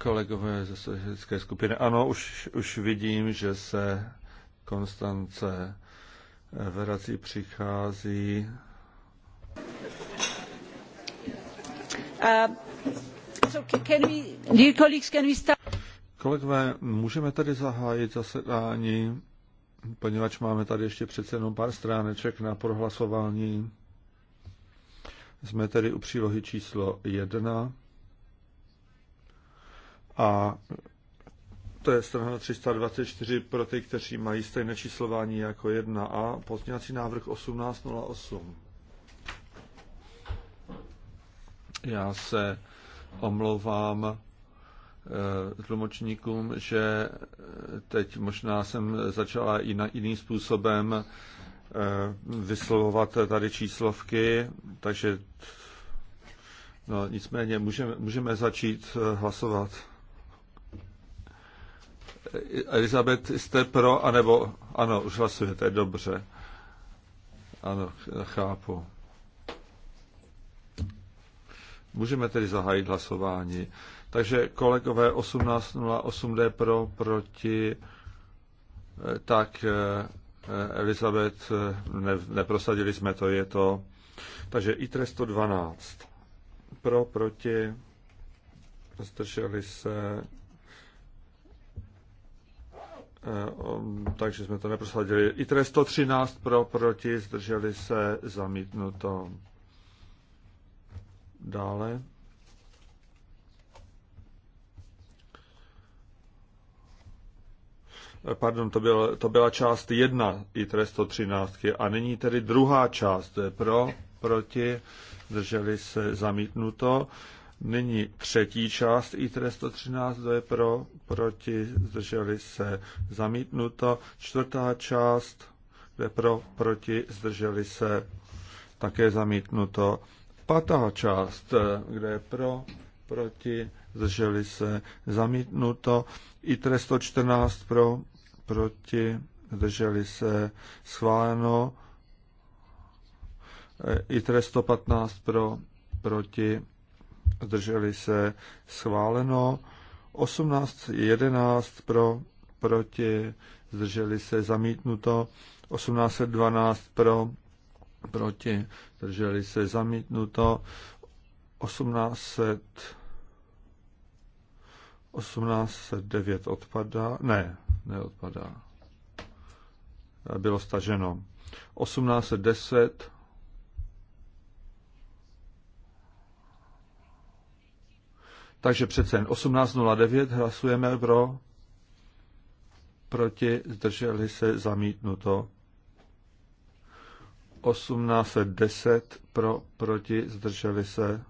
kolegové ze socialistické skupiny. Ano, už, už vidím, že se Konstance eh, vrací, přichází. Uh, kolegové, můžeme tady zahájit zasedání, poněvadž máme tady ještě přece jenom pár stráneček na prohlasování. Jsme tedy u přílohy číslo 1 a to je strana 324 pro ty, kteří mají stejné číslování jako 1a, pozměňovací návrh 1808. Já se omlouvám eh, tlumočníkům, že eh, teď možná jsem začala jiným způsobem Eh, vyslovovat tady číslovky, takže no, nicméně můžeme, můžeme začít eh, hlasovat. Eh, Elizabet, jste pro, anebo ano, už hlasujete, dobře. Ano, chápu. Můžeme tedy zahájit hlasování. Takže kolegové 18.08D pro, proti, tak Eh, Elizabeth, eh, ne, neprosadili jsme to, je to. Takže trest 112. Pro, proti, zdrželi se. Eh, takže jsme to neprosadili. trest 113 pro, proti, zdrželi se, zamítnuto. Dále. pardon, to, byl, to byla část jedna i ITRE 113 a nyní tedy druhá část pro, proti, drželi se zamítnuto. Nyní třetí část ITRE 113, to je pro, proti, zdrželi se zamítnuto. Čtvrtá část, kde pro, proti, zdrželi se také zamítnuto. pátá část, kde pro, proti, zdrželi se zamítnuto. ITRE 114 pro, proti, zdrželi se, schváleno. Eh, ITRE 115 pro, proti, zdrželi se, schváleno. 1811 pro, proti, zdrželi se, zamítnuto. 1812 pro, proti, zdrželi se, zamítnuto. 18 1809 odpadá. Ne, neodpadá. Bylo staženo. 1810 Takže přece jen 18.09 hlasujeme pro, proti, zdrželi se, zamítnuto. 18.10 pro, proti, zdrželi se,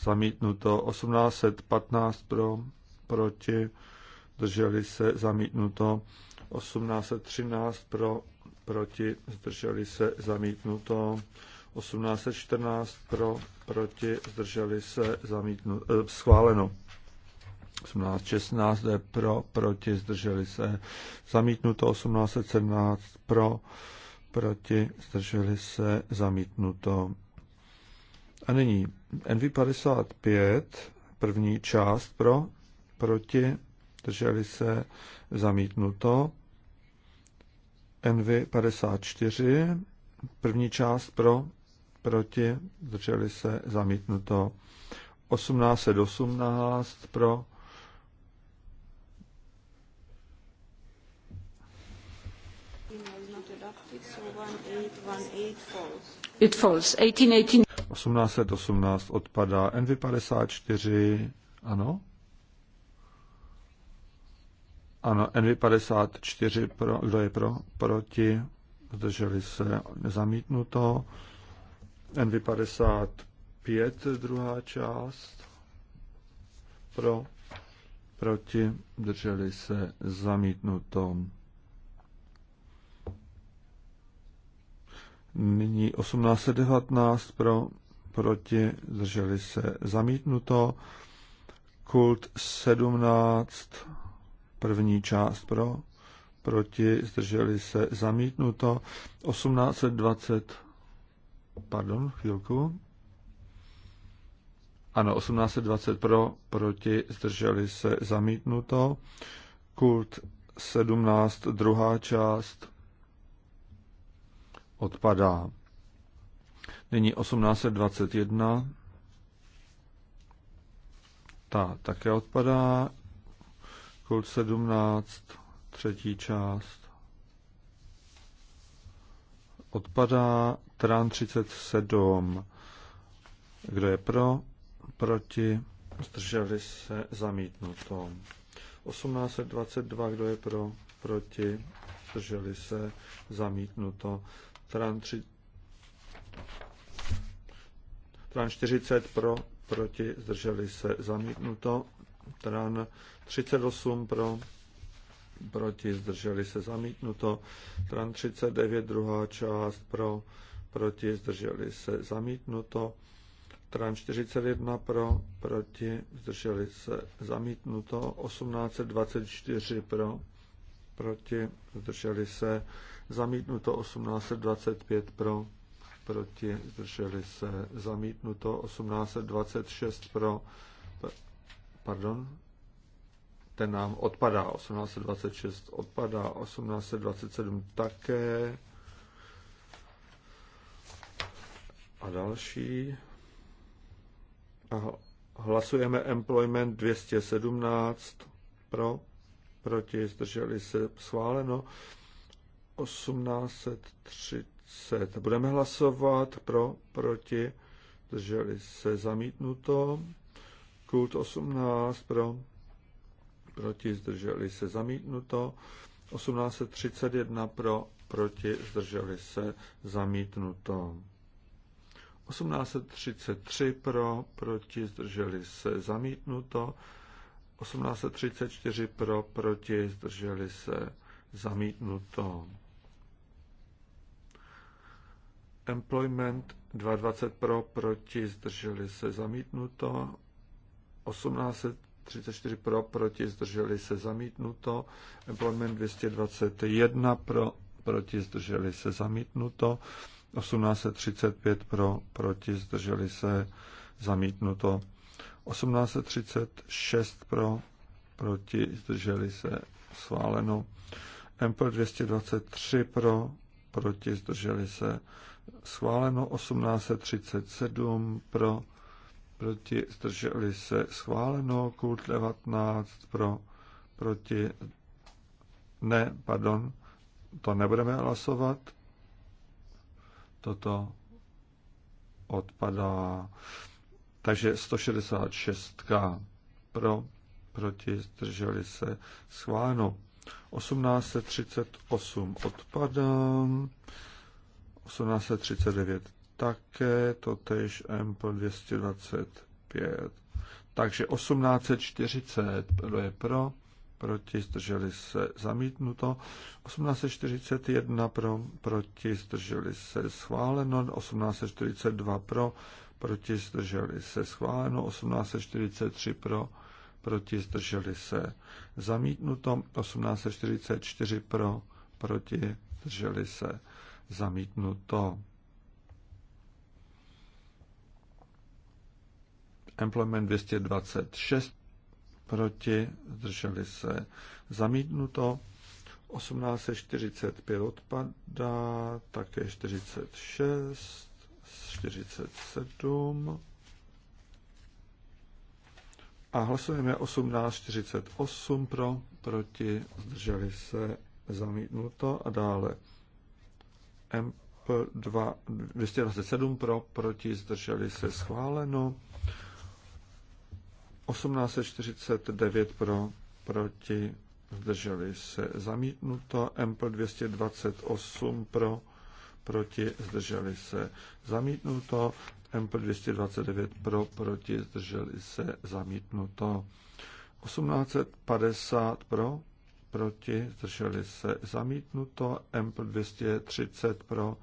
zamítnuto 1815 pro, proti, zdrželi se, zamítnuto 1813 pro, proti, zdrželi se, zamítnuto 1814 pro, proti, zdrželi se, zamítnuto, eh, schváleno. 1816 je pro, proti, zdrželi se, zamítnuto 1817 pro, proti, zdrželi se, zamítnuto a nyní NV55, první část pro, proti, drželi se, zamítnuto. NV54, první část pro, proti, drželi se, zamítnuto. 1818 pro, It falls. 1818. 1818 odpadá. NV54, ano? Ano, NV54, pro, kdo je pro? Proti, zdrželi se, nezamítnuto. NV55, druhá část, pro, proti, drželi se, zamítnuto. Nyní 1819 pro, proti, zdrželi se zamítnuto. Kult 17, první část pro, proti, zdrželi se zamítnuto. 1820, pardon, chvilku. Ano, 1820 pro, proti, zdrželi se zamítnuto. Kult 17, druhá část, odpadá. Nyní 1821. Ta také odpadá. Kult 17, třetí část. Odpadá Trán 37. Kdo je pro? Proti? Zdrželi se zamítnuto. 1822, kdo je pro? Proti? Zdrželi se zamítnuto. Trán 3, Tran 40 pro, proti, zdrželi se zamítnuto. Tran 38 pro, proti, zdrželi se zamítnuto. Tran 39 druhá část pro, proti, zdrželi se zamítnuto. Tran 41 pro, proti, zdrželi se zamítnuto. 1824 pro, proti, zdrželi se zamítnuto. 1825 pro, proti, zdrželi se, zamítnuto 1826 pro, pardon, ten nám odpadá, 1826 odpadá, 1827 také a další. A hlasujeme Employment 217 pro, proti, zdrželi se, schváleno 1830 se, Budeme hlasovat pro, proti, drželi se zamítnuto. Kult 18 pro, proti, zdrželi se zamítnuto. 1831 pro, proti, zdrželi se zamítnuto. 1833 pro, proti, zdrželi se zamítnuto. 1834 pro, proti, zdrželi se zamítnuto. Employment 22 pro, proti, zdrželi se zamítnuto. 1834 pro, proti, zdrželi se zamítnuto. Employment 221 pro, proti, zdrželi se zamítnuto. 1835 pro, proti, zdrželi se zamítnuto. 1836 pro, proti, zdrželi se schváleno. MP 223 pro, proti, zdrželi se schváleno 1837 pro, proti zdrželi se schváleno, kult 19 pro, proti ne, pardon, to nebudeme hlasovat. Toto odpadá. Takže 166 pro, proti zdrželi se schváleno. 1838 odpadá. 1839. Také to tež Ample 225. Takže 1840 je pro, proti, zdrželi se, zamítnuto. 1841 pro, proti, zdrželi se, schváleno. 1842 pro, proti, zdrželi se, schváleno. 1843 pro, proti, zdrželi se, zamítnuto. 1844 pro, proti, zdrželi se, zamítnuto. Employment 226 proti, zdrželi se zamítnuto. 1845 odpadá, také 46, 47. A hlasujeme 1848 pro, proti, zdrželi se zamítnuto a dále mp 227 pro, proti, zdrželi se schváleno. 1849 pro, proti, zdrželi se zamítnuto. MP 228 pro, proti, zdrželi se zamítnuto. MP 229 pro, proti, zdrželi se zamítnuto. 1850 pro, proti, zdrželi se zamítnuto, M 230 pro,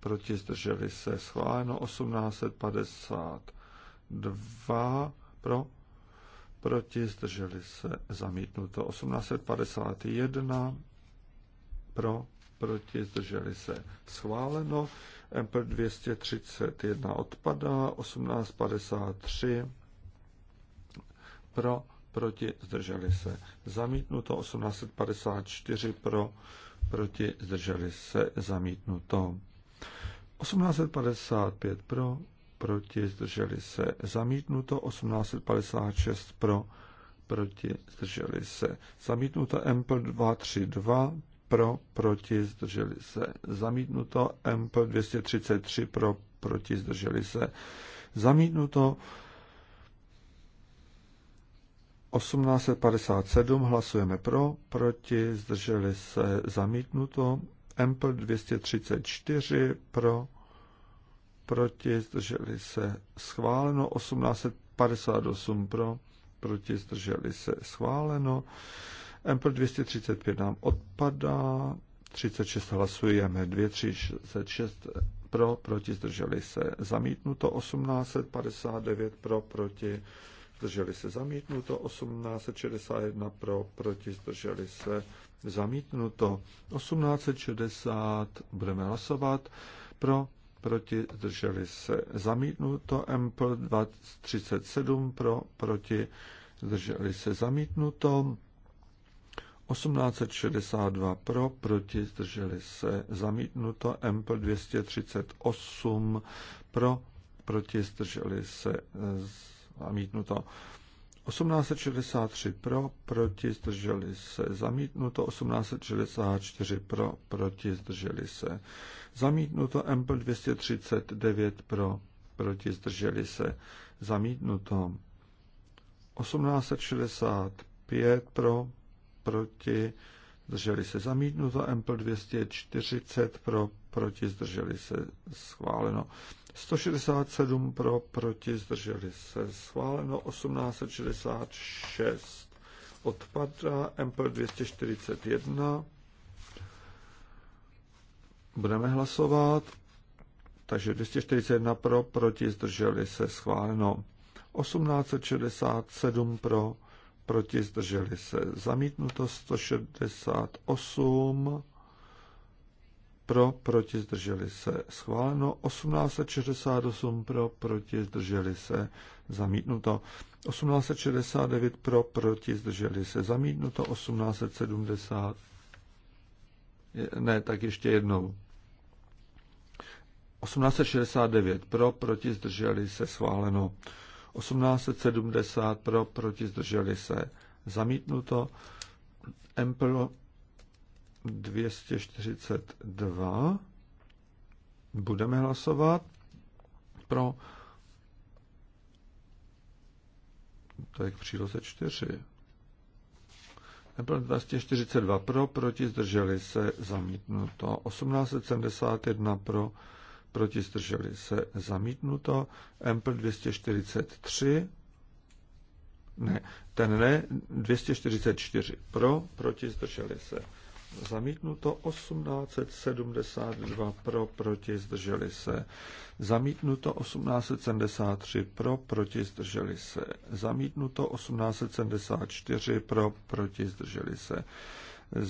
proti, zdrželi se schváleno, 1852 pro, proti, zdrželi se zamítnuto, 1851 pro, proti, zdrželi se schváleno, M 231 odpadá, 1853 pro, proti, zdrželi se. Zamítnuto 1854 pro, proti, zdrželi se, zamítnuto. 1855 pro, proti, zdrželi se, zamítnuto. 1856 pro, proti, zdrželi se. Zamítnuto MP 232 pro, proti, zdrželi se. Zamítnuto MP 233 pro, proti, zdrželi se. Zamítnuto 1857 hlasujeme pro, proti, zdrželi se zamítnuto. Empl 234 pro, proti, zdrželi se schváleno. 1858 pro, proti, zdrželi se schváleno. Empl 235 nám odpadá. 36 hlasujeme, 236 pro, proti, zdrželi se zamítnuto. 1859 pro, proti, zdrželi se zamítnuto, 1861 pro, proti, zdrželi se zamítnuto, 1860 budeme hlasovat, pro, proti, zdrželi se zamítnuto, MPL 237 pro, proti, zdrželi se zamítnuto, 1862 pro, proti, zdrželi se zamítnuto, MPL 238 pro, proti, zdrželi se zamítnuto. 1863 pro, proti, zdrželi se, zamítnuto. 1864 pro, proti, zdrželi se, zamítnuto. MP 239 pro, proti, zdrželi se, zamítnuto. 1865 pro, proti, zdrželi se zamítnuto, MPL 240 pro, proti, zdrželi se schváleno, 167 pro, proti, zdrželi se. Schváleno 1866. Odpadá mp 241. Budeme hlasovat. Takže 241 pro, proti, zdrželi se. Schváleno 1867 pro, proti, zdrželi se. Zamítnuto 168 pro, proti, zdrželi se. Schváleno 1868 pro, proti, zdrželi se. Zamítnuto 1869 pro, proti, zdrželi se. Zamítnuto 1870. Ne, tak ještě jednou. 1869 pro, proti, zdrželi se. Schváleno 1870 pro, proti, zdrželi se. Zamítnuto. Emperor 242 budeme hlasovat pro to je k příloze 4. Nebyl 242 vlastně pro, proti zdrželi se zamítnuto. 1871 pro, proti zdrželi se zamítnuto. Empl 243 ne, ten ne, 244 pro, proti zdrželi se zamítnuto 1872 pro, proti, zdrželi se, zamítnuto 1873 pro, proti, zdrželi se, zamítnuto 1874 pro, proti, zdrželi se,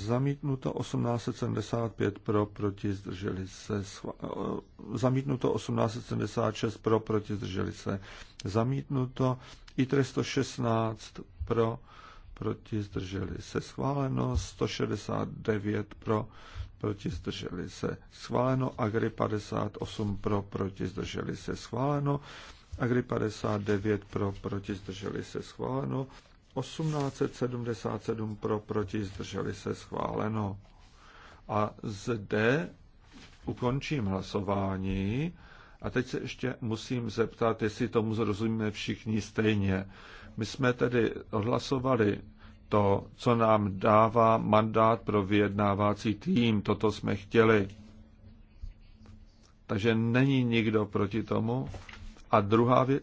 zamítnuto 1875 pro, proti, zdrželi se, eh, zamítnuto 1876 pro, proti, zdrželi se, zamítnuto i 316 pro, proti zdrželi se schváleno, 169 pro, proti zdrželi se schváleno, Agri 58 pro, proti zdrželi se schváleno, Agri 59 pro, proti zdrželi se schváleno, 1877 pro, proti zdrželi se schváleno. A zde ukončím hlasování. A teď se ještě musím zeptat, jestli tomu zrozumíme všichni stejně. My jsme tedy odhlasovali to, co nám dává mandát pro vyjednávací tým. Toto jsme chtěli. Takže není nikdo proti tomu. A druhá věc.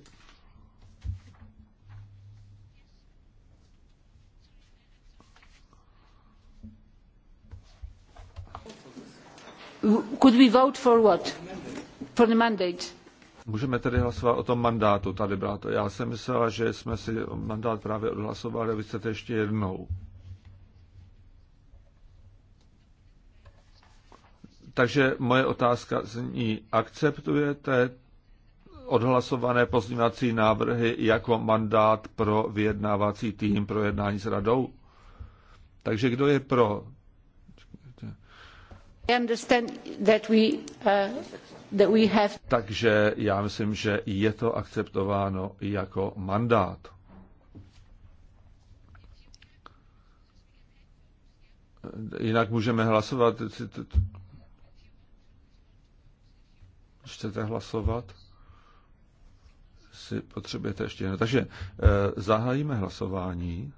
Could we vote for what? For the mandate? Můžeme tedy hlasovat o tom mandátu tady, bráto. Já jsem myslela, že jsme si mandát právě odhlasovali, vy chcete ještě jednou. Takže moje otázka zní, akceptujete odhlasované pozměňovací návrhy jako mandát pro vyjednávací tým pro jednání s radou? Takže kdo je pro Uh, Takže já myslím, že je to akceptováno jako mandát. Jinak můžeme hlasovat. Chcete hlasovat? Si potřebujete ještě jedno. Takže eh, zahájíme hlasování.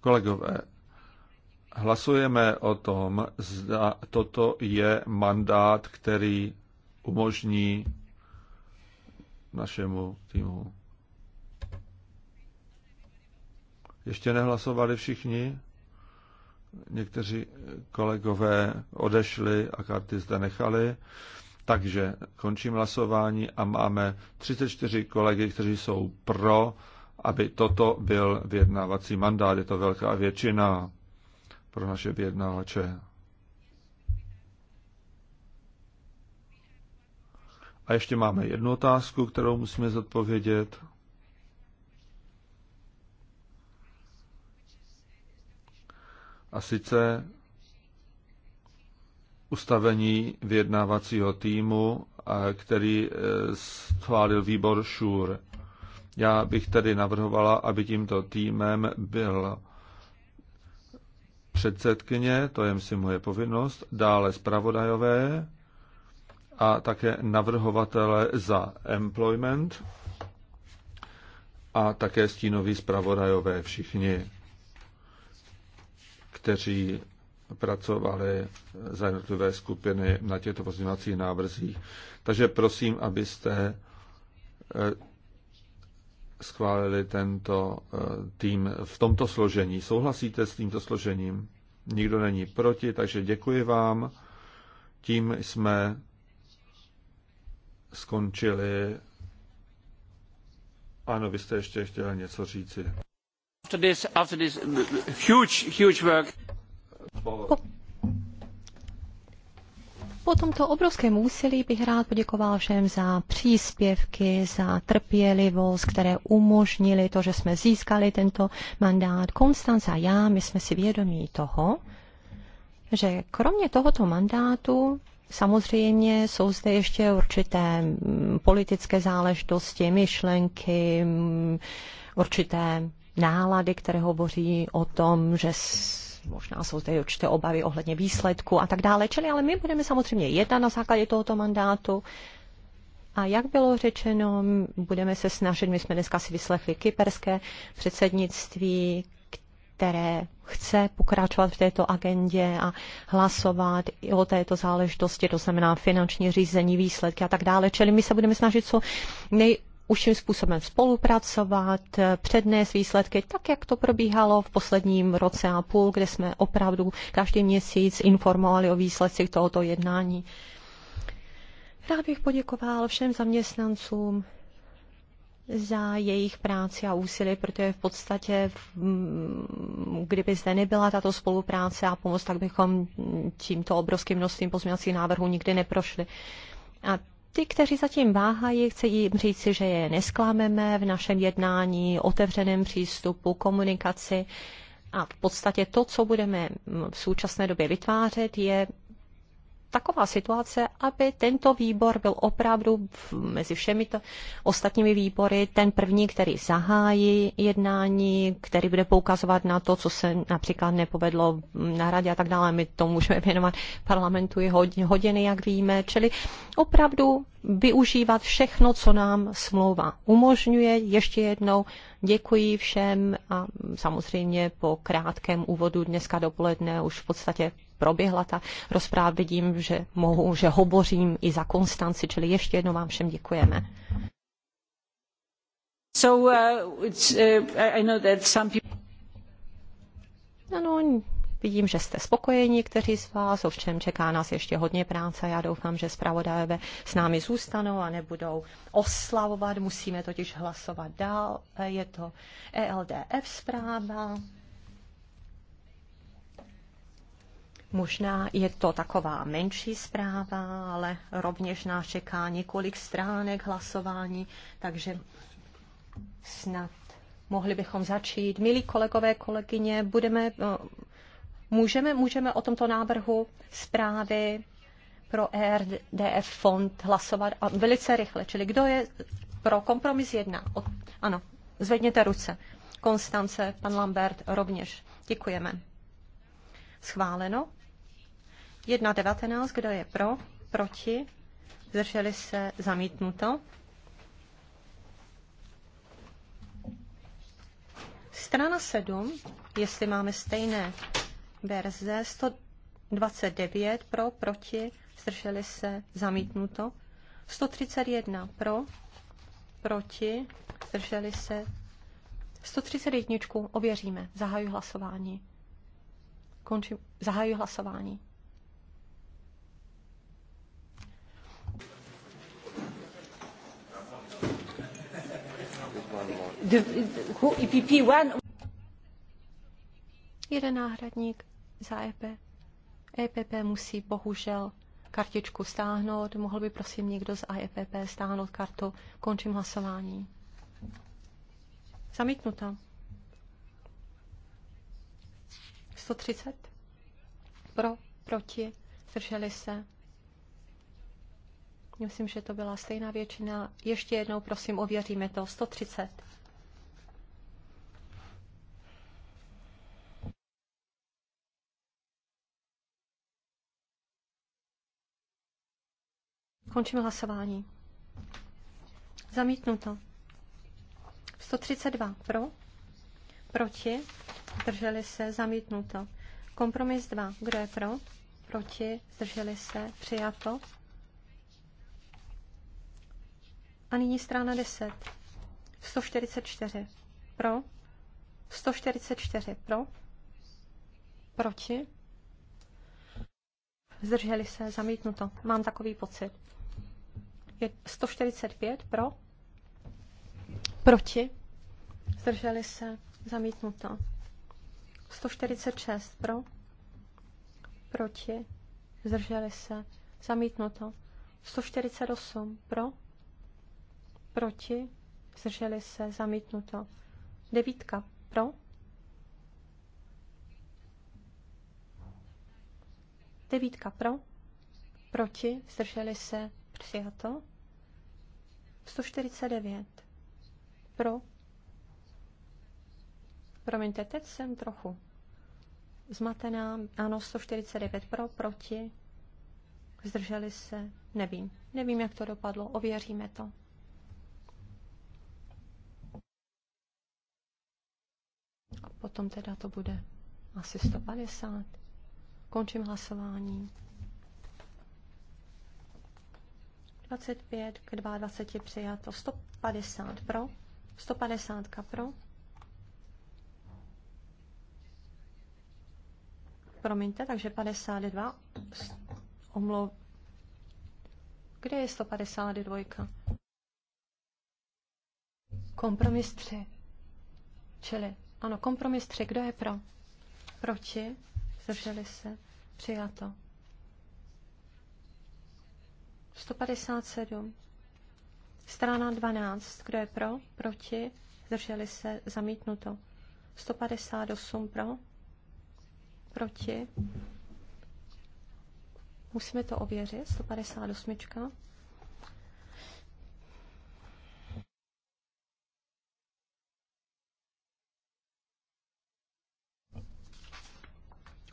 Kolegové, hlasujeme o tom, zda toto je mandát, který umožní našemu týmu. Ještě nehlasovali všichni? Někteří kolegové odešli a karty zde nechali. Takže končím hlasování a máme 34 kolegy, kteří jsou pro, aby toto byl vyjednávací mandát. Je to velká většina pro naše vyjednávače. A ještě máme jednu otázku, kterou musíme zodpovědět. A sice ustavení vyjednávacího týmu, který e, schválil výbor ŠUR. Já bych tedy navrhovala, aby tímto týmem byl předsedkyně, to je si moje povinnost, dále zpravodajové a také navrhovatele za employment a také stínoví zpravodajové všichni, kteří pracovali za jednotlivé skupiny na těchto pozměňovacích návrzích. Takže prosím, abyste eh, schválili tento eh, tým v tomto složení. Souhlasíte s tímto složením? Nikdo není proti, takže děkuji vám. Tím jsme skončili. Ano, vy jste ještě chtěli něco říci. After this, after this huge, huge work. Po, po tomto obrovském úsilí bych rád poděkoval všem za příspěvky, za trpělivost, které umožnili to, že jsme získali tento mandát. Konstanc a já, my jsme si vědomí toho, že kromě tohoto mandátu Samozřejmě jsou zde ještě určité mm, politické záležitosti, myšlenky, mm, určité nálady, které hovoří o tom, že možná jsou tady určité obavy ohledně výsledku a tak dále. Čili ale my budeme samozřejmě jednat na základě tohoto mandátu. A jak bylo řečeno, budeme se snažit, my jsme dneska si vyslechli kyperské předsednictví, které chce pokračovat v této agendě a hlasovat i o této záležitosti, to znamená finanční řízení, výsledky a tak dále. Čili my se budeme snažit co nej, užším způsobem spolupracovat, eh, přednést výsledky, tak jak to probíhalo v posledním roce a půl, kde jsme opravdu každý měsíc informovali o výsledcích tohoto jednání. Rád bych poděkoval všem zaměstnancům za jejich práci a úsilí, protože v podstatě, mm, kdyby zde nebyla tato spolupráce a pomoc, tak bychom tímto obrovským množstvím pozměňovacích návrhů nikdy neprošli. A ty, kteří zatím váhají, chci jim říci, že je nesklameme v našem jednání, otevřeném přístupu, komunikaci. A v podstatě to, co budeme v současné době vytvářet, je taková situace, aby tento výbor byl opravdu mezi všemi to, ostatními výbory ten první, který zahájí jednání, který bude poukazovat na to, co se například nepovedlo na radě a tak dále. My to můžeme věnovat parlamentu i hodiny, jak víme. Čili opravdu využívat všechno, co nám smlouva umožňuje. Ještě jednou děkuji všem a samozřejmě po krátkém úvodu dneska dopoledne už v podstatě proběhla ta rozpráva. Vidím, že mohu, že hovořím i za Konstanci, čili ještě jednou vám všem děkujeme. So, uh, it's, uh, I know that some people... no. Vidím, že jste spokojeni, kteří z vás, ovšem čeká nás ještě hodně práce. Já doufám, že zpravodajové s námi zůstanou a nebudou oslavovat. Musíme totiž hlasovat dál. Je to ELDF zpráva. Možná je to taková menší zpráva, ale rovněž nás čeká několik stránek hlasování, takže snad mohli bychom začít. Milí kolegové, kolegyně, budeme, eh, můžeme, můžeme o tomto návrhu zprávy pro RDF fond hlasovat a velice rychle. Čili kdo je pro kompromis jedna? Od, ano, zvedněte ruce. Konstance, pan Lambert rovněž. Děkujeme. Schváleno. 1.19, kdo je pro, proti, zdrželi se, zamítnuto. Strana 7, jestli máme stejné verze, 129 pro, proti, zdrželi se, zamítnuto. 131 pro, proti, zdrželi se. 131 ověříme. Zahajuji hlasování. Končím. Zahajuji hlasování. E Jeden náhradník za EP. EPP musí bohužel kartičku stáhnout. Mohl by prosím někdo z EPP stáhnout kartu. Končím hlasování. Zamítnuta. 130. Pro, proti, zdrželi se. Myslím, že to byla stejná většina. Ještě jednou, prosím, ověříme to. 130. Končím hlasování. Zamítnuto. 132 pro, proti, zdrželi se, zamítnuto. Kompromis 2, kdo je pro, proti, zdrželi se, přijato. A nyní strana 10. 144 pro, 144 pro, proti, zdrželi se, zamítnuto. Mám takový pocit. 145 pro, proti, zdrželi se, zamítnuto. 146 pro, proti, zdrželi se, zamítnuto. 148 pro, proti, zdrželi se, zamítnuto. Devítka pro, devítka pro, proti, zdrželi se, přijato. 149. Pro. Promiňte, teď jsem trochu zmatená. Ano, 149 pro, proti. Zdrželi se. Nevím. Nevím, jak to dopadlo. Ověříme to. A potom teda to bude asi 150. Končím hlasování. 25 k 22 přijato, 150 pro, 150 pro. Promiňte, takže 52 omlou. Kde je 152? Kompromis 3. Čili, ano, kompromis 3. Kdo je pro? Proti? Zdrželi se? Přijato. 157. Strana 12. Kdo je pro? Proti? Zdrželi se? Zamítnuto. 158 pro? Proti? Musíme to ověřit. 158.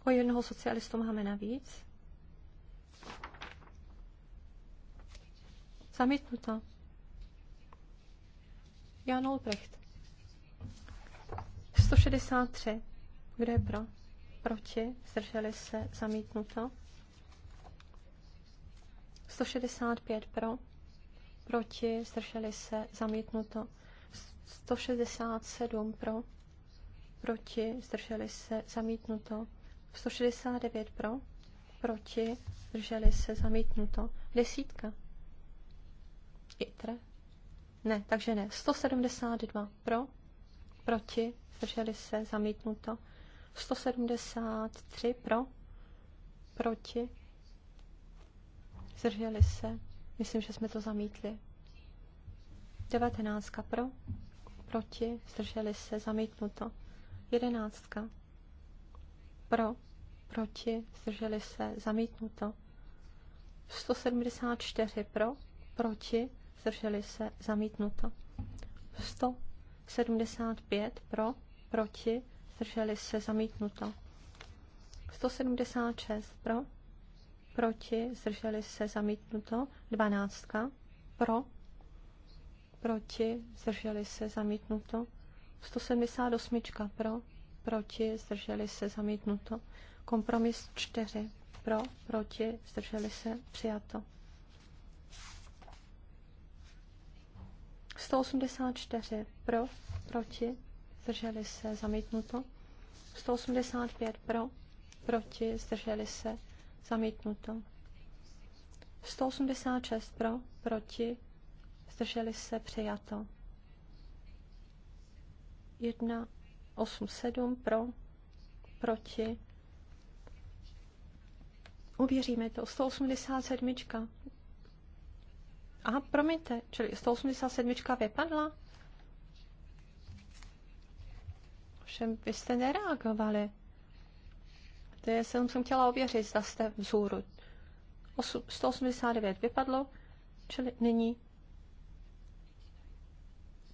O jednoho socialistu máme navíc. Zamítnuto. Jan Olbrecht. 163. Kdo je pro? Proti? Zdrželi se? Zamítnuto. 165 pro, proti, zdrželi se, zamítnuto. 167 pro, proti, zdrželi se, zamítnuto. 169 pro, proti, zdrželi se, zamítnuto. Desítka. ITR? Ne, takže ne. 172 pro, proti, zdrželi se, zamítnuto. 173 pro, proti, zdrželi se. Myslím, že jsme to zamítli. 19 pro, proti, zdrželi se, zamítnuto. 11 pro, proti, zdrželi se, zamítnuto. 174 pro, proti, zdrželi se, zamítnuto. 175 pro, proti, zdrželi se, zamítnuto. 176 pro, proti, zdrželi se, zamítnuto. 12 pro, proti, zdrželi se, zamítnuto. 178 pro, proti, zdrželi se, zamítnuto. Kompromis 4 pro, proti, zdrželi se, přijato. 184 pro, proti, zdrželi se, zamítnuto. 185 pro, proti, zdrželi se, zamítnuto. 186 pro, proti, zdrželi se, přijato. 1, 8, 7 pro, proti. Uvěříme to. 187. A promiňte, čili 187 vypadla? Všem vy jste nereagovali. To je, jsem, jsem chtěla ověřit, zda jste vzhůru. 189 vypadlo, čili nyní.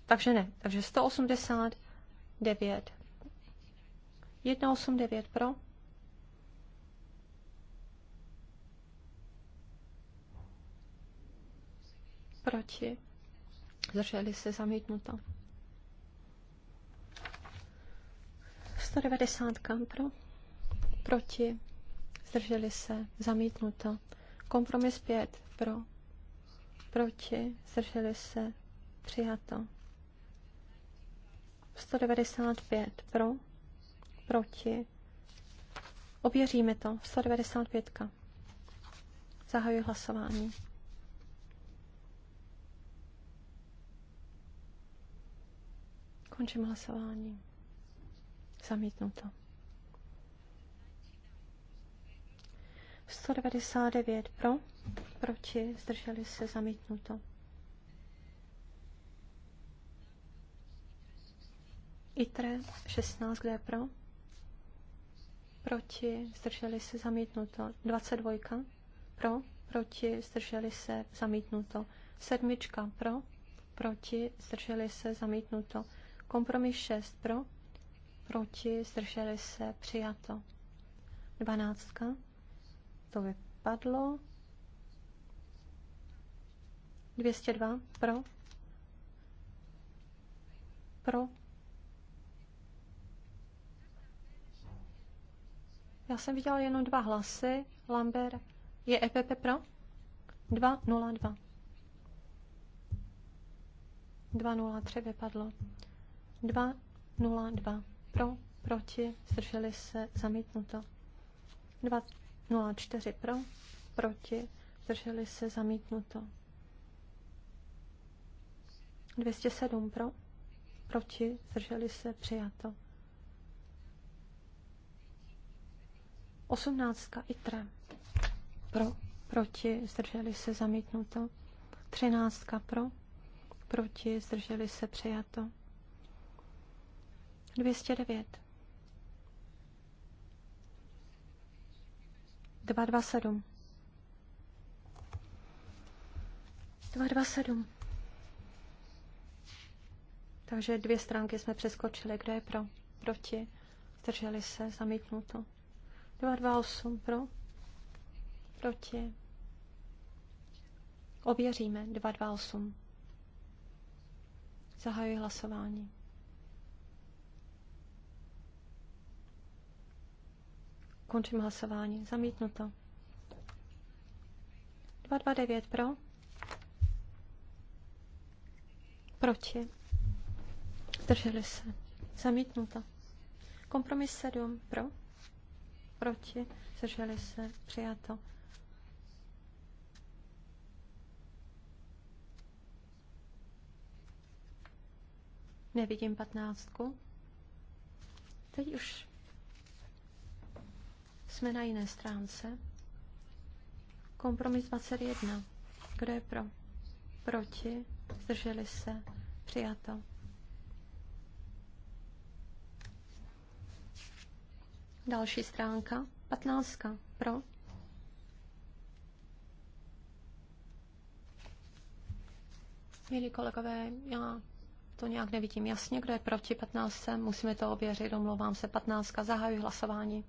Takže ne, takže 189. 189 pro, proti, zdrželi se zamítnuto. 190 pro, proti, zdrželi se zamítnuto. Kompromis 5 pro, proti, zdrželi se přijato. 195 pro, proti, ověříme to, 195. Zahajuji hlasování. Končím hlasování. Zamítnuto. 199 pro, proti, zdrželi se, zamítnuto. ITRE 16, kde je pro? Proti, zdrželi se, zamítnuto. 22 pro, proti, zdrželi se, zamítnuto. Sedmička pro, proti, zdrželi se, zamítnuto. Kompromis 6 pro, proti, zdrželi se, přijato. Dvanáctka, to vypadlo. 202 pro, pro. Já jsem viděla jenom dva hlasy. Lamber je EPP pro? 202. 203 vypadlo. 2, 0, 2. Pro, proti, zdrželi se, zamítnuto. 2, 0, 4. Pro, proti, zdrželi se, zamítnuto. 207 pro, proti, zdrželi se, přijato. 18. ITRE. Pro, proti, zdrželi se, zamítnuto. 13. Pro, proti, zdrželi se, přijato. 209. 227. 227. Takže dvě stránky jsme přeskočili. Kdo je pro? Proti? Zdrželi se? Zamítnuto. 228 pro? Proti? Ověříme 228. Zahajuji hlasování. Končím hlasování. Zamítnuto. 229 pro. Proti. Zdrželi se. Zamítnuto. Kompromis 7 pro. Proti. Zdrželi se. Přijato. Nevidím patnáctku. Teď už jsme na jiné stránce. Kompromis 21. Kdo je pro? Proti? Zdrželi se? Přijato. Další stránka. 15. Pro? Milí kolegové, já to nějak nevidím jasně, kdo je proti 15. Musíme to ověřit, omlouvám se. 15. Zahajuji hlasování.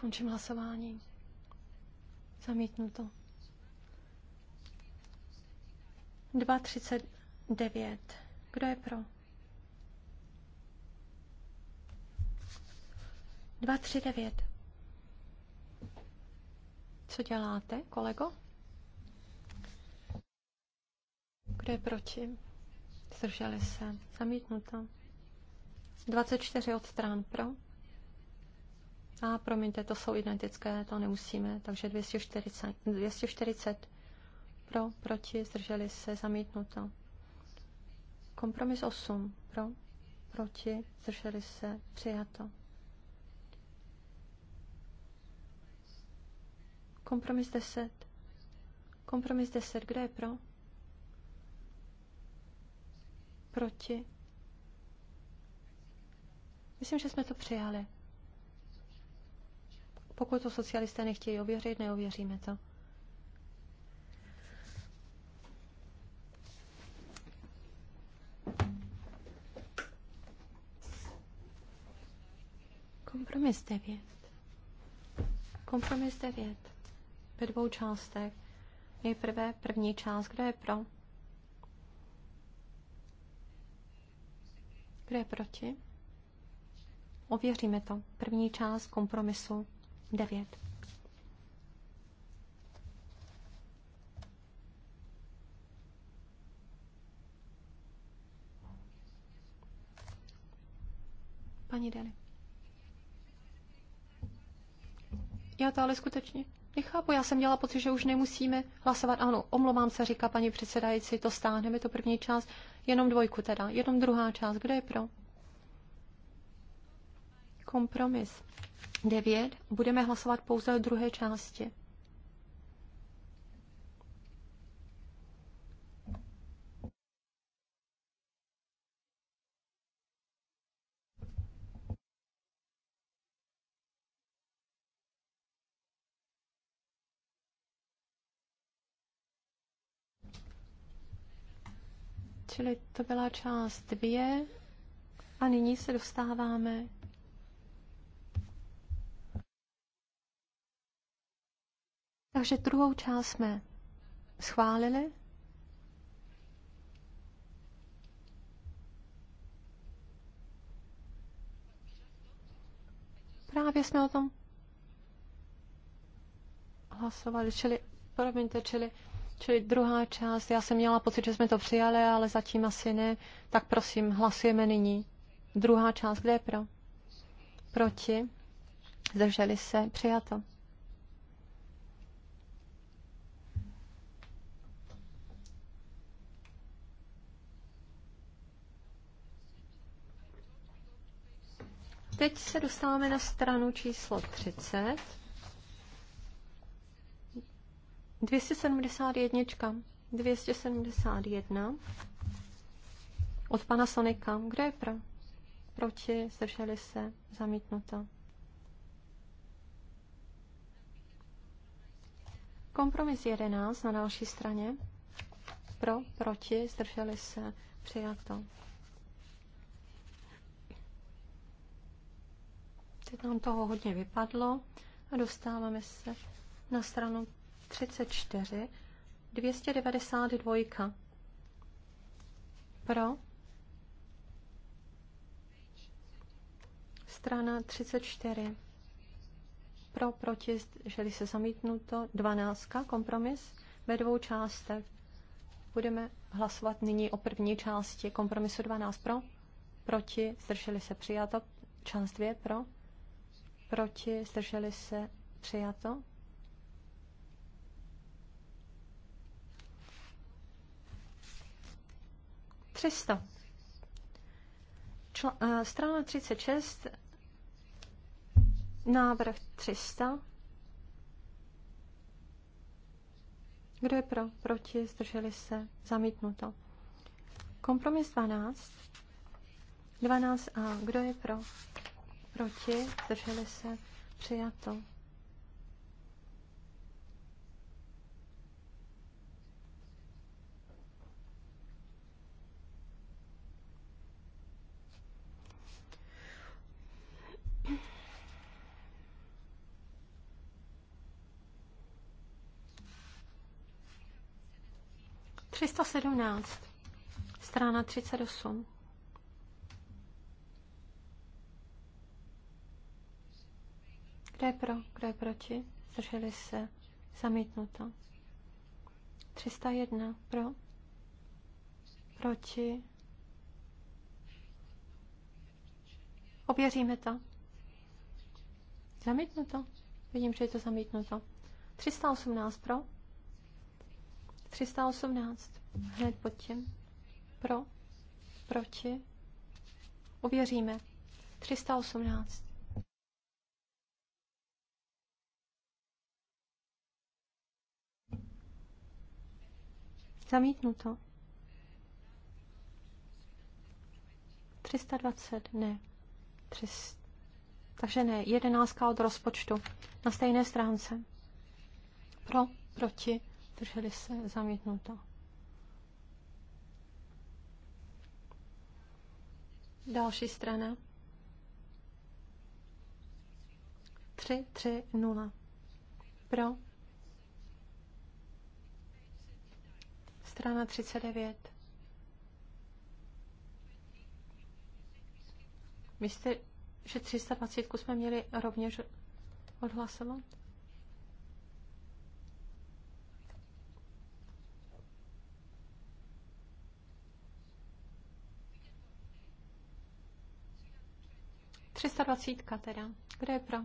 Končím hlasování. Zamítnuto. 2.39. Kdo je pro? 2.39. Co děláte, kolego? Kdo je proti? Zdrželi se. Zamítnuto. 24 od stran pro. A promiňte, to jsou identické, to nemusíme. Takže 240, 240 pro, proti, zdrželi se, zamítnuto. Kompromis 8 pro, proti, zdrželi se, přijato. Kompromis 10. Kompromis 10, kdo je pro? Proti. Myslím, že jsme to přijali. Pokud to socialisté nechtějí ověřit, neověříme to. Kompromis 9. Kompromis 9. Ve dvou částech. Nejprve první část. Kdo je pro? Kdo je proti? Ověříme to. První část kompromisu. 9. Paní Deli. Já to ale skutečně nechápu. Já jsem měla pocit, že už nemusíme hlasovat. Ano, omlouvám se, říká paní předsedající, to stáhneme, to první část. Jenom dvojku teda, jenom druhá část. Kdo je pro? Kompromis. 9 budeme hlasovat pouze o druhé části. Čili to byla část dvě a nyní se dostáváme Takže druhou část jsme schválili. Právě jsme o tom hlasovali, čili, promiňte, čili, čili druhá část, já jsem měla pocit, že jsme to přijali, ale zatím asi ne, tak prosím, hlasujeme nyní. Druhá část, kde je pro? Proti? Zdrželi se, přijato. Teď se dostáváme na stranu číslo 30. 271. 271. Od pana Sonika. Kdo je pro? Proti? Zdrželi se? Zamítnuto. Kompromis 11 na další straně. Pro, proti, zdrželi se, přijato. texty, tam toho hodně vypadlo a dostáváme se na stranu 34, 292. Pro. Strana 34. Pro, proti, želi se zamítnuto. 12. Kompromis ve dvou částech. Budeme hlasovat nyní o první části kompromisu 12 pro, proti, zdrželi se přijato, část 2 pro, proti, zdrželi se, přijato. Eh, třista. Čl- uh, strana 36, návrh 300. Kdo je pro, proti, zdrželi se, zamítnuto. Kompromis 12. 12a. Kdo je pro? proti, zdrželi se, přijato. Třista sedmnáct, strana třicet osm. Kdo je pro? Kdo je proti? Zdrželi se. Zamítnuto. 301 pro. Proti. Ověříme to. Zamítnuto. Vidím, že je to zamítnuto. 318 pro. 318. Hned pod tím. Pro. Proti. Ověříme. 318. Zamítnuto. 320, ne. 300. Takže ne, jedenáctka od rozpočtu. Na stejné stránce. Pro, proti, drželi se, zamítnuto. Další strana. 3, 3, 0. Pro, strana 39. Myslíte, že 320 jsme měli rovněž odhlasovat? Třista teda. Kdo je pro?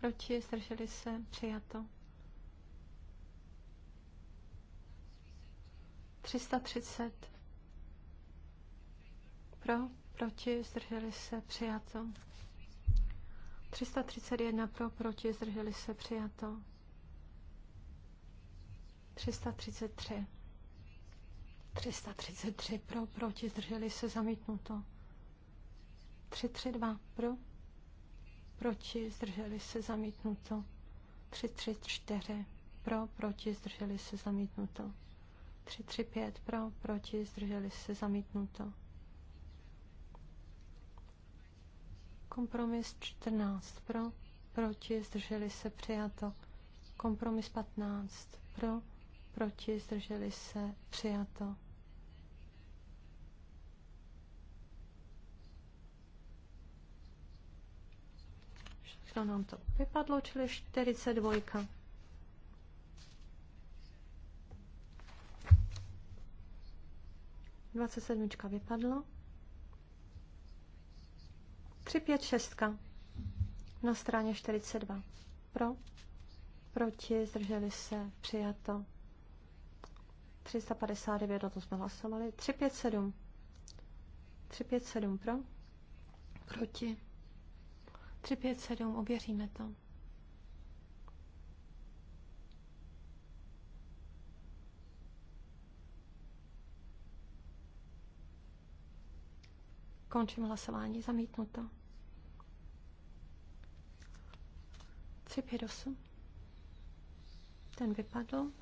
Proti? Zdrželi se? Přijato. 330 pro, proti, zdrželi se, přijato. 331 pro, proti, zdrželi se, přijato. 333. 333 pro, proti, zdrželi se, zamítnuto. 332 pro, proti, zdrželi se, zamítnuto. 334 pro, proti, zdrželi se, zamítnuto. 3, 3, 5 pro, proti, zdrželi se, zamítnuto. Kompromis 14 pro, proti, zdrželi se, přijato. Kompromis 15 pro, proti, zdrželi se, přijato. Všechno nám to vypadlo, čili 42. 27 vypadlo. 6 na straně 42. Pro, proti, zdrželi se, přijato. 359, o to jsme hlasovali. 5, 7 pro, proti. 7, ověříme to. Končím hlasování. Zamítnuto. 8. Ten vypadl.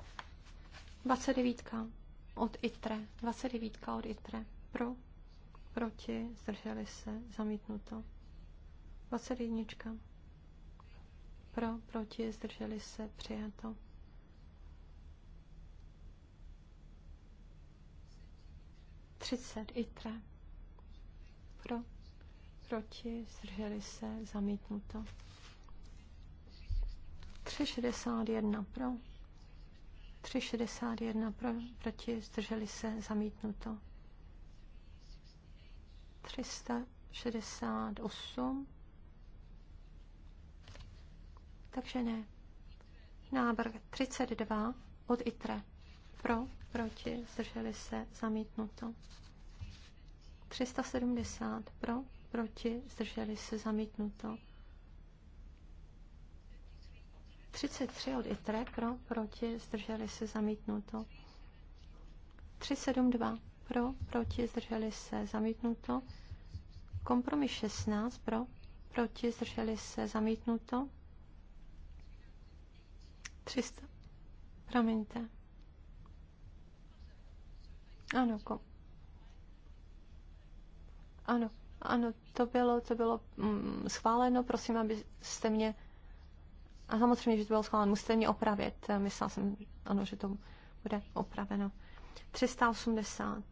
29. Od ITRE. 29. od ITRE. Pro. Proti. Zdrželi se. Zamítnuto. 21. Pro. Proti. Zdrželi se. Přijato. i ITRE pro, proti, zdrželi se, zamítnuto. 361 pro, 361 pro, proti, zdrželi se, zamítnuto. 368. Takže ne. Návrh 32 od ITRE. Pro, proti, zdrželi se, zamítnuto. 370 pro, proti, zdrželi se zamítnuto. 33 od ITRE pro, proti, zdrželi se zamítnuto. 372 pro, proti, zdrželi se zamítnuto. Kompromis 16 pro, proti, zdrželi se zamítnuto. 300, promiňte. Ano, kom, ano, ano, to bylo, to bylo mm, schváleno, prosím, abyste mě, a samozřejmě, že to bylo schváleno, musíte mě opravit, myslela jsem, ano, že to bude opraveno. 380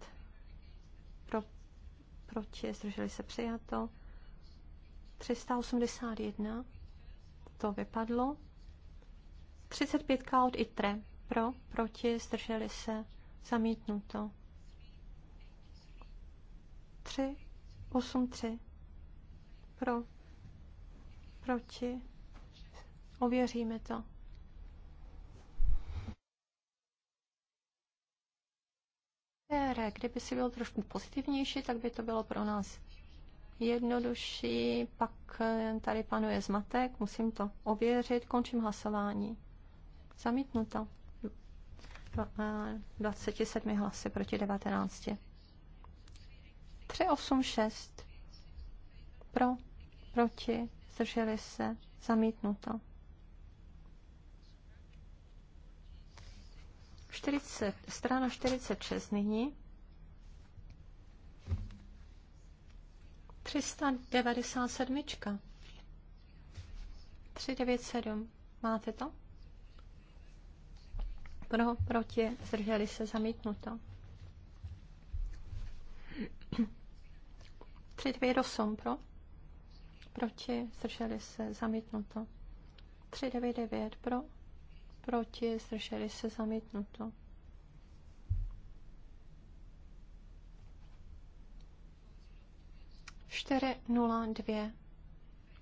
pro, proti, zdrželi se přijato. 381 to vypadlo. 35 od ITRE pro, proti, zdrželi se, zamítnuto. 3 8-3. Pro. Proti. Ověříme to. Pére, kdyby si byl trošku pozitivnější, tak by to bylo pro nás jednodušší. Pak eh, tady panuje zmatek, musím to ověřit. Končím hlasování. Zamítnuto. 27 eh, hlasy proti 19. 3, 8, 6. pro, proti, zdrželi se, zamítnuto. 40, strana 46 nyní. 397. 397. Máte to? Pro, proti, zdrželi se, zamítnuto. 398 pro, proti, zdrželi se, zamítnuto. 399 pro, proti, zdrželi se, zamítnuto. Čtyři nula dvě.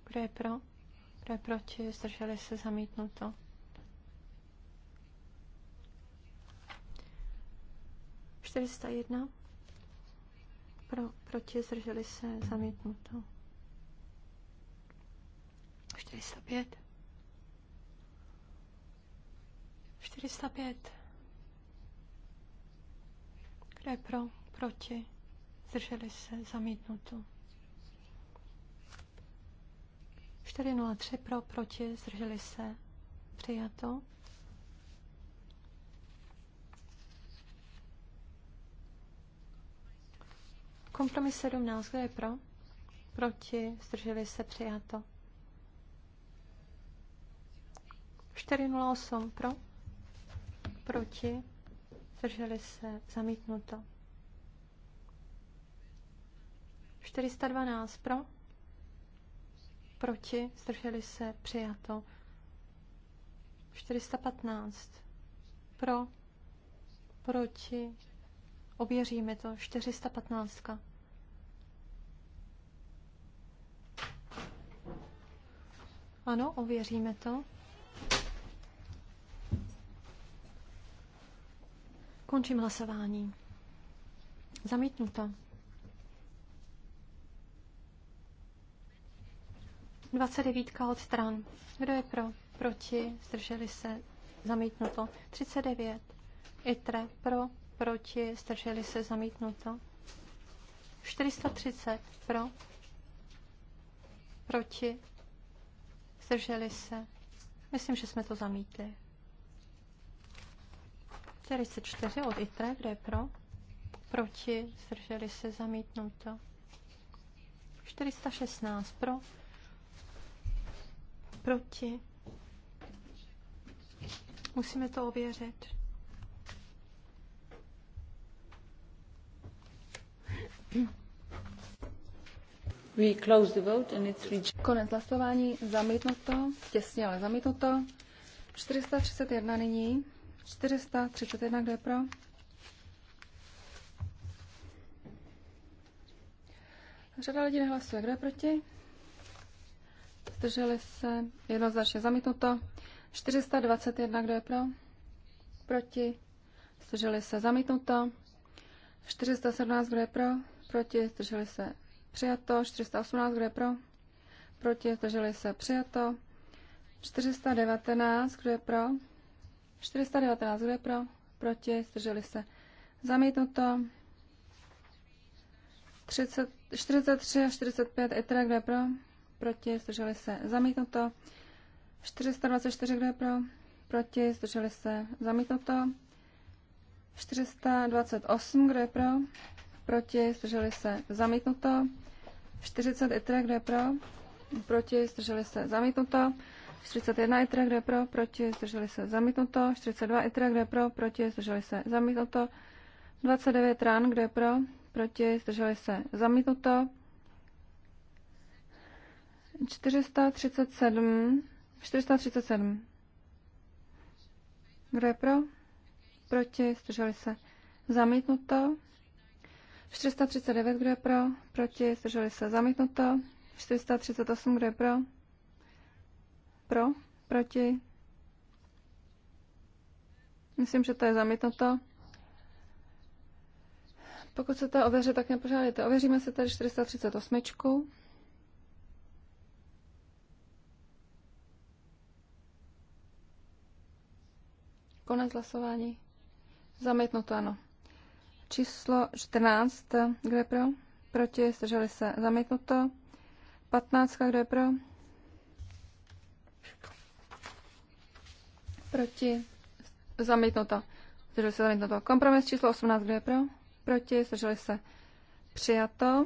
Kdo je pro? Kdo je proti? Zdrželi se zamítnuto. Čtyřista jedna. Pro, proti, zdrželi se, zamítnuto. 405. 405. Kdo je pro, proti, zdrželi se, zamítnuto. 403 pro, proti, zdrželi se, přijato. Kompromis 17, kdo je pro? Proti, zdrželi se, přijato. 408 pro, proti, zdrželi se, zamítnuto. 412 pro, proti, zdrželi se, přijato. 415 pro, proti, ověříme to, 415. Ano, ověříme to. Končím hlasování. Zamítnuto. 29 od stran. Kdo je pro? Proti? Zdrželi se? Zamítnuto. 39. ITRE pro? Proti? Zdrželi se? Zamítnuto. 430 pro? Proti? Zdrželi se? Myslím, že jsme to zamítli. 44 od ITRE, kde je pro? Proti? Zdrželi se? Zamítnuto. 416 pro? Proti? Musíme to ověřit. Mm. We close the vote and it's rejected. Konec hlasování, zamítnuto, těsně, ale zamítnuto. 431 nyní. 431, kdo je pro? Řada lidí nehlasuje. Kdo je proti? Zdrželi se. Jednoznačně zamítnuto. 421, kdo je pro? Proti. Zdrželi se. Zamítnuto. 417, kdo je pro? Proti. Zdrželi se. Přijato 418, kdo je pro? Proti, zdrželi se. Přijato 419, kdo je pro? 419, kdo je pro? Proti, zdrželi se. Zamítnuto 43 a 45, etra, kdo je pro? Proti, zdrželi se. Zamítnuto 424, kdo je pro? Proti, zdrželi se. Zamítnuto 428, kdo je pro? Proti, zdrželi se. Zamítnuto 40 itre, kdo je pro, proti, zdrželi se, zamítnuto. 41 itre, kdo je pro, proti, zdrželi se, zamítnuto. 42 itre, kdo je pro, proti, zdrželi se, zamítnuto. 29 ran, kdo je pro, proti, zdrželi se, zamítnuto. 437, 437. Kdo je pro? Proti, zdrželi se. Zamítnuto. 439, kdo je pro? Proti? Zdrželi se? Zamítnuto. 438, kdo je pro? Pro? Proti? Myslím, že to je zamítnuto. Pokud se to ověří, tak mě Ověříme se tady 438. Konec hlasování. Zamítnuto, ano. Číslo 14, kdo je pro? Proti, zdrželi se. Zamítnuto. 15, kdo je pro? Proti, zamítnuto. Zdrželi se zamítnuto. Kompromis číslo 18, kdo je pro? Proti, zdrželi se. Přijato.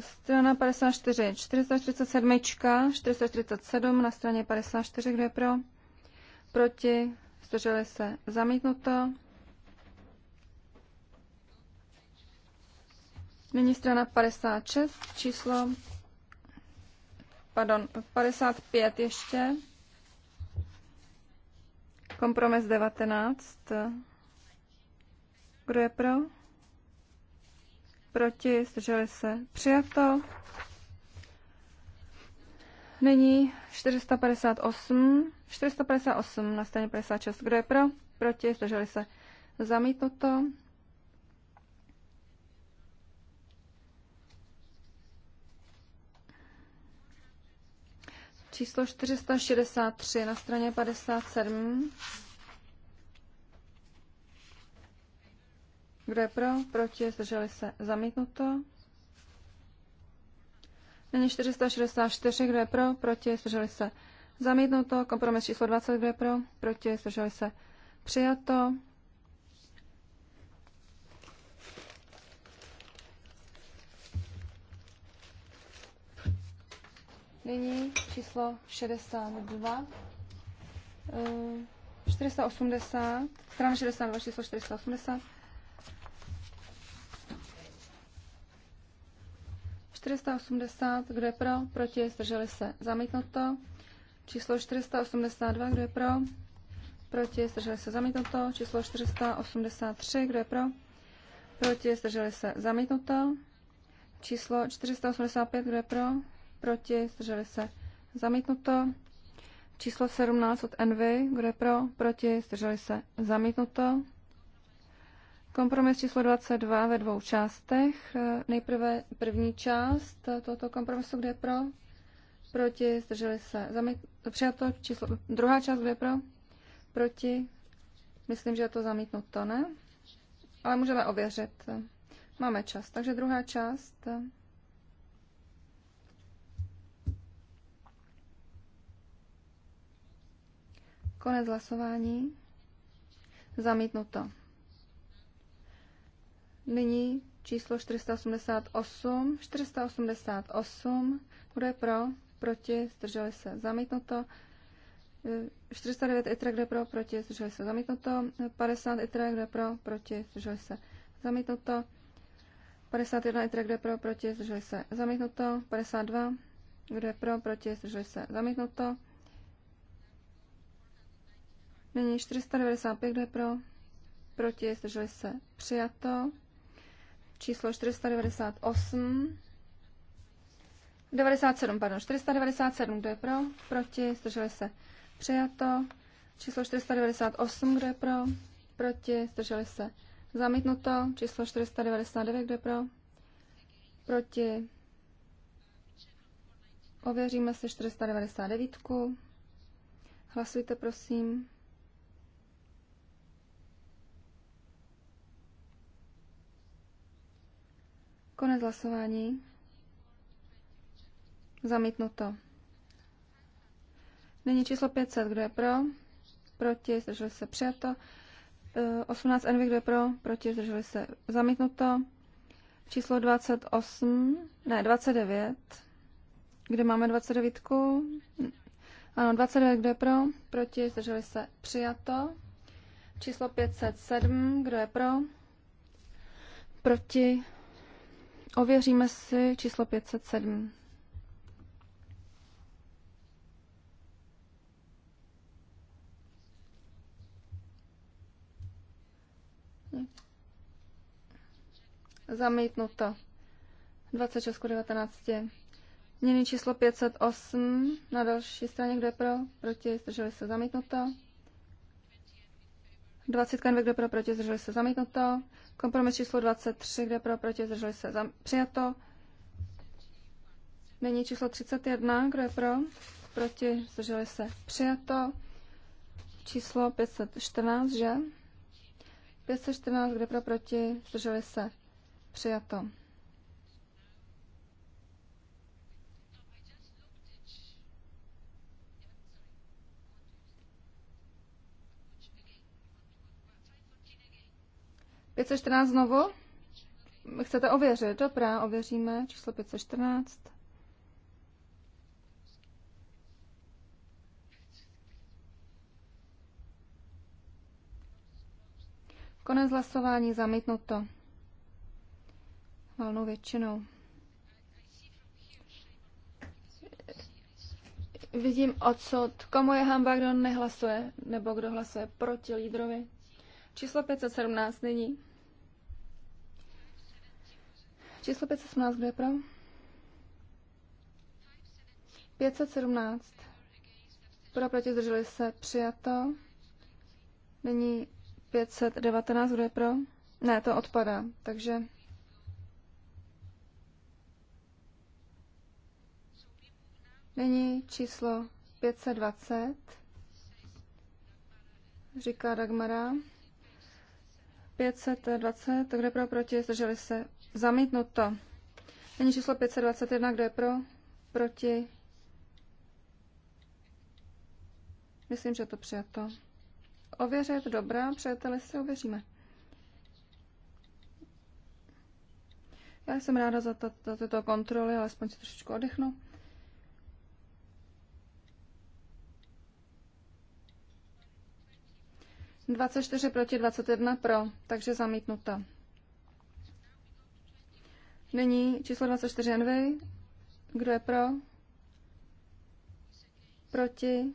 Strana 54, 447, 447 na straně 54, kdo je pro? proti, zdrželi se zamítnuto. Nyní strana 56, číslo, pardon, 55 ještě, kompromis 19. Kdo je pro? Proti, zdrželi se, přijato. Nyní 458 458 na straně 56. Kdo je pro? Proti? Zdrželi se. Zamítnuto. Číslo 463 na straně 57. Kdo je pro? Proti? Zdrželi se. Zamítnuto. Není 464. Kdo je pro? Proti? Zdrželi se. Zamítnuto. Kompromis číslo 20, je pro? Proti. Zdrželi se. Přijato. Nyní číslo 62. 480, eh, strana 62, číslo 480. 480, kdo je pro, proti, zdrželi se, zamítnuto. Číslo 482, kdo je pro? Proti, zdrželi se zamítnuto. Číslo 483, kdo je pro? Proti, zdrželi se zamítnuto. Číslo 485, kdo je pro? Proti, zdrželi se zamítnuto. Číslo 17 od Envy, kdo je pro? Proti, zdrželi se zamítnuto. Kompromis číslo 22 ve dvou částech. Nejprve první část tohoto kompromisu, kde je pro, proti, zdrželi se, zamít, přijato číslo, druhá část dvě pro, proti, myslím, že je to zamítnuto, ne? Ale můžeme ověřit. Máme čas, takže druhá část. Konec hlasování. Zamítnuto. Nyní číslo 488. 488. Kdo je pro? proti, zdrželi se zamítnuto. 409 e, itra, kde pro, proti, zdrželi se zamítnuto. 50 itra, kde pro, proti, zdrželi se zamítnuto. 51 itra, kde pro, proti, zdrželi se zamítnuto. 52, kde pro, proti, zdrželi se zamítnuto. Nyní 495, kde pro, proti, zdrželi se přijato. Číslo 498, 97, pardon, 497, kdo je pro, proti, zdrželi se, přijato. Číslo 498, kdo je pro, proti, zdrželi se, zamítnuto. Číslo 499, kdo je pro, proti. Ověříme se 499. Hlasujte, prosím. Konec hlasování. Zamítnuto. Nyní číslo 500. Kdo je pro? Proti? Zdrželi se? Přijato. 18 eh, Envy, Kdo je pro? Proti? Zdrželi se? Zamítnuto. Číslo 28, ne, 29. Kde máme 29? Ano, 29, kdo je pro? Proti? Zdrželi se? Přijato. Číslo 507, kdo je pro? Proti? Ověříme si číslo 507. Zamítnuto. 26 19. Mění číslo 508 na další straně, je pro, proti, zdrželi se zamítnuto. 20 kanvy, kde pro, proti, zdrželi se zamítnuto. Kompromis číslo 23, kde pro, proti, zdrželi se zam... přijato. Mění číslo 31, je pro, proti, zdrželi se přijato. Číslo 514, že? 514, kde pro, proti, zdrželi se Přijato. Pět čtrnáct znovu? Chcete ověřit? Dobrá, ověříme číslo 514. Konec hlasování zamítnuto valnou většinou. Vidím odsud, komu je hamba, kdo nehlasuje, nebo kdo hlasuje proti lídrovi. Číslo 517 nyní. Číslo 517, kdo je pro? 517. Pro, proti, zdrželi se, přijato. Nyní 519, kdo je pro? Ne, to odpadá, takže Nyní číslo 520, říká Dagmara. 520, kdo je pro, proti, zdrželi se, zamítnuto. Nyní číslo 521, kdo je pro, proti, myslím, že to přijato. Ověřit, dobrá, přijateli si ověříme. Já jsem ráda za, to, za tyto kontroly, alespoň si trošičku oddechnu. 24 proti 21 pro, takže zamítnuto. Nyní číslo 24 Envy. Kdo je pro? Proti?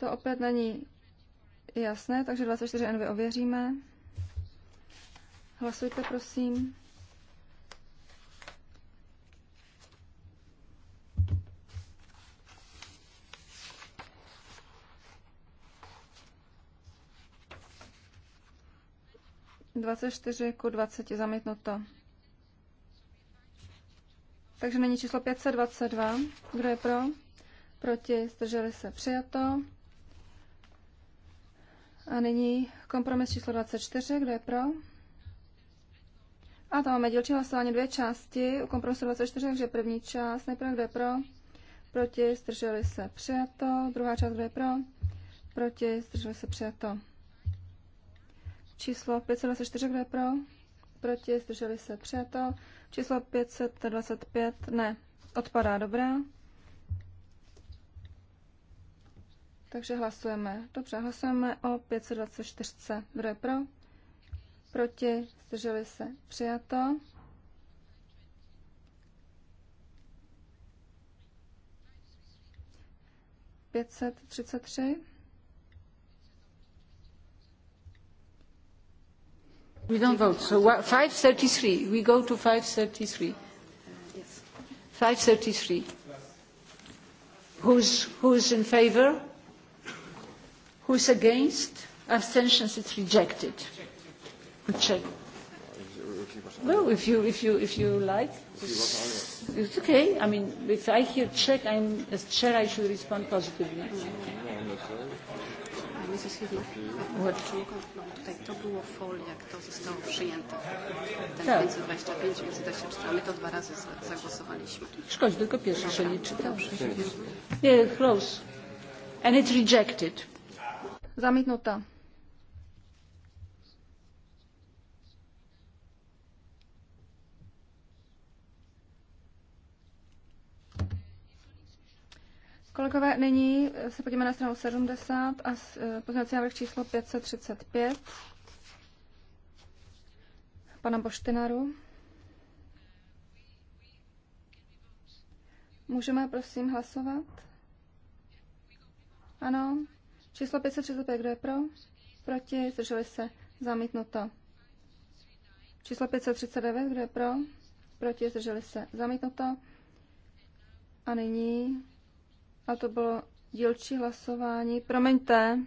To opět není jasné, takže 24 NV ověříme. Hlasujte, prosím. 24 ku 20 zamítnuto. Takže není číslo 522. Kdo je pro? Proti? Zdrželi se? Přijato. A nyní kompromis číslo 24. Kdo je pro? A tam máme dělčí hlasování dvě části. U kompromisu 24, takže první část. Nejprve kdo je pro? Proti? Zdrželi se? Přijato. Druhá část kdo je pro? Proti? Zdrželi se? Přijato. Číslo 524, kdo je pro? Proti, zdrželi se, přijato. Číslo 525, ne, odpadá, dobrá. Takže hlasujeme. Dobře, hlasujeme o 524. Kdo je pro? Proti, zdrželi se, přijato. Pětset třicet tři. We don't vote. So 533. We go to 533. 533. Who's, who's in favour? Who's against? Abstentions, it's rejected. Check. Well, no, if you, if you, if you like. It's okay. I mean, if I hear check, I'm, as chair, I should respond positively. To było folii, jak to zostało przyjęte. Ten 525, 524, my to dwa razy zagłosowaliśmy. Szkodzi, tylko pierwszy się liczy. Dobrze. Nie, close. And it's rejected. Zamítnuta. Kolegové, nyní se podíváme na stranu 70 a eh, pozměňovací návrh číslo 535 pana Boštinaru. Můžeme prosím hlasovat? Ano. Číslo 535, kdo je pro? Proti, zdrželi se, zamítnuto. Číslo 539, kdo je pro? Proti, zdrželi se, zamítnuto. A nyní a to bylo dílčí hlasování. Promiňte,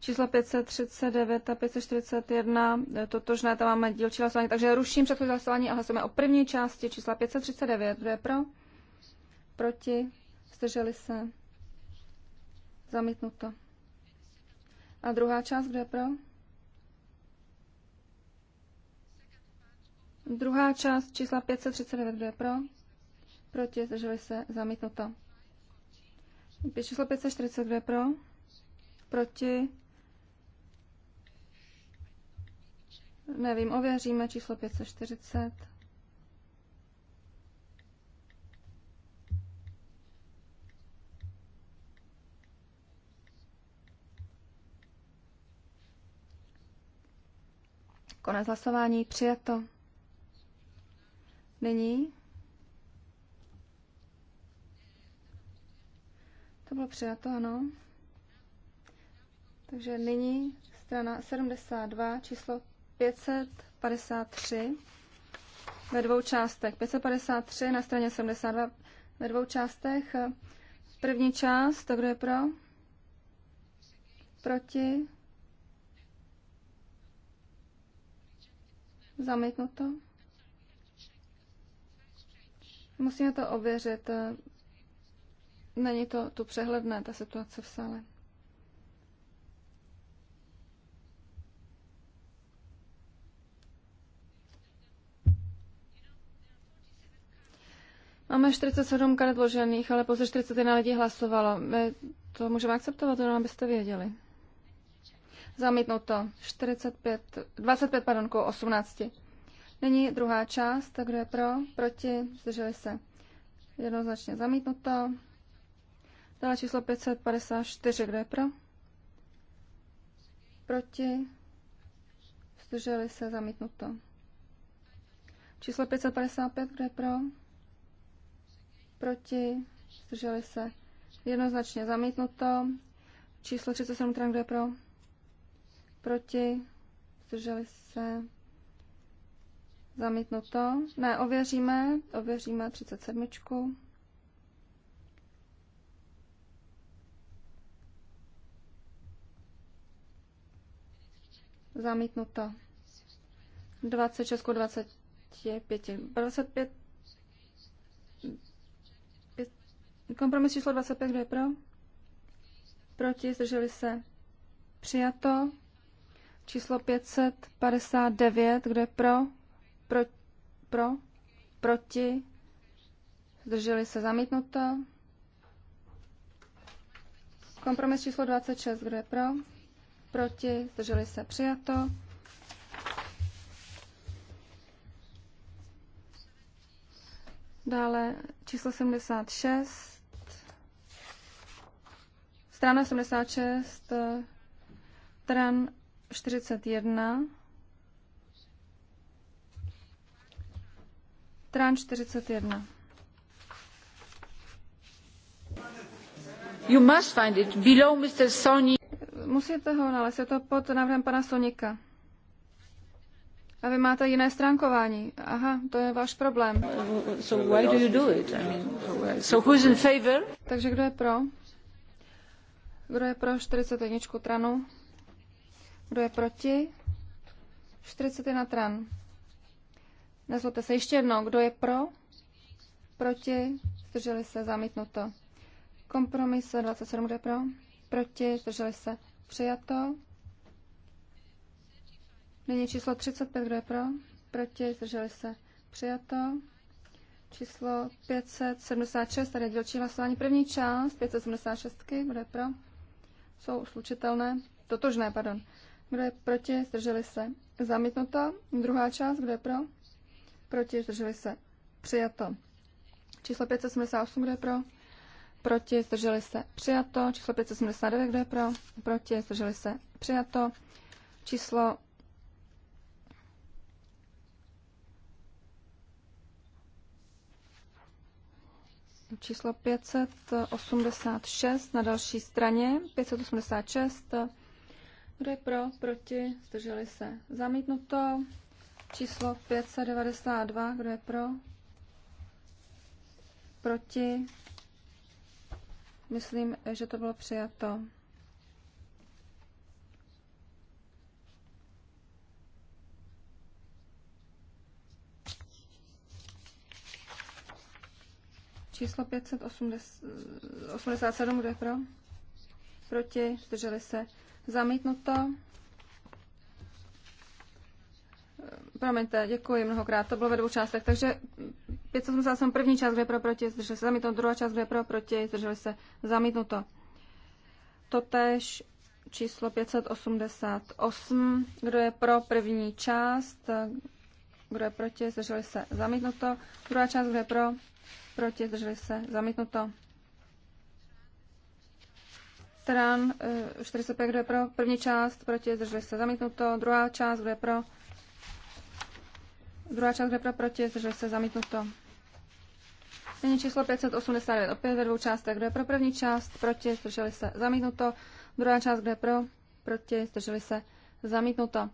čísla 539 a 541, eh, totožné, tam máme dílčí hlasování, takže ruším předchozí hlasování a hlasujeme o první části čísla 539. Kdo je pro? Proti? Zdrželi se? Zamítnuto. A druhá část, kdo je pro? Druhá část čísla 539, kdo je pro? Proti? Zdrželi se? Zamítnuto. Pět číslo 542 pro, proti, nevím, ověříme číslo 540. Konec hlasování přijato. Nyní To bylo přijato, ano. Takže nyní strana 72, číslo 553 ve dvou částech. 553 na straně 72 ve dvou částech. První část, to kdo je pro? Proti? Zamítnuto? Musíme to ověřit. Není to tu přehledné, ta situace v sále. Máme 47 karet vložených, ale pouze 41 lidí hlasovalo. My to můžeme akceptovat, jenom abyste věděli. Zamítnuto. 45, 25, pardon, 18. Není druhá část, tak kdo je pro, proti, zdrželi se. Jednoznačně zamítnuto. Dále číslo 554, kdo je pro? Proti? Zdrželi se, zamítnuto. Číslo 555, kdo je pro? Proti? Zdrželi se, jednoznačně zamítnuto. Číslo 37, kdo je pro? Proti? Zdrželi se, zamítnuto. Ne, ověříme, ověříme 37. Zamítnuto. 26 25. 25. Kompromis číslo 25, kdo je pro? Proti, zdrželi se. Přijato. Číslo 559, kdo je pro? Pro, pro? Proti. Zdrželi se zamítnuto. Kompromis číslo 26, kdo je pro? proti, zdrželi se přijato. Dále číslo 76, strana 76, tran 41, tran 41. You must find it below Mr. Sony. Musíte ho nalézt, je to pod návrhem pana Sonika. A vy máte jiné stránkování. Aha, to je váš problém. So why do you do it? I mean, so who's in favor? Takže kdo je pro? Kdo je pro 41 tranu? Kdo je proti? 41 tran. Nezlobte se ještě jednou. Kdo je pro? Proti? Zdrželi se, zamítnuto. Kompromis 27, kdo je pro? Proti? Zdrželi se, Přijato. Nyní číslo 35, kdo je pro? Proti, zdrželi se. Přijato. Číslo 576, tady je dělčí hlasování. První část, 576, kdo je pro? Jsou slučitelné, totožné, pardon. Kdo je proti, zdrželi se. Zamítnuto. Druhá část, kdo je pro? Proti, zdrželi se. Přijato. Číslo 578, kdo je pro? proti, zdrželi se, přijato. Číslo 579, kdo je pro, proti, zdrželi se, přijato. Číslo číslo 586 na další straně, 586. Kdo je pro, proti, zdrželi se, zamítnuto. Číslo 592, kdo je pro, proti, Myslím, že to bylo přijato. Číslo 587, kdo je pro? Proti, zdrželi se. Zamítnuto. Promiňte, děkuji mnohokrát, to bylo ve dvou částech. Takže 587 první část, kde pro, proti, zdrželi se zamítnuto, druhá část, kde pro, proti, zdrželi se zamítnuto. Totež číslo 588, kdo je pro první část, kdo je proti, zdrželi se zamítnuto, druhá část, kdo je pro, proti, zdrželi se zamítnuto. Stran 45, eh, kdo je pro první část, proti, zdrželi se zamítnuto, druhá část, kdo je pro, Druhá část, kde pro proti, zdržel se zamítnuto. Nyní číslo 589, opět ve dvou částech, je pro první část, proti, zdrželi se zamítnuto. Druhá část, kde pro, proti, zdrželi se zamítnuto.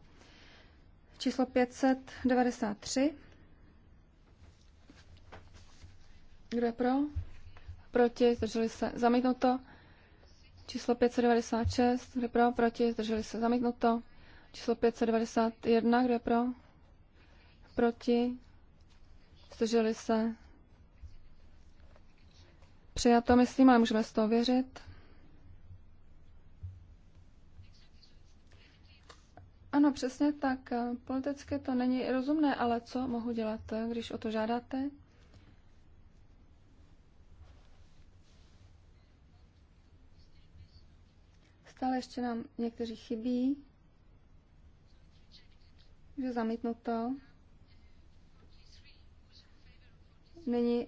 Číslo 593. Kdo je pro? Proti, zdrželi se zamítnuto. Číslo 596, kdo je pro? Proti, zdrželi se zamítnuto. Číslo 591, kdo je pro? proti, zdrželi se. Přijato, myslím, ale můžeme z toho věřit. Ano, přesně tak. Politicky to není rozumné, ale co mohu dělat, když o to žádáte? Stále ještě nám někteří chybí. Že to. Nyní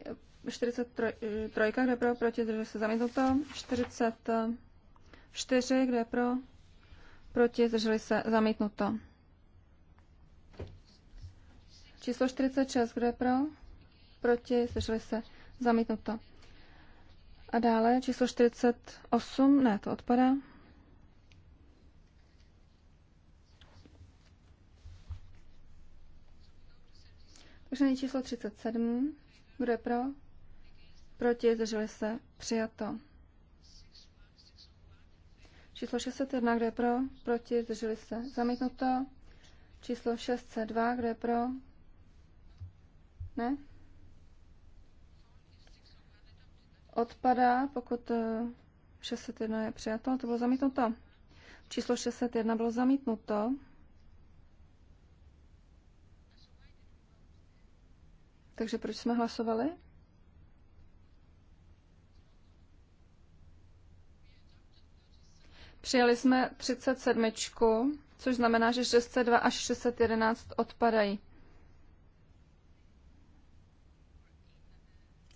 43, kde pro, proti, zdržel se zamítnuto. 44, kde pro, proti, zdrželi se zamítnuto. Číslo 46, kde pro, proti, zdrželi se zamítnuto. A dále číslo 48, ne, to odpadá. Takže číslo 37. Kdo je pro? Proti, zdrželi se, přijato. Číslo 601, kdo je pro? Proti, zdrželi se, zamítnuto. Číslo 602, kdo je pro? Ne? Odpadá, pokud 601 eh, je přijato, to bylo zamítnuto. Číslo 601 bylo zamítnuto. Takže proč jsme hlasovali? Přijali jsme 37, což znamená, že 602 až 611 odpadají.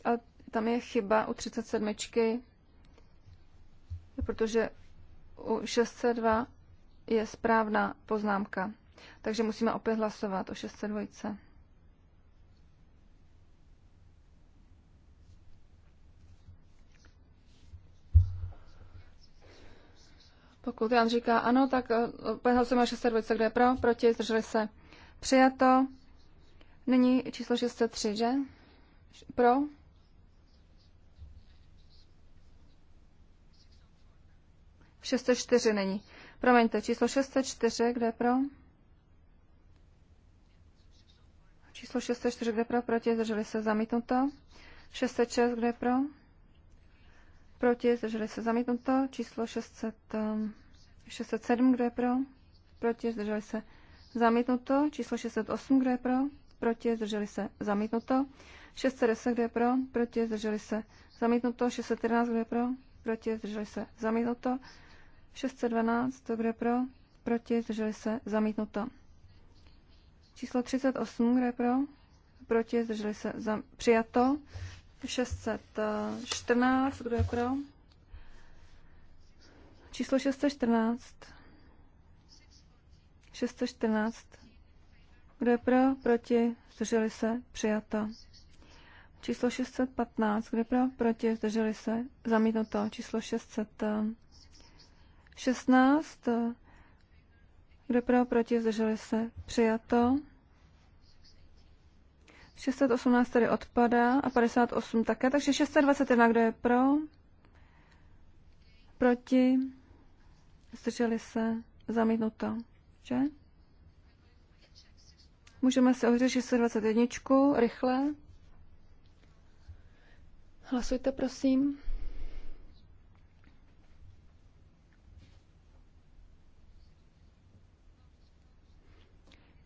A tam je chyba u 37, protože u 602 je správná poznámka. Takže musíme opět hlasovat o 602. Pokud Jan říká ano, tak pan hlasujeme o 602, kde je pro, proti, zdrželi se. Přijato. Nyní číslo 603, že? Pro. V 604 není. Promiňte, číslo 604, kde je pro? Číslo 604, kde je pro, proti, zdrželi se, zamítnuto. 606, kde je pro? Proti, zdrželi se zamítnuto. Číslo 600, 607, ehm, kdo je pro? Proti, zdrželi se zamítnuto. Číslo 608, kdo je pro? Proti, zdrželi se zamítnuto. 610, kdo je pro? Proti, zdrželi se zamítnuto. 611, kdo je pro? Proti, zdrželi se zamítnuto. 612, kdo je pro? Proti, zdrželi se zamítnuto. Číslo 38, kdo je pro? Proti, zdrželi se zam... přijato. 614, kdo je pro? Číslo 614. 614. Kdo je pro? Proti? Zdrželi se? Přijato. Číslo 615. Kdo je pro? Proti? Zdrželi se? Zamítnuto. Číslo 616. Kdo je pro? Proti? Zdrželi se? Přijato. 618 tedy odpadá a 58 také, takže 621, kdo je pro? Proti? Zdrželi se? Zamítnuto, že? Můžeme se ohřešit 621, rychle. Hlasujte, prosím.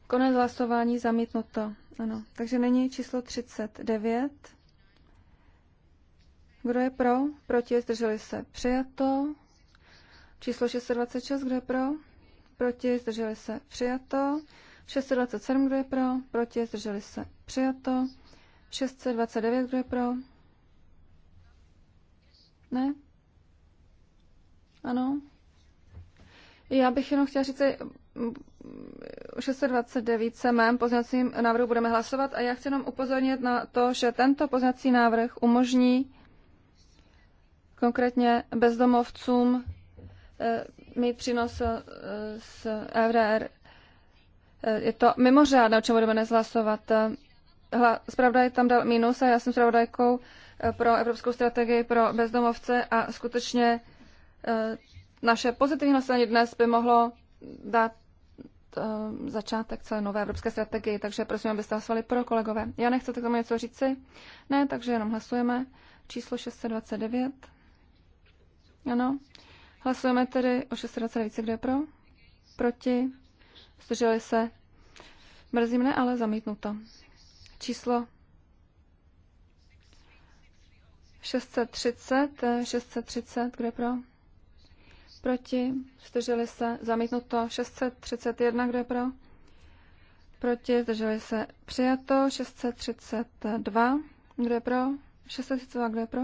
Konec hlasování zamítnuto. Ano, takže není číslo 39. Kdo je pro? Proti, zdrželi se. Přijato. Číslo 626, kdo je pro? Proti, zdrželi se. Přijato. 627, kdo je pro? Proti, zdrželi se. Přijato. 629, kdo je pro? Ne? Ano? Já bych jenom chtěla říct, 629 se mém pozněcím návrhu budeme hlasovat a já chci jenom upozornit na to, že tento poznací návrh umožní konkrétně bezdomovcům eh, mít přínos eh, z EVDR. Eh, je to mimořádné, o čem budeme dnes hlasovat. Hla, zpravodaj tam dal mínus a já jsem zpravodajkou pro Evropskou strategii pro bezdomovce a skutečně naše pozitivní hlasování dnes by mohlo dát Eh, začátek celé nové evropské strategie, takže prosím, abyste hlasovali pro, kolegové. Já nechcete k tomu něco říci? Ne, takže jenom hlasujeme. Číslo 629. Ano. Hlasujeme tedy o 629, kde je pro? Proti? Zdrželi se? Mrzí mne, ale zamítnuto. Číslo 630, 630, kde pro? Proti? Zdrželi se? Zamítnuto 631. Kdo je pro? Proti? Zdrželi se? Přijato 632. Kdo je pro? 632. Kdo je pro?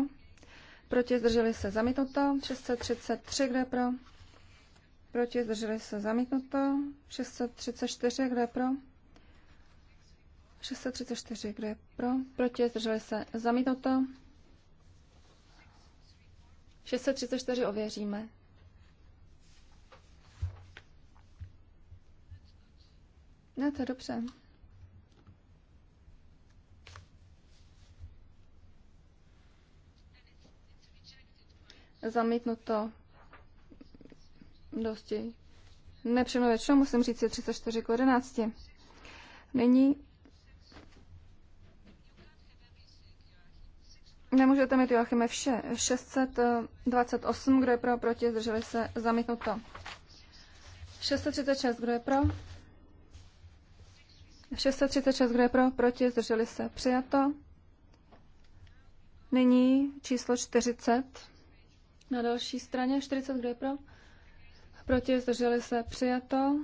Proti? Zdrželi se? Zamítnuto 633. Kdo je pro? Proti? Zdrželi se? Zamítnuto 634. Kdo je pro? 634. Kdo je pro? Proti? Zdrželi se? Zamítnuto 634 ověříme. Ne, no to je dobře. to dosti nepřemluvě člo, musím říct, je 34 k 11. Nyní Nemůžete mít Joachime vše. 628, kdo je pro, proti, zdrželi se, zamítnuto. 636, kdo je pro, 636, kdo je pro, proti, zdrželi se, přijato. Nyní číslo 40. Na další straně 40, kdo je pro, proti, zdrželi se, přijato.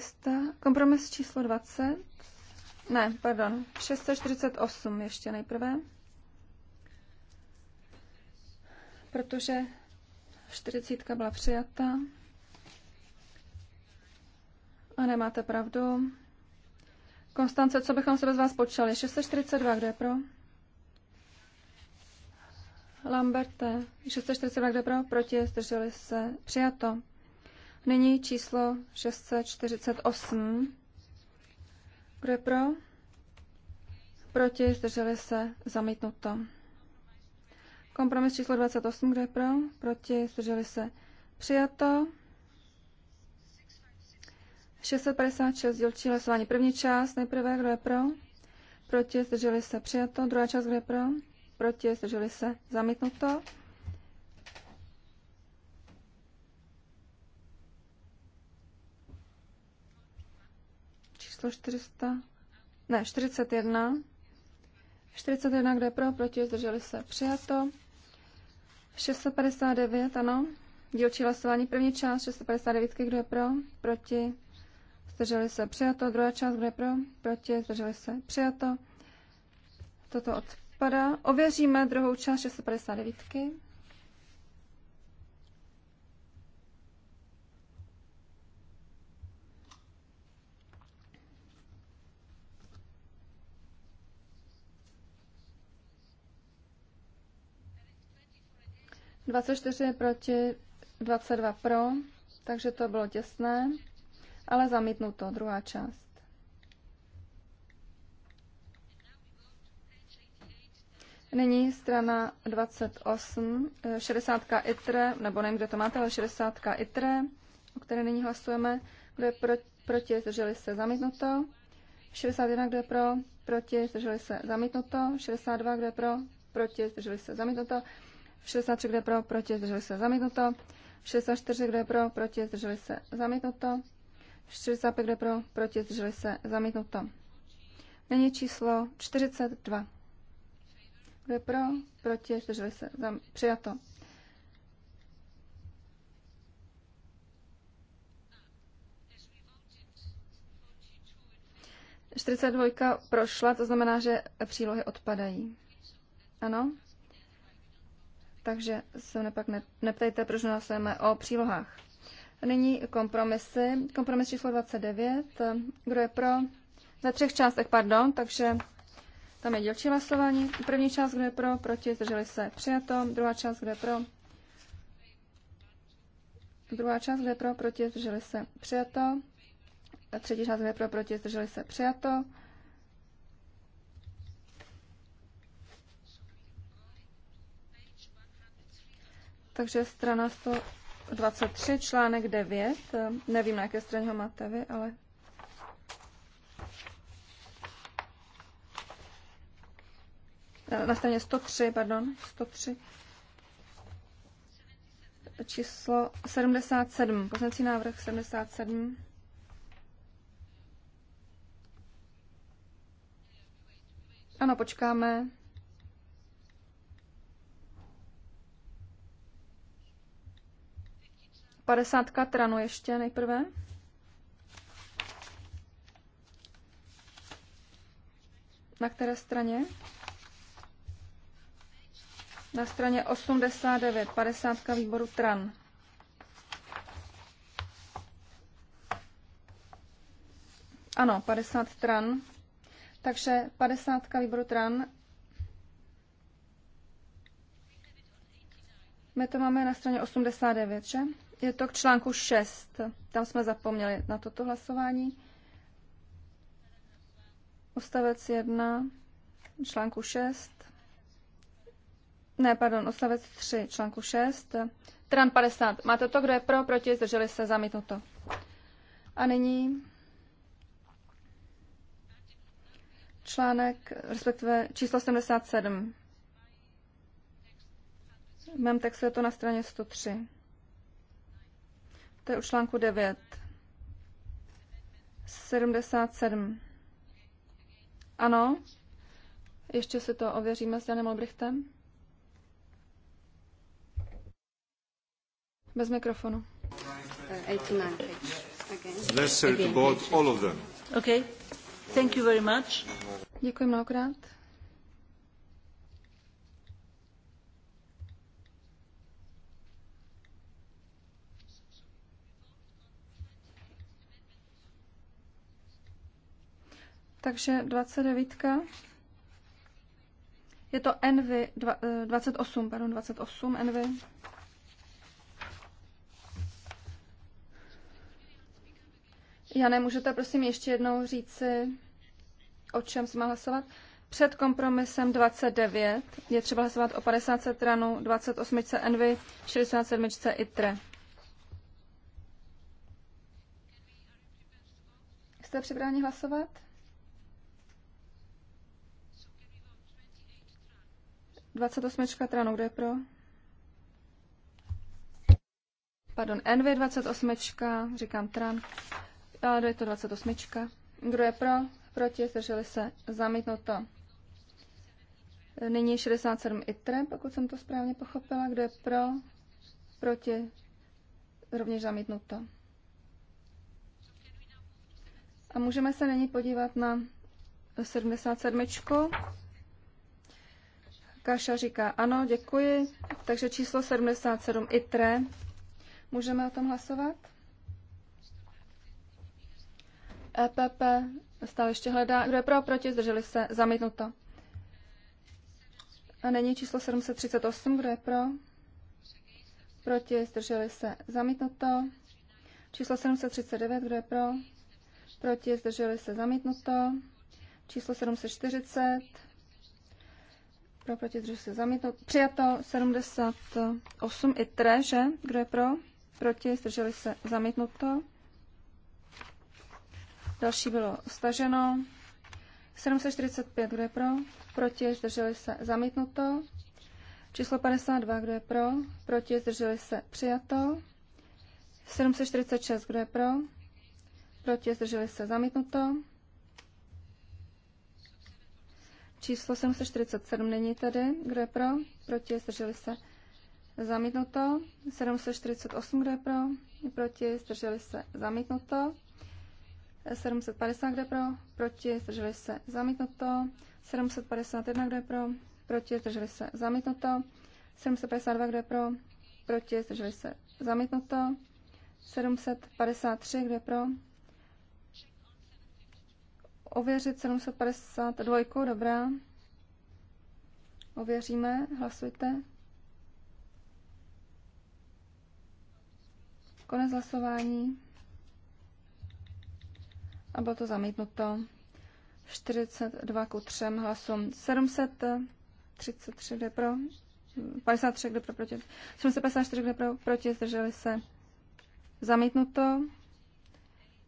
300, kompromis číslo 20, ne, pardon, 648 ještě nejprve, protože 40 byla přijata. A nemáte pravdu. Konstance, co bychom se bez vás počali? 642, kde je pro? Lamberte, 642, kde je pro? Proti, zdrželi se, přijato. Nyní číslo 648. Kdo je pro? Proti, zdrželi se, zamítnuto. Kompromis číslo 28, kdo je pro? Proti, zdrželi se, přijato. 656 dělčí hlasování. První část, nejprve, kdo je pro? Proti, zdrželi se, přijato. Druhá část, kdo je pro? Proti, zdrželi se, zamítnuto. číslo 400, ne, 41. 41, kde pro, proti, zdrželi se, přijato. 659, ano. Dílčí hlasování, první část, 659, kdo je pro, proti, zdrželi se, přijato. Druhá část, kdo je pro, proti, zdrželi se, přijato. Toto odpadá. Ověříme druhou část 659. 24 proti 22 pro, takže to bylo těsné, ale zamítnuto, druhá část. Nyní strana 28, 60 eh, ITRE, nebo nevím, kde to máte, ale 60 ITRE, o které nyní hlasujeme. Kdo je pro, proti, zdrželi se zamítnuto. 61, kdo je pro, proti, zdrželi se zamítnuto. 62, kdo je pro, proti, zdrželi se zamítnuto. 63, kdo je pro, proti, zdrželi se, zamítnuto. 64, kdo je pro, proti, zdrželi se, zamítnuto. 45, kdo je pro, proti, zdrželi se, zamítnuto. Nyní číslo 42. Kdo je pro, proti, zdrželi se, zam, přijato. Čtyřicet dvojka prošla, to znamená, že přílohy odpadají. Ano? Takže se mne pak neptejte, proč hlasujeme o přílohách. Nyní kompromisy. Kompromis číslo 29. Kdo je pro? Ve třech částech, pardon, takže tam je dělčí hlasování. První část, kdo je pro, proti, zdrželi se, přijato. Druhá část, kdo je pro, Druhá část, kdo je pro, proti, zdrželi se, přijato. Třetí část, kdo je pro, proti, zdrželi se, přijato. Takže strana 123, článek 9. Nevím, na jaké straně ho máte vy, ale... Na straně 103, pardon, 103. Číslo 77, Poznací návrh 77. Ano, počkáme. 50 katranu ještě nejprve. Na které straně? Na straně 89, 50 výboru TRAN. Ano, 50 TRAN. Takže 50 výboru TRAN. My to máme na straně 89, že? Je to k článku 6. Tam jsme zapomněli na toto hlasování. Ostavec 1, článku 6. Ne, pardon, ostavec 3, článku 6. Tran 50. Máte to, kdo je pro, proti, zdrželi se, zamítnuto. A nyní článek, respektive číslo 77. V mém textu je to na straně 103. To je u článku 9. 77. Ano, ještě si to ověříme s Janem Olbrichtem. Bez mikrofonu. Uh, okay. Thank you very much. Děkuji mnohokrát. Takže 29. Je to Envy eh, 28, pardon, 28 Envy. Jane, můžete prosím ještě jednou říci, o čem se má hlasovat? Před kompromisem 29 je třeba hlasovat o 50 ranu, 28 Envy, 67 ITRE. Jste připraveni hlasovat? 28. teda kde pro? Pardon, NV28, říkám tran, ale je to 28. Kdo je pro? Proti, zdrželi se, zamítnuto. Nyní 67 ITRE, pokud jsem to správně pochopila. Kdo je pro? Proti, rovněž zamítnuto. A můžeme se nyní podívat na 77. Kaša říká ano, děkuji. Takže číslo 77 ITRE. Můžeme o tom hlasovat? EPP stále ještě hledá. Kdo je pro, proti, zdrželi se, zamítnuto. A není číslo 738, kdo je pro? Proti, zdrželi se, zamítnuto. Číslo 739, kdo je pro? Proti, zdrželi se, zamítnuto. Číslo 740, pro, proti, drží se zamítnout. Přijato 78 i tre, že? Kdo je pro? Proti, zdrželi se zamítnuto. Další bylo staženo. 745, kdo je pro? Proti, zdrželi se zamítnuto. Číslo 52, kdo je pro? Proti, zdrželi se přijato. 746, kdo je pro? Proti, zdrželi se zamítnuto. Číslo 747 není tady. Kdo je pro? Proti? Zdrželi se. Zamítnuto. 748, kdo je pro? Proti? Zdrželi se. Zamítnuto. 750, kdo je pro? Proti? Zdrželi se. Zamítnuto. 751, kdo je pro? Proti? Zdrželi se. Zamítnuto. 752, kdo je pro? Proti? Zdrželi se. Zamítnuto. 753, kdo je pro? ověřit 752, dobrá. Ověříme, hlasujte. Konec hlasování. A bylo to zamítnuto. 42 ku 3 hlasům. 733 kde pro, 53 kde pro, proti, 754 kde pro, proti, zdrželi se. Zamítnuto.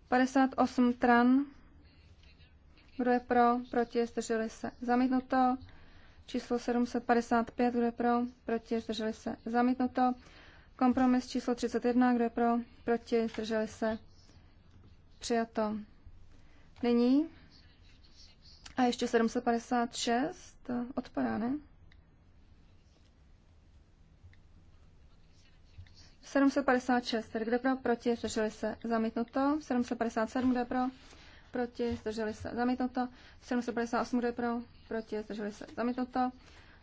58 tran kdo je pro? Proti? Zdrželi se? Zamítnuto. Číslo 755. Kdo je pro? Proti? Zdrželi se? Zamítnuto. Kompromis číslo 31. Kdo je pro? Proti? Zdrželi se? Přijato. Nyní. A ještě 756. Odpadá, ne? 756, tedy kdo pro, proti, zdrželi se, zamítnuto. 757, je pro, proti, zdrželi se, zamítnuto. 758, kdo je pro, proti, zdrželi se, zamítnuto.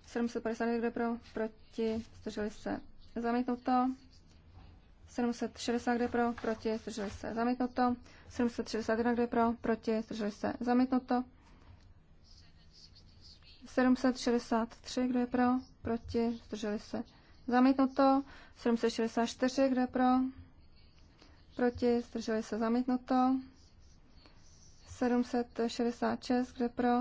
759, kdo je pro, proti, zdrželi se, zamítnuto. 760, kdo je pro, proti, zdrželi se, zamítnuto. 761, kdo je pro, proti, zdrželi se, zamítnuto. 763, kdo je pro, proti, zdrželi se, zamítnuto. 764, kdo je pro, proti, zdrželi se, zamítnuto. 766, kde pro?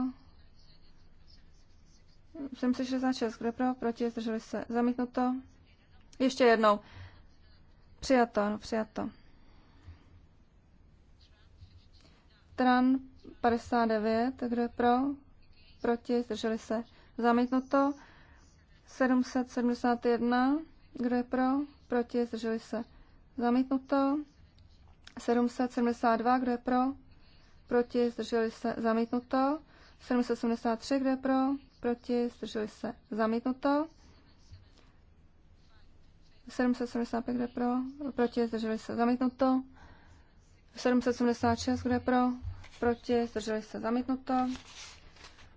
766, kde pro? Proti, zdrželi se. Zamítnuto. Ještě jednou. Přijato, ano, přijato. Tran 59, kde pro? Proti, zdrželi se. Zamítnuto. 771, kdo je pro? Proti, zdrželi se. Zamítnuto. 772, kdo je pro? proti, zdrželi se, zamítnuto. 773, kde pro, proti, zdrželi se, zamítnuto. 775, kde pro, proti, zdrželi se, zamítnuto. 776, kde pro, proti, zdrželi se, zamítnuto.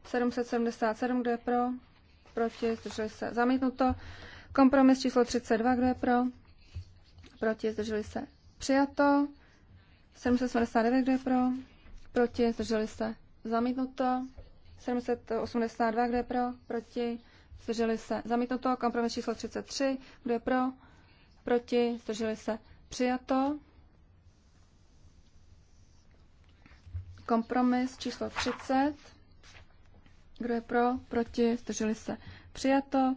777, kde pro, proti, zdrželi se, zamítnuto. Kompromis číslo 32, kde pro? Proti, zdrželi se. Přijato. 779, kde pro? proti, zdrželi se, zamítnuto. 782, kdo je pro, proti, zdrželi se, zamítnuto. Kompromis číslo 33, kdo je pro, proti, zdrželi se, přijato. Kompromis číslo 30, kdo je pro, proti, zdrželi se, přijato.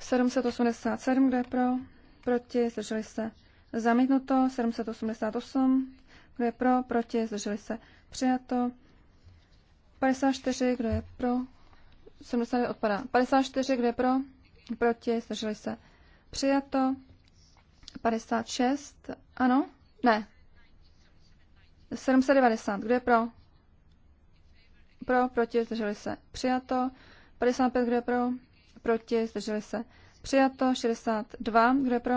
787, kdo je pro, proti, zdrželi se, zamítnuto. 788, kdo je pro? Proti? Zdrželi se? Přijato. 54. Kdo je pro? 70 odpadá. 54. Kdo je pro? Proti? Zdrželi se? Přijato. 56. Ano? Ne. 790. Kdo je pro? Pro, proti, zdrželi se. Přijato. 55. Kdo je pro? Proti, zdrželi se. Přijato. 62. Kdo je pro?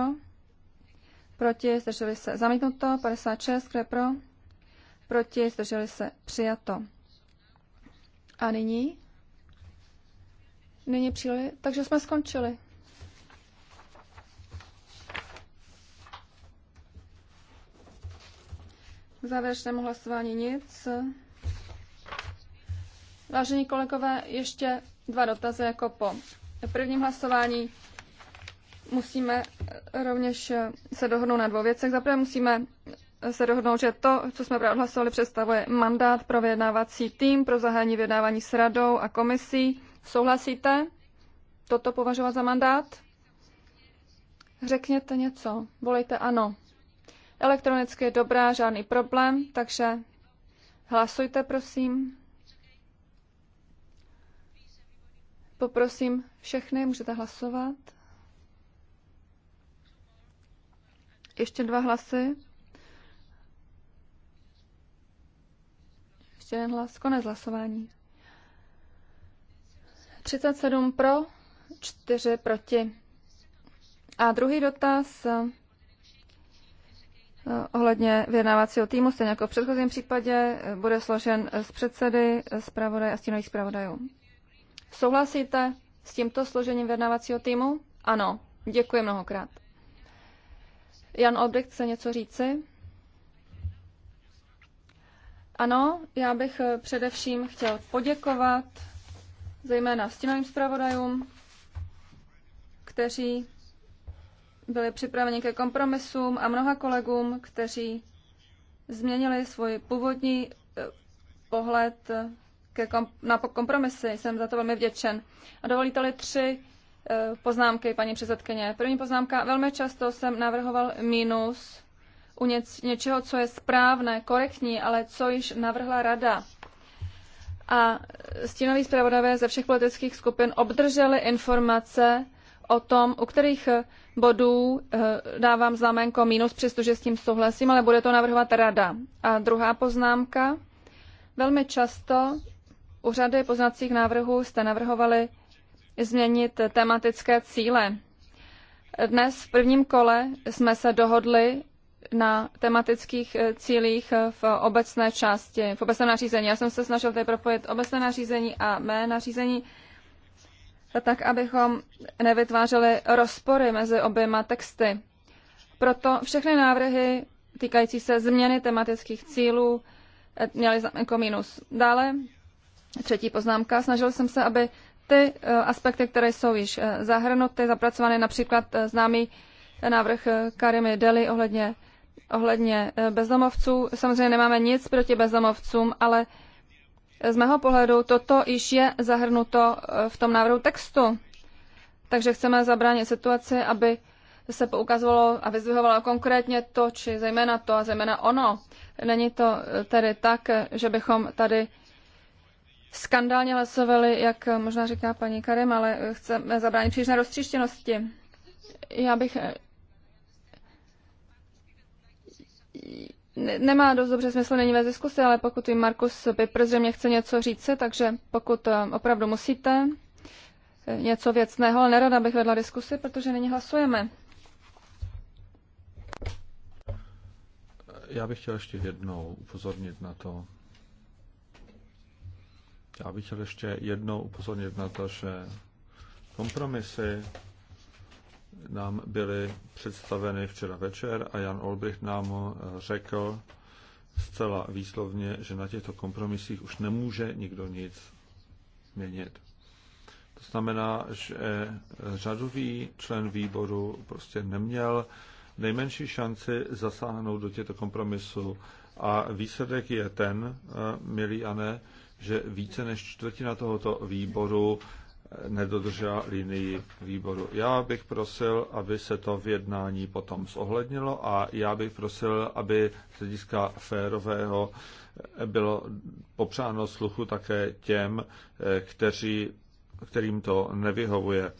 proti, zdrželi se zamítnuto, 56, kdo je pro, proti, zdrželi se přijato. A nyní? Nyní příli, takže jsme skončili. K závěrečnému hlasování nic. Vážení kolegové, ještě dva dotazy jako po prvním hlasování musíme eh, rovněž eh, se dohodnout na dvou věcech. Zaprvé musíme eh, se dohodnout, že to, co jsme právě hlasovali, představuje mandát pro vyjednávací tým pro zahájení vyjednávání s radou a komisí. Souhlasíte toto považovat za mandát? Řekněte něco. Volejte ano. Elektronicky je dobrá, žádný problém, takže hlasujte, prosím. Poprosím všechny, můžete hlasovat. Ještě dva hlasy. Ještě jeden hlas. Konec hlasování. 37 pro, 4 proti. A druhý dotaz eh, ohledně vyjednávacího týmu, stejně jako v předchozím případě, eh, bude složen z předsedy, zpravodaj a stínových zpravodajů. Souhlasíte s tímto složením vyjednávacího týmu? Ano, děkuji mnohokrát. Jan Obdych chce něco říci? Ano, já bych eh, především chtěl poděkovat zejména stínovým zpravodajům, kteří byli připraveni ke kompromisům a mnoha kolegům, kteří změnili svůj původní eh, pohled eh, ke kom- na kompromisy. Jsem za to velmi vděčen. A dovolíte-li tři Eh, poznámky, paní předsedkyně. První poznámka. Velmi často jsem navrhoval mínus u něc, něčeho, co je správné, korektní, ale co již navrhla rada. A stínoví zpravodavé ze všech politických skupin obdrželi informace o tom, u kterých bodů eh, dávám znamenko minus, přestože s tím souhlasím, ale bude to navrhovat rada. A druhá poznámka. Velmi často u řady poznacích návrhů jste navrhovali změnit tematické cíle. Dnes v prvním kole jsme se dohodli na tematických eh, cílích eh, v obecné části, v obecném nařízení. Já jsem se snažil tady propojit obecné nařízení a mé nařízení, tak abychom nevytvářeli rozpory mezi oběma texty. Proto všechny návrhy týkající se změny tematických cílů eh, měly jako minus. Dále, třetí poznámka, snažil jsem se, aby ty eh, aspekty, které jsou již eh, zahrnuty, zapracované například eh, známý návrh Karimy Deli ohledně, ohledně bezdomovců. Samozřejmě nemáme nic proti bezdomovcům, ale z mého pohledu toto již je zahrnuto v tom návrhu textu. Takže chceme zabránit situaci, aby se poukazovalo a vyzvihovalo konkrétně to, či zejména to a zejména ono. Není to tedy tak, že bychom tady skandálně hlasovali, jak možná říká paní Karim, ale chceme zabránit přílišné roztříštěnosti. Já bych eh, nemá dost dobře smysl, není ve diskusi, ale pokud i Markus Piper zřejmě chce něco říct, takže pokud eh, opravdu musíte eh, něco věcného, ale nerada bych vedla diskusi, protože nyní hlasujeme. Já bych chtěl ještě jednou upozornit na to, já bych chtěl ještě jednou upozornit na to, že kompromisy nám byly představeny včera večer a Jan Olbrich nám řekl zcela výslovně, že na těchto kompromisích už nemůže nikdo nic měnit. To znamená, že řadový člen výboru prostě neměl nejmenší šanci zasáhnout do těchto kompromisů a výsledek je ten, milý Ane, že více než čtvrtina tohoto výboru eh, nedodržela linii výboru. Já bych prosil, aby se to v jednání potom zohlednilo a já bych prosil, aby z hlediska férového eh, bylo popřáno sluchu také těm, eh, kteří, kterým to nevyhovuje.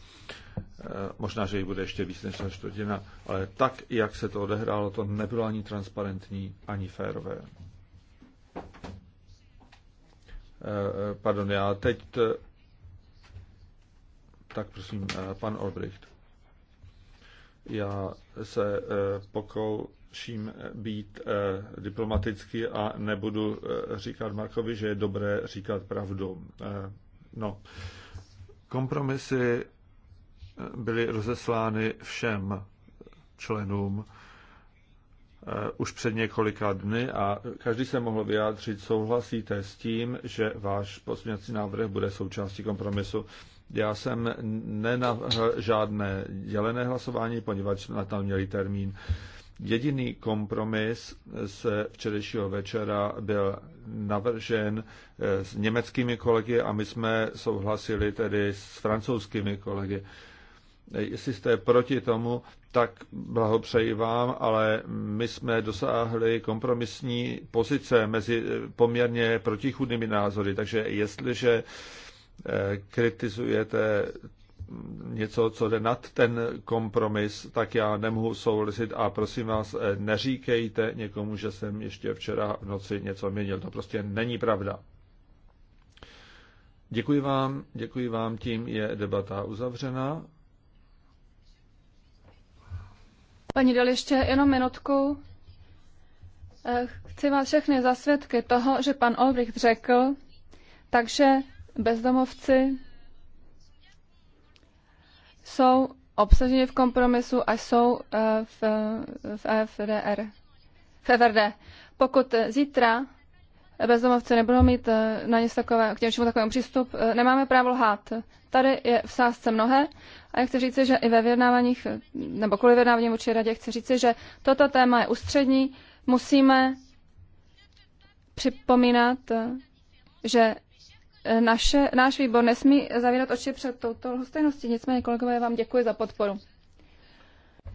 Možná, že jich bude ještě víc než ta čtvrtina, ale tak, jak se to odehrálo, to nebylo ani transparentní, ani férové. Eh, pardon, já teď... Tak prosím, eh, pan Olbricht. Já se eh, pokouším být diplomatický a nebudu říkat Markovi, že je dobré říkat pravdu. No, kompromisy byly rozeslány všem členům Eh, už před několika dny a každý se mohl vyjádřit, souhlasíte s tím, že váš pozměňovací návrh bude součástí kompromisu. Já jsem nenavrhl žádné dělené hlasování, poněvadž na tam měli termín. Jediný kompromis se včerejšího večera byl navržen eh, s německými kolegy a my jsme souhlasili tedy s francouzskými kolegy jestli jste proti tomu, tak blahopřeji vám, ale my jsme dosáhli kompromisní pozice mezi poměrně protichudnými názory, takže jestliže eh, kritizujete něco, co jde nad ten kompromis, tak já nemohu souhlasit a prosím vás, eh, neříkejte někomu, že jsem ještě včera v noci něco měnil. To prostě není pravda. Děkuji vám, děkuji vám, tím je debata uzavřena. Paní Del, ještě jenom minutku. Eh, chci vás všechny za svědky toho, že pan Olbricht řekl, takže bezdomovci jsou obsaženi v kompromisu a jsou eh, v, v e FDR. V FRD. E Pokud zítra bezdomovci nebudou mít eh, na nic takové, k něčemu takovému přístup, nemáme právo lhát. Tady je v sázce mnohé a já chci říci, že i ve vyjednávaních, eh, nebo kvůli vyjednávaním vůči radě, chci říci, že toto téma je ústřední. Musíme připomínat, eh, že eh, naše, náš výbor nesmí zavírat oči před touto lhostejností. Nicméně, kolegové, vám děkuji za podporu.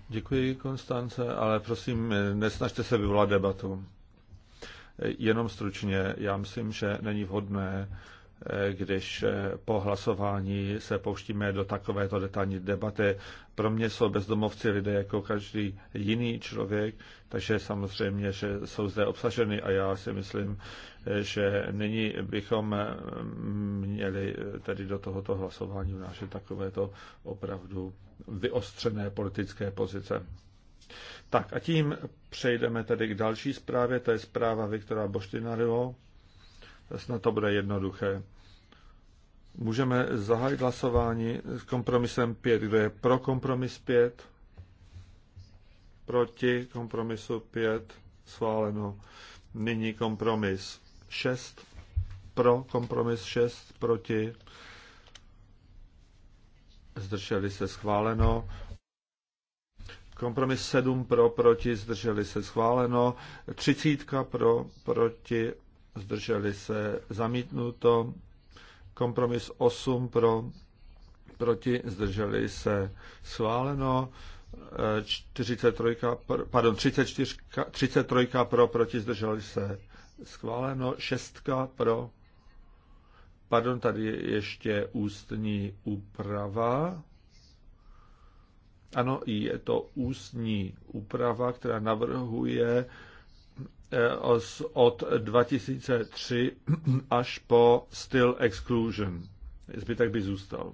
Děkuji, Konstance, ale prosím, nesnažte se vyvolat debatu. Jenom stručně, já myslím, že není vhodné když eh, po hlasování se pouštíme do takovéto detailní debaty. Pro mě jsou bezdomovci lidé jako každý jiný člověk, takže samozřejmě, že jsou zde obsaženy a já si myslím, že nyní bychom eh, měli eh, tedy do tohoto hlasování vnášet takovéto opravdu vyostřené politické pozice. Tak a tím přejdeme tedy k další zprávě, to je zpráva Viktora Boštinariho. Snad to bude jednoduché. Můžeme zahájit hlasování s kompromisem 5. Kdo je pro kompromis 5? Proti kompromisu 5? Schváleno. Nyní kompromis 6. Pro kompromis 6, proti. Zdrželi se schváleno. Kompromis 7 pro, proti, zdrželi se schváleno. Třicítka pro, proti, zdrželi se, zamítnuto. Kompromis 8 pro, proti, zdrželi se, schváleno. 43, pardon, 34, 33 pro, proti, zdrželi se, schváleno. 6 pro, pardon, tady je ještě ústní úprava. Ano, je to ústní úprava, která navrhuje Eh, od 2003 až po Still Exclusion. Zbytek by zůstal.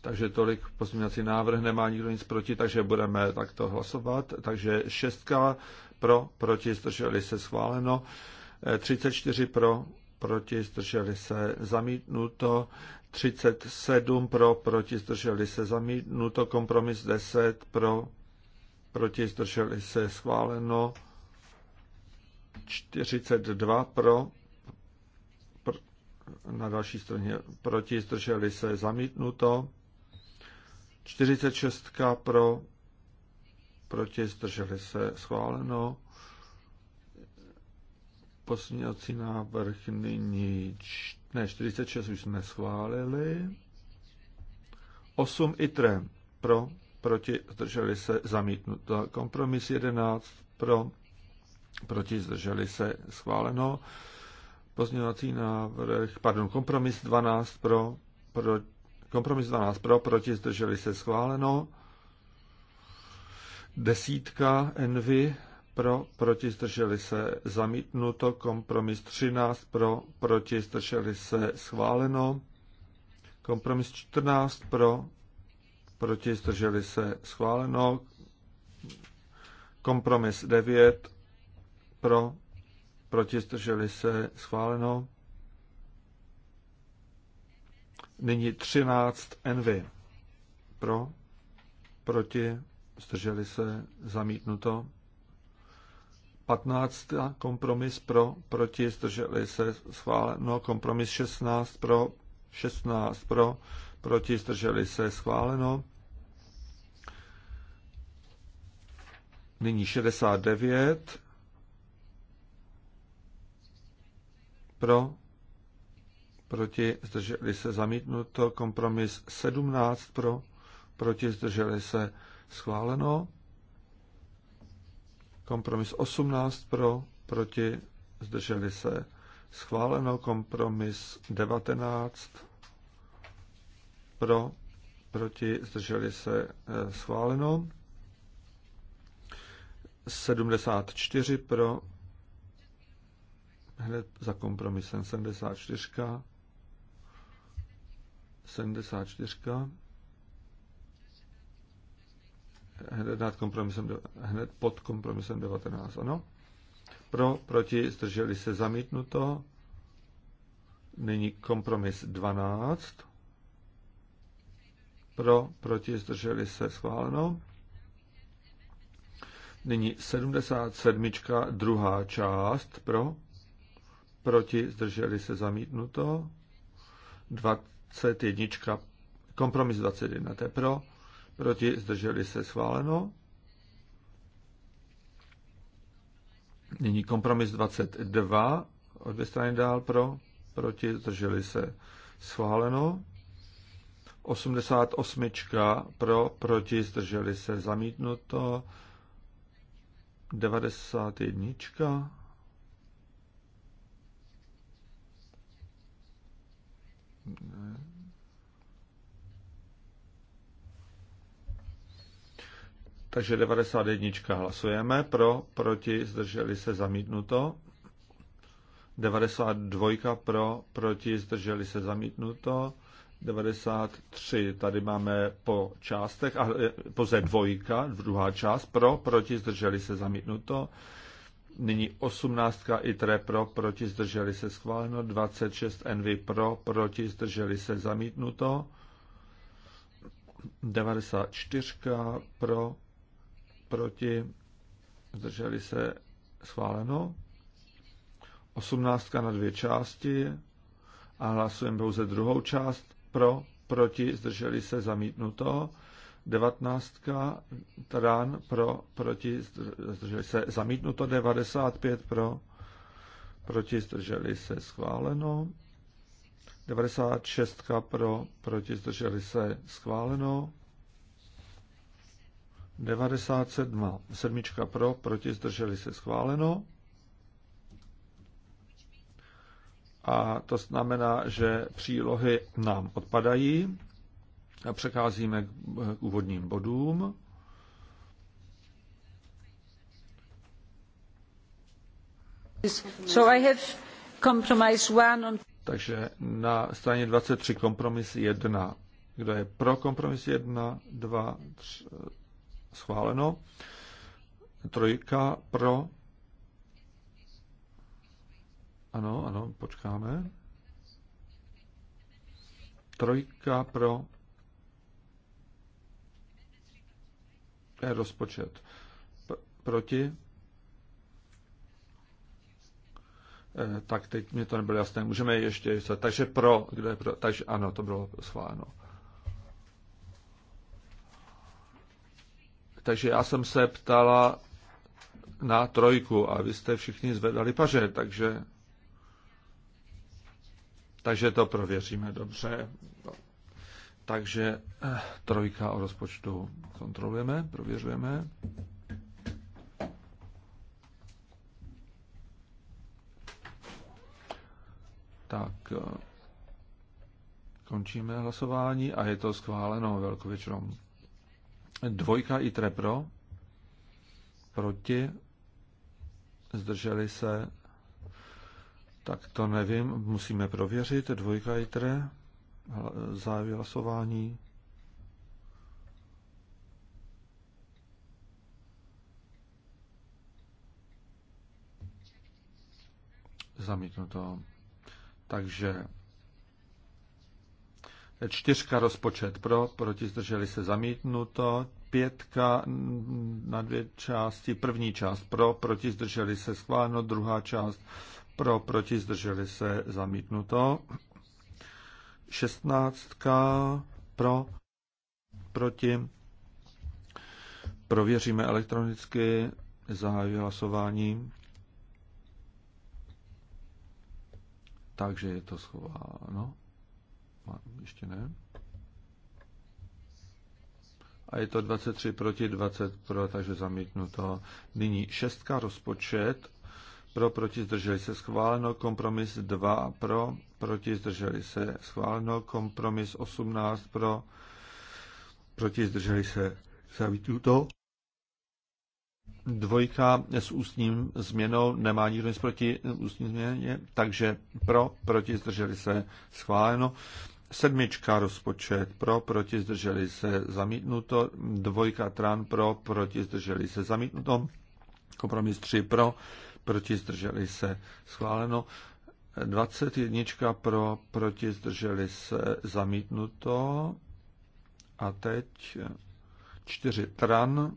Takže tolik pozměňovací návrh, nemá nikdo nic proti, takže budeme takto hlasovat. Takže šestka pro, proti, zdrželi se schváleno. 34 eh, pro, proti, zdrželi se zamítnuto. 37 pro, proti, zdrželi se zamítnuto. Kompromis 10 pro, proti, zdrželi se schváleno 42 pro, pr, na další straně proti, zdrželi se zamítnuto 46 pro, proti, zdrželi se schváleno pozměňovací návrh nyní ne, 46 už jsme schválili. 8 itrem pro, proti, zdrželi se, zamítnuto. Kompromis 11 pro, proti, zdrželi se, schváleno. Pozměňovací návrh, pardon, kompromis 12 pro, pro kompromis 12 pro, proti, zdrželi se, schváleno. Desítka Envy pro, proti, zdrželi se, zamítnuto. Kompromis 13 pro, proti, zdrželi se, schváleno. Kompromis 14 pro, proti, zdrželi se, schváleno. Kompromis 9, pro, proti, zdrželi se, schváleno. Nyní 13 envy. Pro, proti, zdrželi se, zamítnuto. 15 kompromis pro, proti, zdrželi se, schváleno. Kompromis 16 pro, 16 pro, proti, zdrželi se, schváleno. Nyní 69, pro, proti, zdrželi se, zamítnuto, kompromis 17 pro, proti, zdrželi se, schváleno. Kompromis 18 pro, proti, zdrželi se, schváleno. Kompromis 19 pro, proti, zdrželi se eh, schváleno. 74 pro, hned za kompromisem 74. 74. Hned, nad kompromisem, hned pod kompromisem 19, ano. Pro, proti, zdrželi se zamítnuto. Nyní kompromis 12 pro, proti, zdrželi se, schváleno. Nyní 77. druhá část pro, proti, zdrželi se, zamítnuto. 21. kompromis 21, to je pro, proti, zdrželi se, schváleno. Nyní kompromis 22, o dvě strany dál pro, proti, zdrželi se, schváleno. 88 pro, proti, zdrželi se, zamítnuto. 91. Takže 91 hlasujeme pro, proti, zdrželi se, zamítnuto. 92 pro, proti, zdrželi se, zamítnuto. 93. Tady máme po částech, a e, poze dvojka, druhá část, pro, proti, zdrželi se zamítnuto. Nyní 18. i tre pro, proti, zdrželi se schváleno. 26. NV pro, proti, zdrželi se zamítnuto. 94. pro, proti, zdrželi se schváleno. 18. na dvě části a hlasujeme pouze druhou část pro, proti, zdrželi se zamítnuto. 19. Tran pro, proti, zdrželi se zamítnuto. 95 pro, proti, zdrželi se schváleno. 96 pro, proti, zdrželi se schváleno. 97. Sedmička pro, proti, zdrželi se schváleno. a to znamená, že přílohy nám odpadají. A přecházíme k úvodním bodům. So I have compromise one on... Takže na straně 23 kompromis 1. Kdo je pro kompromis 1, 2, 3, schváleno. Trojka pro, ano, ano, počkáme. Trojka pro rozpočet. P- proti? E, tak teď mě to nebylo jasné. Můžeme ještě Takže pro, kdo je pro? Takže ano, to bylo schváleno. Takže já jsem se ptala na trojku a vy jste všichni zvedali paže, takže takže to prověříme dobře. No. Takže eh, trojka o rozpočtu kontrolujeme, prověřujeme. Tak eh, končíme hlasování a je to schváleno velkou většinou. Dvojka i trepro proti, zdrželi se, tak to nevím, musíme prověřit. Dvojka jitre, závěr hlasování. Zamítnuto. Takže čtyřka rozpočet pro, proti zdrželi se zamítnuto, pětka na dvě části, první část pro, proti zdrželi se schváleno, druhá část pro, proti, zdrželi se, zamítnuto. Šestnáctka pro, proti. Prověříme elektronicky, zahájí hlasování. Takže je to schováno. Ještě ne. A je to 23 proti 20 pro, takže zamítnuto. Nyní šestka rozpočet pro, proti, zdrželi se schváleno, kompromis 2 pro, proti, zdrželi se schváleno, kompromis 18 pro, proti, zdrželi se to. Dvojka s ústním změnou nemá nikdo nic proti ústní změně, takže pro, proti, zdrželi se schváleno. Sedmička rozpočet pro, proti, zdrželi se zamítnuto. Dvojka tran pro, proti, zdrželi se zamítnuto. Kompromis 3 pro, proti zdrželi se schváleno, 21 pro, proti zdrželi se zamítnuto a teď 4 tran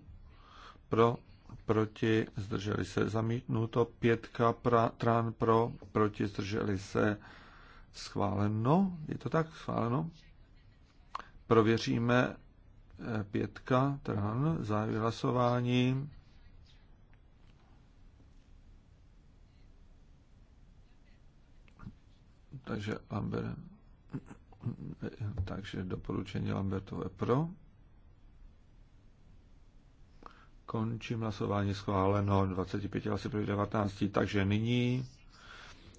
pro, proti zdrželi se zamítnuto, 5 pra, tran pro, proti zdrželi se schváleno, je to tak schváleno? Prověříme eh, pětka tran, za hlasování. Takže Lambert, takže doporučení Lambertové pro. Končím hlasování schváleno 25 hlasy pro 19. Takže nyní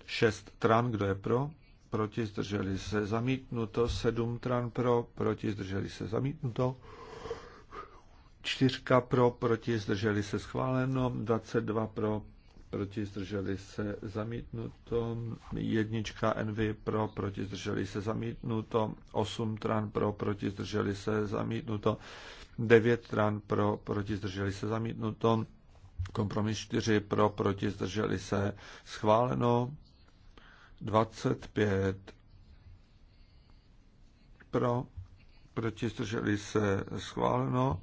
6 tran, kdo je pro? Proti zdrželi se zamítnuto. 7 tran pro, proti zdrželi se zamítnuto. 4 pro, proti zdrželi se schváleno. 22 pro, proti zdrželi se zamítnuto, jednička NV pro, proti zdrželi se zamítnuto, osm tran pro, proti zdrželi se zamítnuto, devět tran pro, proti zdrželi se zamítnuto, kompromis 4 pro, proti zdrželi se schváleno, 25 pro, proti zdrželi se schváleno,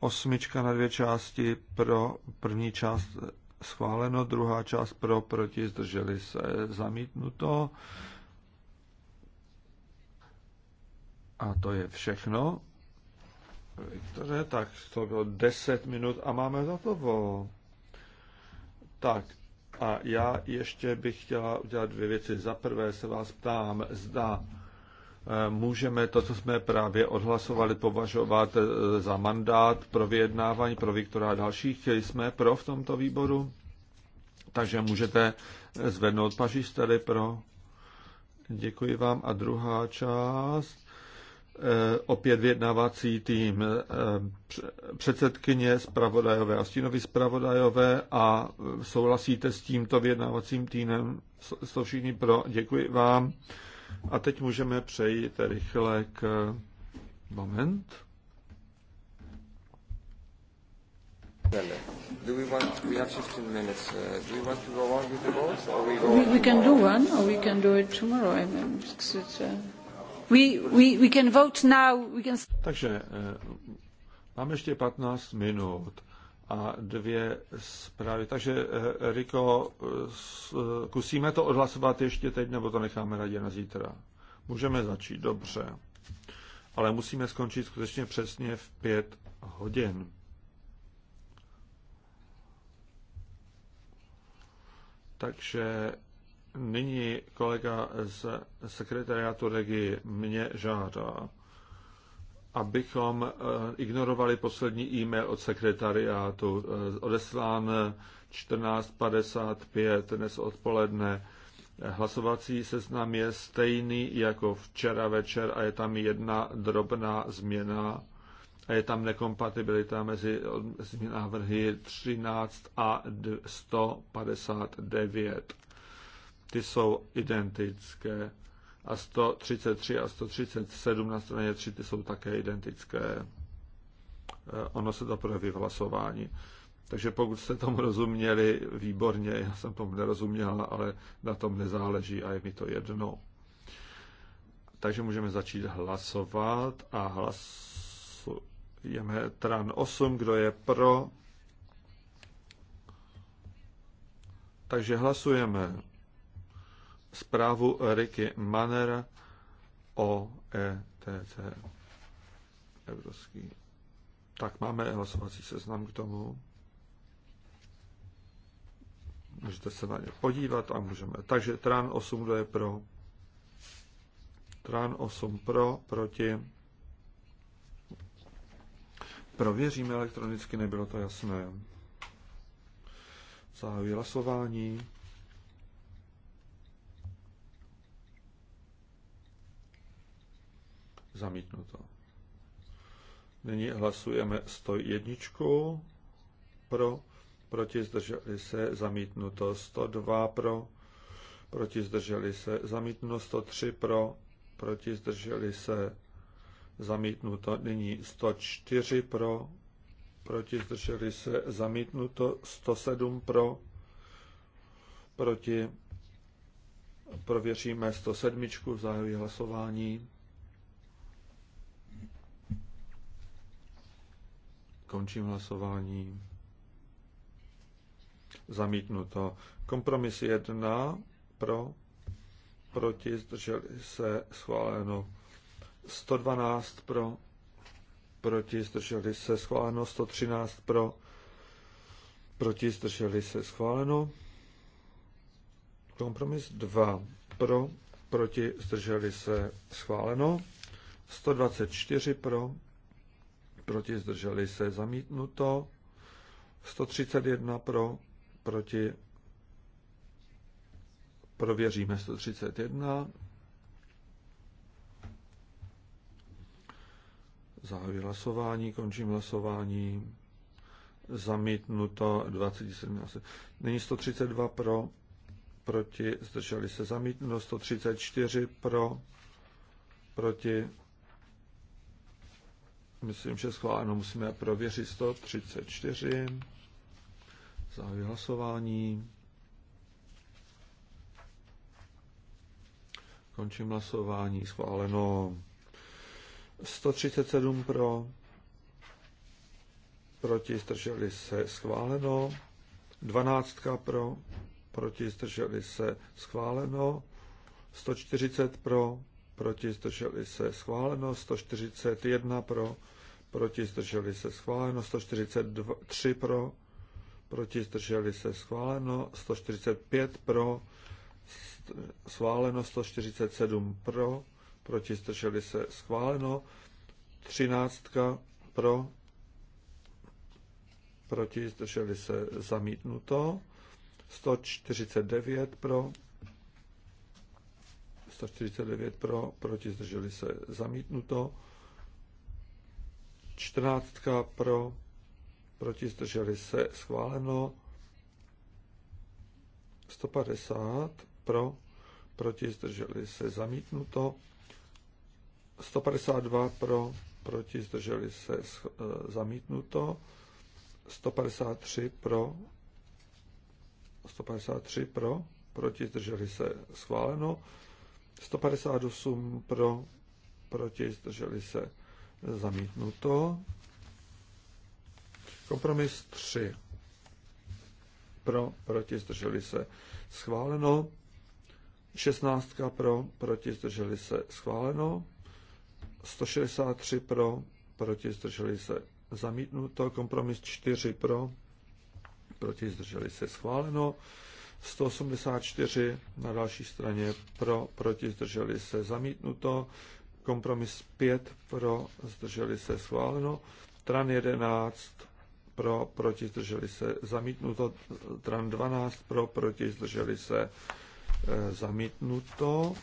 osmička na dvě části pro první část schváleno, druhá část pro, proti, zdrželi se, zamítnuto. A to je všechno. Viktore, tak to bylo 10 minut a máme za to. Tak a já ještě bych chtěla udělat dvě věci. Za prvé se vás ptám, zda můžeme to, co jsme právě odhlasovali, považovat e, za mandát pro vyjednávání pro Viktora a dalších. Jsme pro v tomto výboru, takže můžete e, zvednout pažíš pro. Děkuji vám. A druhá část e, opět vyjednávací tým předsedkyně, zpravodajové a stínovy zpravodajové a souhlasíte s tímto vyjednávacím týmem, jsou všichni pro. Děkuji vám. A teď můžeme přejít rychle k... Moment. Do we want, we have 15 minutes. Uh, do we want to go on with the votes or we go we, on we can do one or we can do it tomorrow. I mean, it's, it's, uh, we, we, we can vote now. We can... Takže eh, máme ještě 15 minut a dvě zprávy. Takže, eh, Riko, kusíme to odhlasovat ještě teď, nebo to necháme radě na zítra? Můžeme začít, dobře. Ale musíme skončit skutečně přesně v pět hodin. Takže nyní kolega z sekretariátu regii mě žádá, abychom eh, ignorovali poslední e-mail od sekretariátu, eh, odeslán 14.55 dnes odpoledne. Eh, hlasovací seznam je stejný jako včera večer a je tam jedna drobná změna a je tam nekompatibilita mezi návrhy 13 a 159. Ty jsou identické a 133 a 137 na straně 3 ty jsou také identické. Eh, ono se to projeví v hlasování. Takže pokud jste tomu rozuměli, výborně, já jsem tomu nerozuměl, ale na tom nezáleží a je mi to jedno. Takže můžeme začít hlasovat a hlasujeme tran 8, kdo je pro. Takže hlasujeme zprávu Ricky Manera o ETC. Evropský. Tak máme hlasovací seznam k tomu. Můžete se na ně podívat a můžeme. Takže Tran 8, kdo je pro? Tran 8 pro, proti. Prověříme elektronicky, nebylo to jasné. Zahajuji hlasování. Zamítnuto. Nyní hlasujeme 101 pro, proti zdrželi se, zamítnuto 102 pro, proti zdrželi se, zamítnuto 103 pro, proti zdrželi se, zamítnuto nyní 104 pro, proti zdrželi se, zamítnuto 107 pro, proti prověříme 107, zahajuji hlasování. Končím hlasování. Zamítnuto. Kompromis 1 pro, proti, zdrželi se, schváleno. 112 pro, proti, zdrželi se, schváleno. 113 pro, proti, zdrželi se, schváleno. Kompromis 2 pro, proti, zdrželi se, schváleno. 124 pro, proti, zdrželi se, zamítnuto. 131 pro, proti, prověříme 131. Zahajuji hlasování, končím hlasování. Zamítnuto 2017. Nyní 132 pro, proti, zdrželi se zamítnuto, 134 pro, proti, Myslím, že schváleno musíme prověřit 134. Zahajuji hlasování. Končím hlasování. Schváleno 137 pro, proti zdrželi se schváleno, 12 pro, proti zdrželi se schváleno, 140 pro, proti zdrželi se schváleno, 141 pro, proti zdrželi se schváleno, 143 pro, proti zdrželi se schváleno, 145 pro, schváleno, 147 pro, proti zdrželi se schváleno, 13 pro, proti zdrželi se zamítnuto, 149 pro, 149 pro, proti zdrželi se zamítnuto. 14 pro, proti zdrželi se schváleno. 150 pro, proti zdrželi se zamítnuto. 152 pro, proti zdrželi se eh, zamítnuto. 153 pro, 153 pro, proti zdrželi se schváleno, 158 pro, proti, zdrželi se zamítnuto. Kompromis 3 pro, proti, zdrželi se schváleno. 16 pro, proti, zdrželi se schváleno. 163 pro, proti, zdrželi se zamítnuto. Kompromis 4 pro, proti, zdrželi se schváleno. 184 na další straně pro, proti, zdrželi se zamítnuto. Kompromis 5 pro, zdrželi se schváleno. Tran 11 pro, proti, zdrželi se zamítnuto. Tran 12 pro, proti, zdrželi se e, zamítnuto.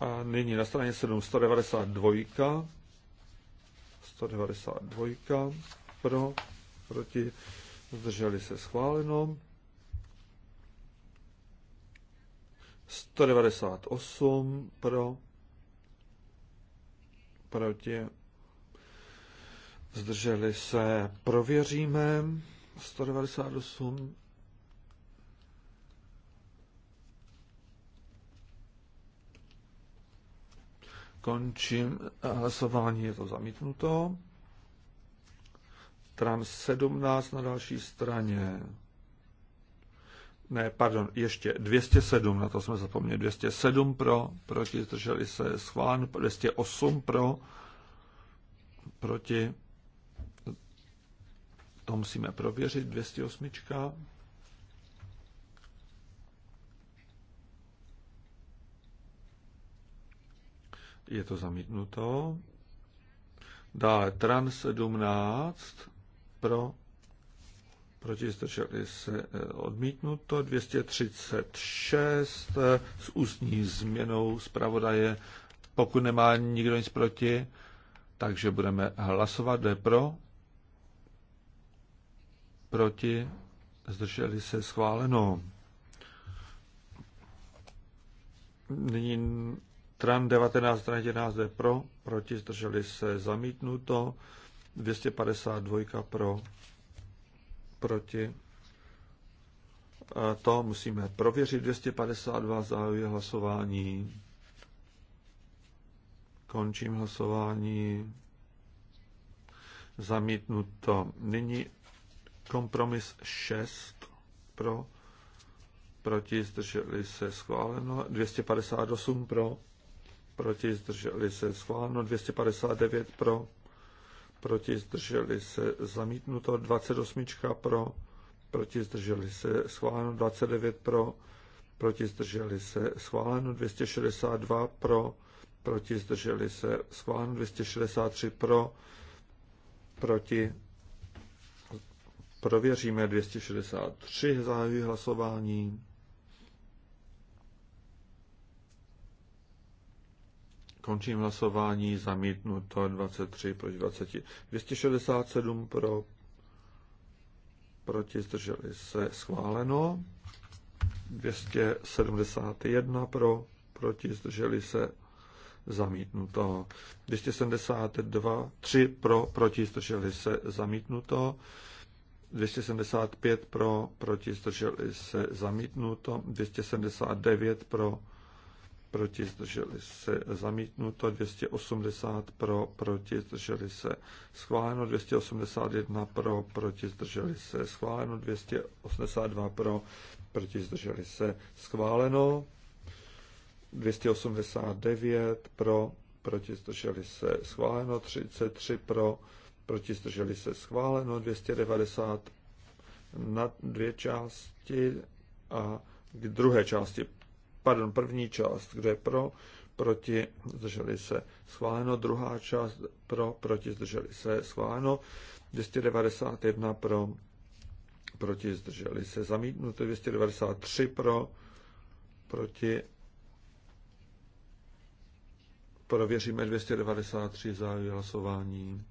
A nyní na straně 7 192. 192 pro, proti, zdrželi se schváleno. 198 pro, proti, zdrželi se, prověříme, 198 Končím hlasování, je to zamítnuto stran 17 na další straně. Ne, pardon, ještě 207, na to jsme zapomněli. 207 pro, proti, zdrželi se schválen, 208 pro, proti, to musíme prověřit, 208. Je to zamítnuto. Dále trans 17 pro, proti zdrželi se eh, odmítnuto, 236 eh, s ústní změnou zpravodaje, pokud nemá nikdo nic proti, takže budeme hlasovat, je pro, proti, zdrželi se schváleno. Nyní Tran 19, Tran 11 pro, proti zdrželi se zamítnuto, 252 pro, proti. A to musíme prověřit. 252 zahajuje hlasování. Končím hlasování. Zamítnuto. Nyní kompromis 6 pro, proti zdrželi se schváleno, 258 pro, proti zdrželi se schváleno, 259 pro, proti zdrželi se zamítnuto, 28 pro, proti zdrželi se schváleno, 29 pro, proti zdrželi se schváleno, 262 pro, proti zdrželi se schváleno, 263 pro, proti prověříme 263, zahajuji hlasování. Končím hlasování, zamítnuto 23 proti 20. 267 pro, proti zdrželi se schváleno. 271 pro, proti zdrželi se zamítnuto. 272, 3 pro, proti zdrželi se zamítnuto. 275 pro, proti zdrželi se zamítnuto. 279 pro, proti, zdrželi se, zamítnuto, 280 pro, proti, zdrželi se, schváleno, 281 pro, proti, zdrželi se, schváleno, 282 pro, proti, zdrželi se, schváleno, 289 pro, proti, zdrželi se, schváleno, 33 pro, proti, zdrželi se, schváleno, 290 na dvě části a k druhé části pardon, první část, kde pro, proti, zdrželi se, schváleno, druhá část pro, proti, zdrželi se, schváleno, 291 pro, proti, zdrželi se, zamítnuto, 293 pro, proti, prověříme 293 za hlasování.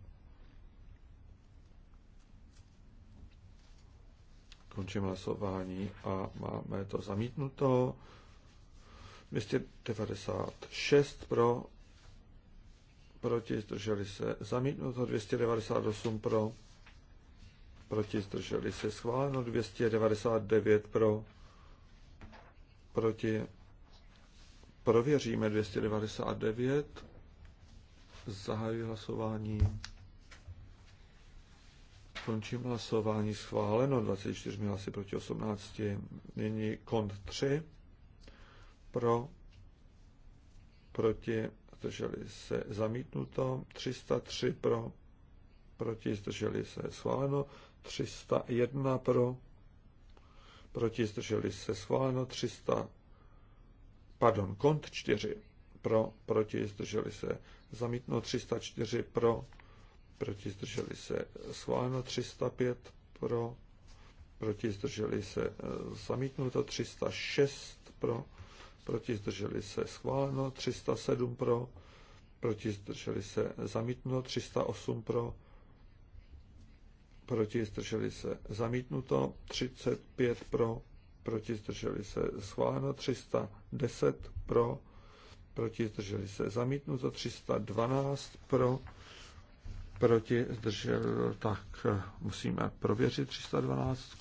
Končím hlasování a máme to zamítnuto. 296 pro, proti zdrželi se zamítnuto, 298 pro, proti zdrželi se schváleno, 299 pro, proti prověříme 299, zahajuji hlasování, končím hlasování schváleno, 24 hlasy proti 18, nyní kont 3, pro, proti, zdrželi se zamítnuto, 303 pro, proti, zdrželi se schváleno, 301 pro, proti, zdrželi se schváleno, 300, pardon, kont 4 pro, proti, zdrželi se zamítnuto, 304 pro, proti, zdrželi se schváleno, 305 pro, proti, zdrželi se eh, zamítnuto, 306 pro, proti zdrželi se schváleno, 307 pro, proti zdrželi se zamítnuto, 308 pro, proti zdrželi se zamítnuto, 35 pro, proti zdrželi se schváleno, 310 pro, proti zdrželi se zamítnuto, 312 pro, proti zdržel, tak musíme prověřit 312.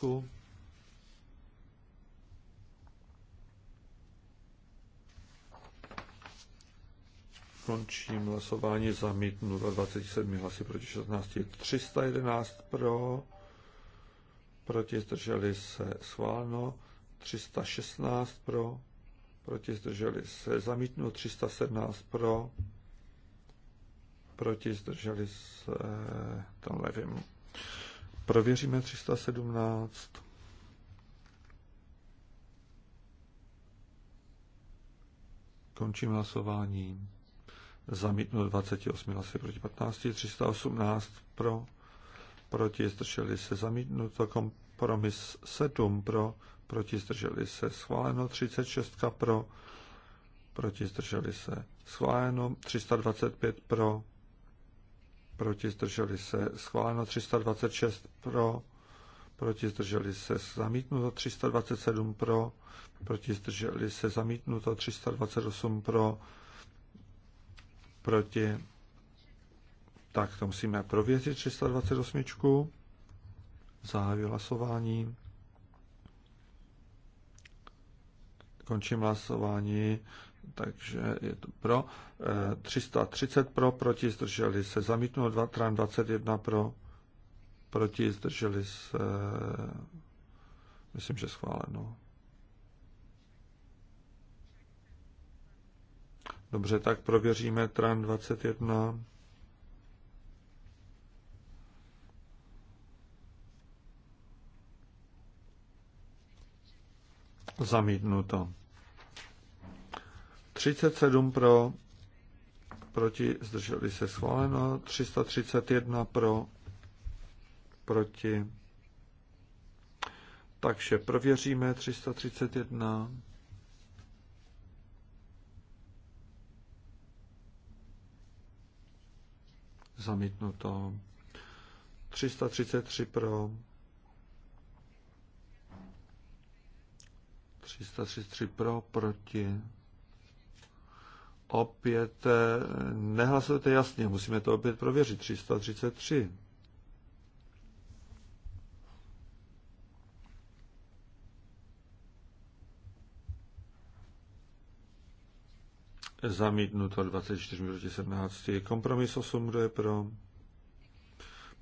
Končím hlasování zamítnu 27 hlasy proti 16. 311 pro, proti zdrželi se schváleno, 316 pro, proti zdrželi se zamítnu 317 pro, proti zdrželi se, tam nevím. Prověříme 317. Končím hlasováním zamítnul 28 hlasy proti 15, 318 pro, proti zdrželi se zamítnuto, kompromis 7 pro, proti zdrželi se schváleno, 36 pro, proti zdrželi se schváleno, 325 pro, proti zdrželi se schváleno, 326 pro, proti zdrželi se zamítnuto, 327 pro, proti zdrželi se zamítnuto, 328 pro, proti, tak to musíme prověřit 328. Zahajuji hlasování. Končím hlasování, takže je to pro. 330 eh, pro, proti zdrželi se. Zamítnulo 21 pro, proti zdrželi se. Eh, myslím, že schváleno. Dobře, tak prověříme TRAN 21. Zamítnuto. 37 pro, proti, zdrželi se schváleno, 331 pro, proti. Takže prověříme 331. zamítnuto. 333 pro, 333 pro, proti. Opět eh, nehlasujete jasně, musíme to opět prověřit. 333. Zamítnuto 24 proti 17. Kompromis 8, kdo je pro?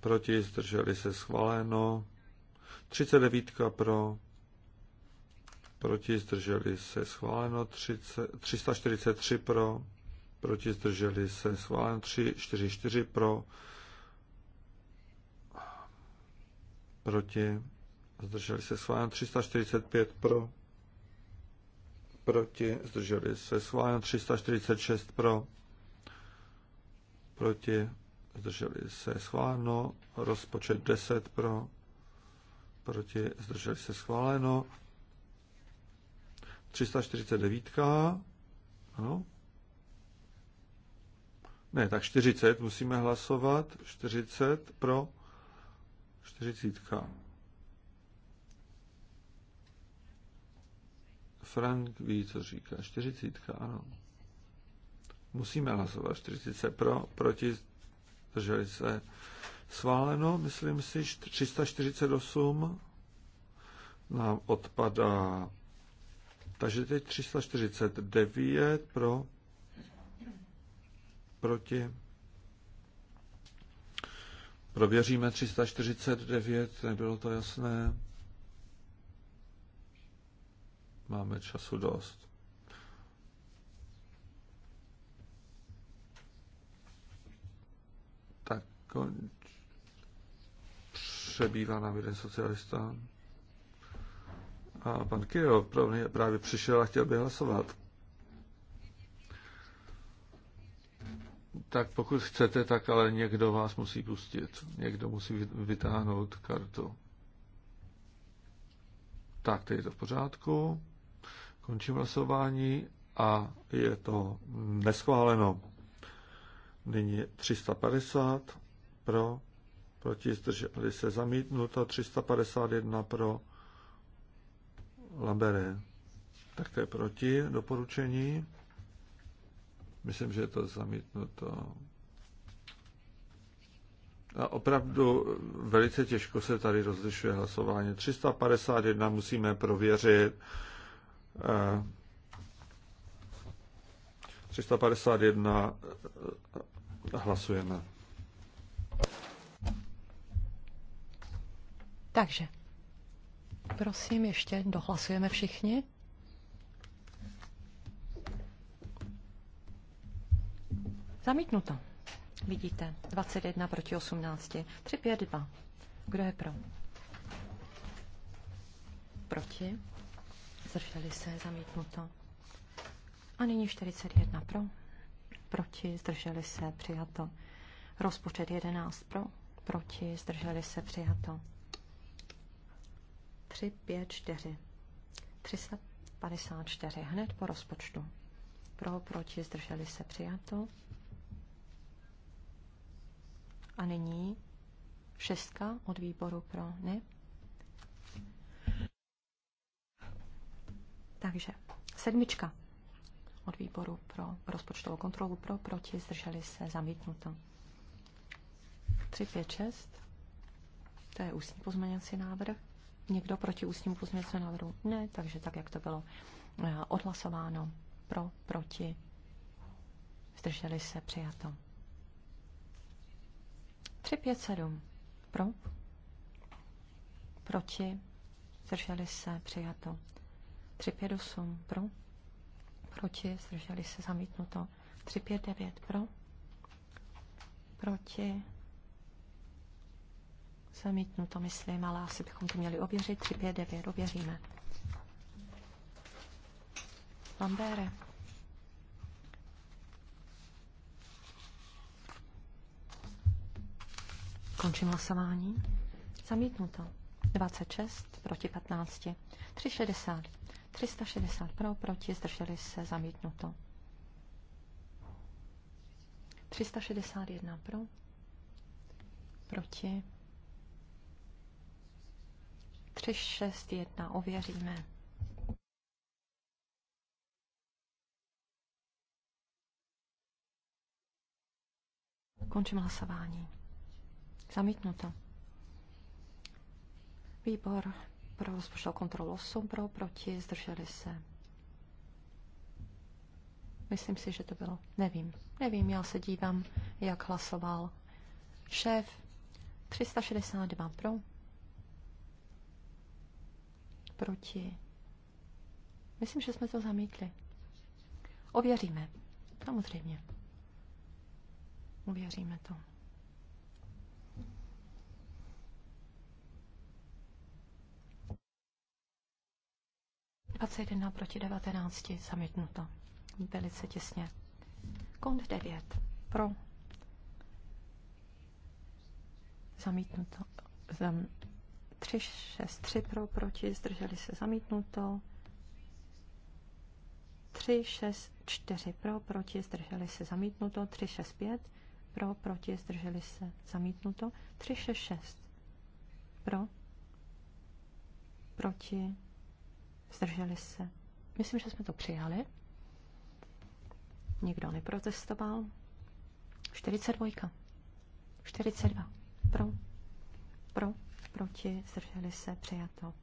Proti zdrželi se schváleno. 39 pro. Proti zdrželi se schváleno. 30, 343 pro. Proti zdrželi se schváleno. 344 pro. Proti zdrželi se schváleno. 345 pro proti, zdrželi se schváleno 346 pro, proti, zdrželi se schváleno, rozpočet 10 pro, proti, zdrželi se schváleno, 349, ano, ne, tak 40 musíme hlasovat, 40 pro, 40. Frank ví, co říká. 40, ano. Musíme hlasovat. 40 se pro, proti, drželi se. Sváleno, myslím si, 348 nám odpadá. Takže teď 349 pro, proti. Prověříme 349, nebylo to jasné. Máme času dost. Tak konč. Přebývá nám jeden socialista. A pan Kirov právě přišel a chtěl by hlasovat. tak pokud chcete, tak ale někdo vás musí pustit. Někdo musí vytáhnout kartu. Tak, teď je to v pořádku. Končím hlasování a je to neschváleno. Nyní 350 pro, proti zdrželi se zamítnuto, 351 pro Lambere. Tak to je proti doporučení. Myslím, že je to zamítnuto. A opravdu velice těžko se tady rozlišuje hlasování. 351 musíme prověřit. 351 eh, eh, hlasujeme. Takže, prosím, ještě dohlasujeme všichni. Zamítnuto. Vidíte, 21 proti 18. 3, 5, 2. Kdo je pro? Proti? zdrželi se, zamítnuto. A nyní 41 pro, proti, zdrželi se, přijato. Rozpočet 11 pro, proti, zdrželi se, přijato. 3, 5, 4. 354 hned po rozpočtu. Pro, proti, zdrželi se, přijato. A nyní šestka od výboru pro ne, Takže sedmička od výboru pro rozpočtovou kontrolu pro, proti, zdrželi se, zamítnuto. 3, 5, 6. To je ústní pozměňovací návrh. Někdo proti ústnímu pozměňovacímu návrhu? Ne, takže tak, jak to bylo eh, odhlasováno. Pro, proti, zdrželi se, přijato. 3, 5, 7. Pro, proti, zdrželi se, přijato. 358 pro, proti, zdrželi se zamítnuto. 359 pro, proti, zamítnuto, myslím, ale asi bychom to měli ověřit. 359 ověříme. Lambere. Končím hlasování. Zamítnuto. 26 proti 15. 360 360 pro, proti, zdrželi se, zamítnuto. 361 pro, proti. 361 ověříme. Končím hlasování. Zamítnuto. Výbor pro rozpočtovou kontrolu 8 pro, proti, zdrželi se. Myslím si, že to bylo. Nevím. Nevím, já se dívám, jak hlasoval šéf. 362 pro. Proti. Myslím, že jsme to zamítli. Ověříme. Samozřejmě. Ověříme to. 21 proti 19 zamítnuto. Velice těsně. Kont 9 pro. Zamítnuto. Zam, 3, 6, 3 pro, proti, zdrželi se zamítnuto. 3, 6, 4 pro, proti, zdrželi se zamítnuto. 3, 6, 5 pro, proti, zdrželi se zamítnuto. 3, 6, 6 pro, proti, Zdrželi se. Myslím, že jsme to přijali. Nikdo neprotestoval. 42. 42. Pro. Pro. Proti. Zdrželi se. Přijato.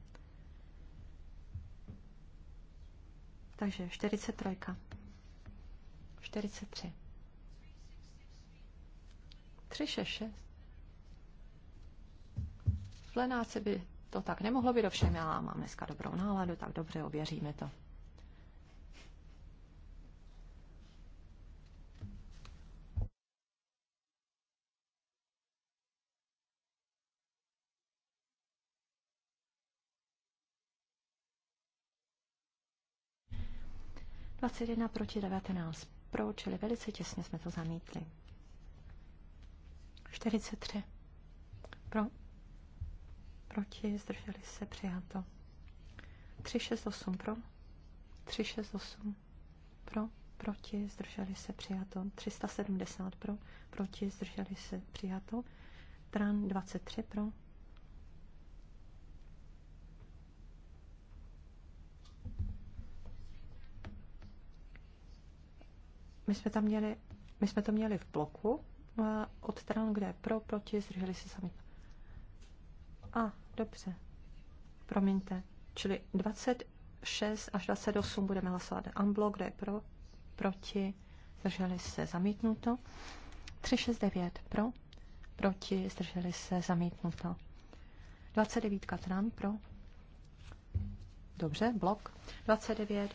Takže 43. 43. 366. V Lenáce by to tak nemohlo být, ovšem já mám dneska dobrou náladu, tak dobře, ověříme to. Dvacet jedna proti 19 pro, čili velice těsně jsme to zamítli. 43 pro proti, zdrželi se, přijato. 368 pro, 368 pro, proti, zdrželi se, přijato. 370 pro, proti, zdrželi se, přijato. Tran 23 pro, my jsme tam měli, my jsme to měli v bloku od stran, kde pro, proti, zdrželi se sami a, dobře. Promiňte. Čili 26 až 28 budeme hlasovat unblock, kde je pro, proti, zdrželi se zamítnuto. 369 pro, proti, zdrželi se zamítnuto. 29 Trump pro, dobře, blok. 29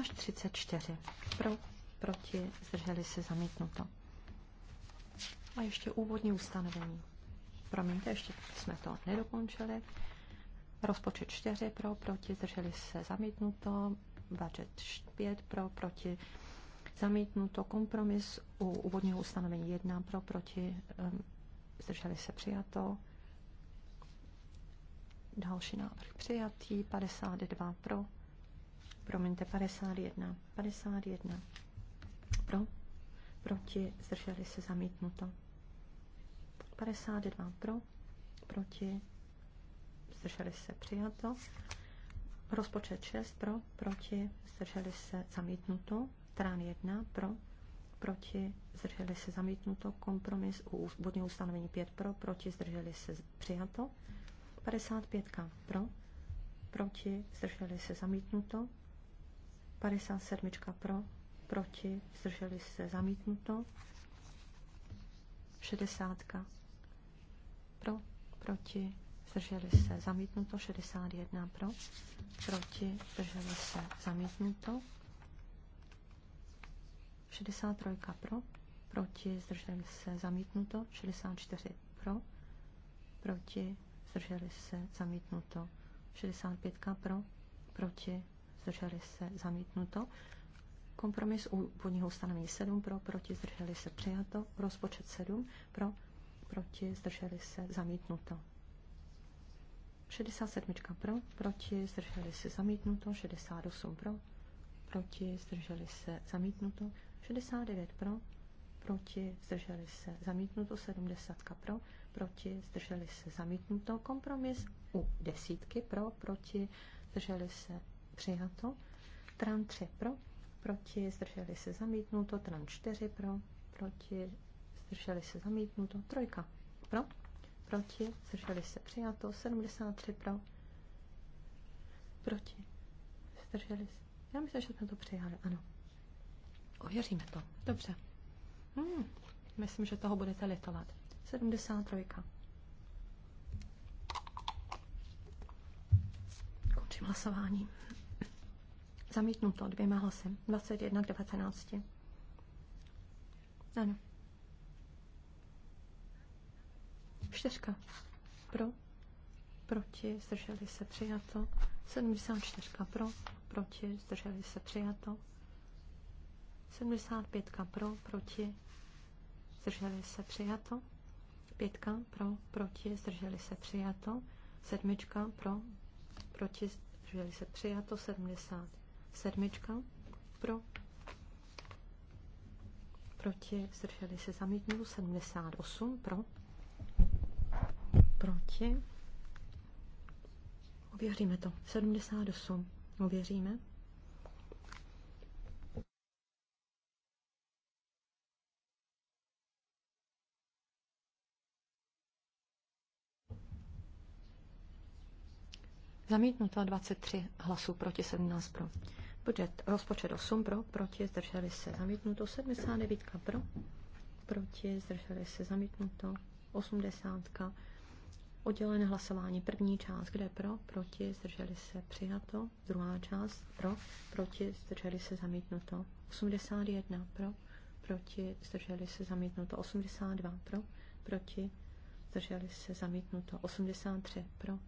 až 34 pro, proti, zdrželi se zamítnuto. A ještě úvodní ustanovení promiňte, ještě jsme to nedokončili. Rozpočet 4 pro, proti, zdrželi se zamítnuto, budget 5 pro, proti, zamítnuto, kompromis u úvodního ustanovení 1 pro, proti, zdrželi se přijato, další návrh přijatý, 52 pro, promiňte, 51, 51 pro, proti, zdrželi se zamítnuto. 52 pro, proti, zdrželi se přijato. Rozpočet 6 pro, proti, zdrželi se zamítnuto. Trán 1 pro, proti, zdrželi se zamítnuto. Kompromis u vodního ustanovení 5 pro, proti, zdrželi se přijato. 55 pro, proti, zdrželi se zamítnuto. 57 pro, proti, zdrželi se zamítnuto. 60 pro, proti, zdrželi se, zamítnuto, 61 pro, proti, zdrželi se, zamítnuto, 63 pro, proti, zdrželi se, zamítnuto, 64 pro, proti, zdrželi se, zamítnuto, 65 pro, proti, zdrželi se, zamítnuto, kompromis u původního ustanovení 7 pro, proti, zdrželi se, přijato, rozpočet 7 pro, proti, zdrželi se, zamítnuto. 67 pro, proti, zdrželi se, zamítnuto. 68 pro, proti, zdrželi se, zamítnuto. 69 pro, proti, zdrželi se, zamítnuto. 70 pro, proti, zdrželi se, zamítnuto. Kompromis u desítky pro, proti, zdrželi se, přijato. Tran 3 pro, proti, zdrželi se, zamítnuto. Tran 4 pro, proti, zdrželi se zamítnuto, trojka pro, proti, zdrželi se přijato, 73 pro, proti, zdrželi se. Já myslím, že jsme to přijali, ano. Ověříme to, dobře. Hmm, myslím, že toho budete litovat. 73. Končím hlasování. Zamítnuto dvěma hlasy. 21 k 19. Ano. Čtyřka. Pro. Proti. Zdrželi se přijato. 74 pro. Proti. Zdrželi se přijato. 75 pro. Proti. Zdrželi se přijato. Pětka pro. Proti. Zdrželi se přijato. Sedmička pro. Proti. Zdrželi se přijato. 77 pro proti, zdrželi se zamítnul 78 pro, Proti. Ověříme to. 78. Ověříme. Zamítnuto 23 hlasů proti 17 pro. Budžet, rozpočet 8 pro, proti, zdrželi se zamítnuto 79 pro, proti, zdrželi se zamítnuto 80 Oddělené hlasování. První část, kde pro, proti, zdrželi se, přijato. Druhá část, pro, proti, zdrželi se, zamítnuto. 81 pro, proti, zdrželi se, zamítnuto. 82 pro, proti, zdrželi se, zamítnuto. 83 pro.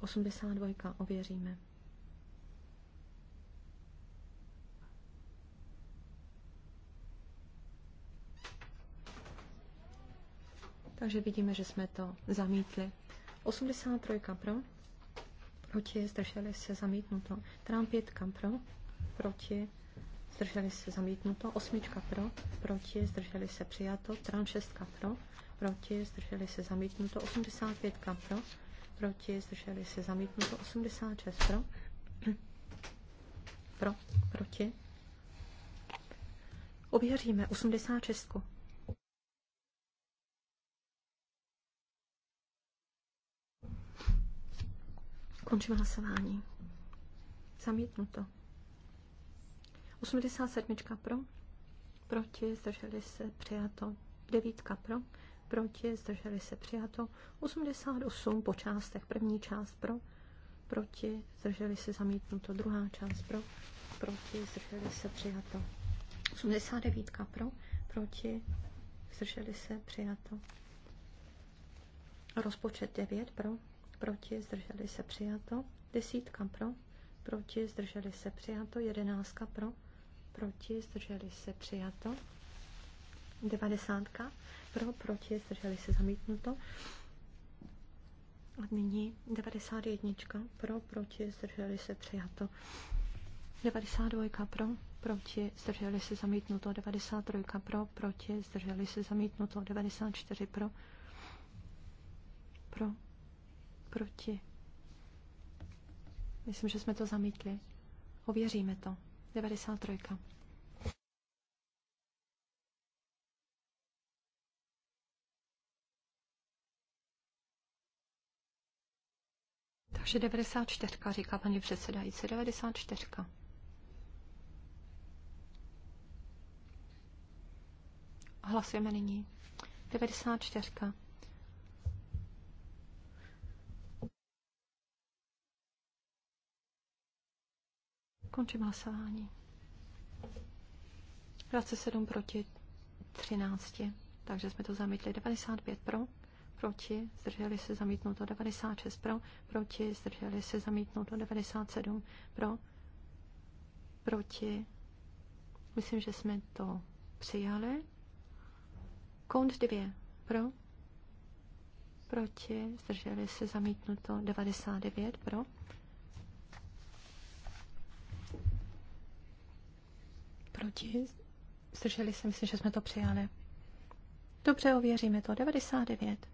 82 ověříme. Takže vidíme, že jsme to zamítli. 83 pro, proti, zdrželi se zamítnuto. Trump 5 pro, proti, zdrželi se zamítnuto. 8 pro, proti, zdrželi se přijato. Trump 6 pro, proti, zdrželi se zamítnuto. 85 pro, proti, zdrželi se zamítnuto. 86 pro, pro, proti. Ověříme 86. Končím hlasování. Zamítnuto. 87 pro, proti, zdrželi se, přijato. 9 pro, proti, zdrželi se, přijato. 88 po částech. První část pro, proti, zdrželi se, zamítnuto. Druhá část pro, proti, zdrželi se, přijato. 89 pro, proti, zdrželi se, přijato. Rozpočet 9 pro, proti, zdrželi se přijato, desítka pro, proti, zdrželi se přijato, jedenáctka pro, proti, zdrželi se přijato, devadesátka pro, proti, zdrželi se zamítnuto. A nyní 91 pro, proti, zdrželi se přijato. 92 pro, proti, zdrželi se zamítnuto. 93 pro, proti, zdrželi se zamítnuto. 94 pro, pro, Proti. Myslím, že jsme to zamítli. Ověříme to. 93. Takže 94, říká paní předsedající. 94. Hlasujeme nyní. 94. Končím hlasování. 27 proti 13, takže jsme to zamítli. 95 pro, proti, zdrželi se zamítnuto. 96 pro, proti, zdrželi se zamítnuto. 97 pro, proti. Myslím, že jsme to přijali. Kont 2 pro, proti, zdrželi se zamítnuto. 99 pro, Proti? Zdrželi se, myslím, že jsme to přijali. Dobře, ověříme to. 99.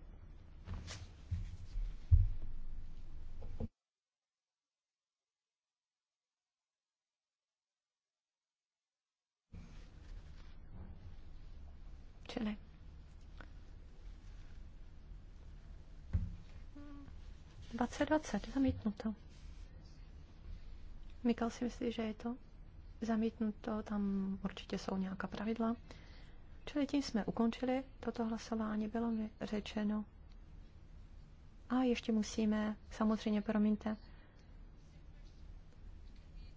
Čili. Dvacet, dvacet, zamítnuto. Mikal si myslí, že je to zamítnuto, tam určitě jsou nějaká pravidla. Čili tím jsme ukončili toto hlasování, bylo mi řečeno. A ještě musíme, samozřejmě, promiňte,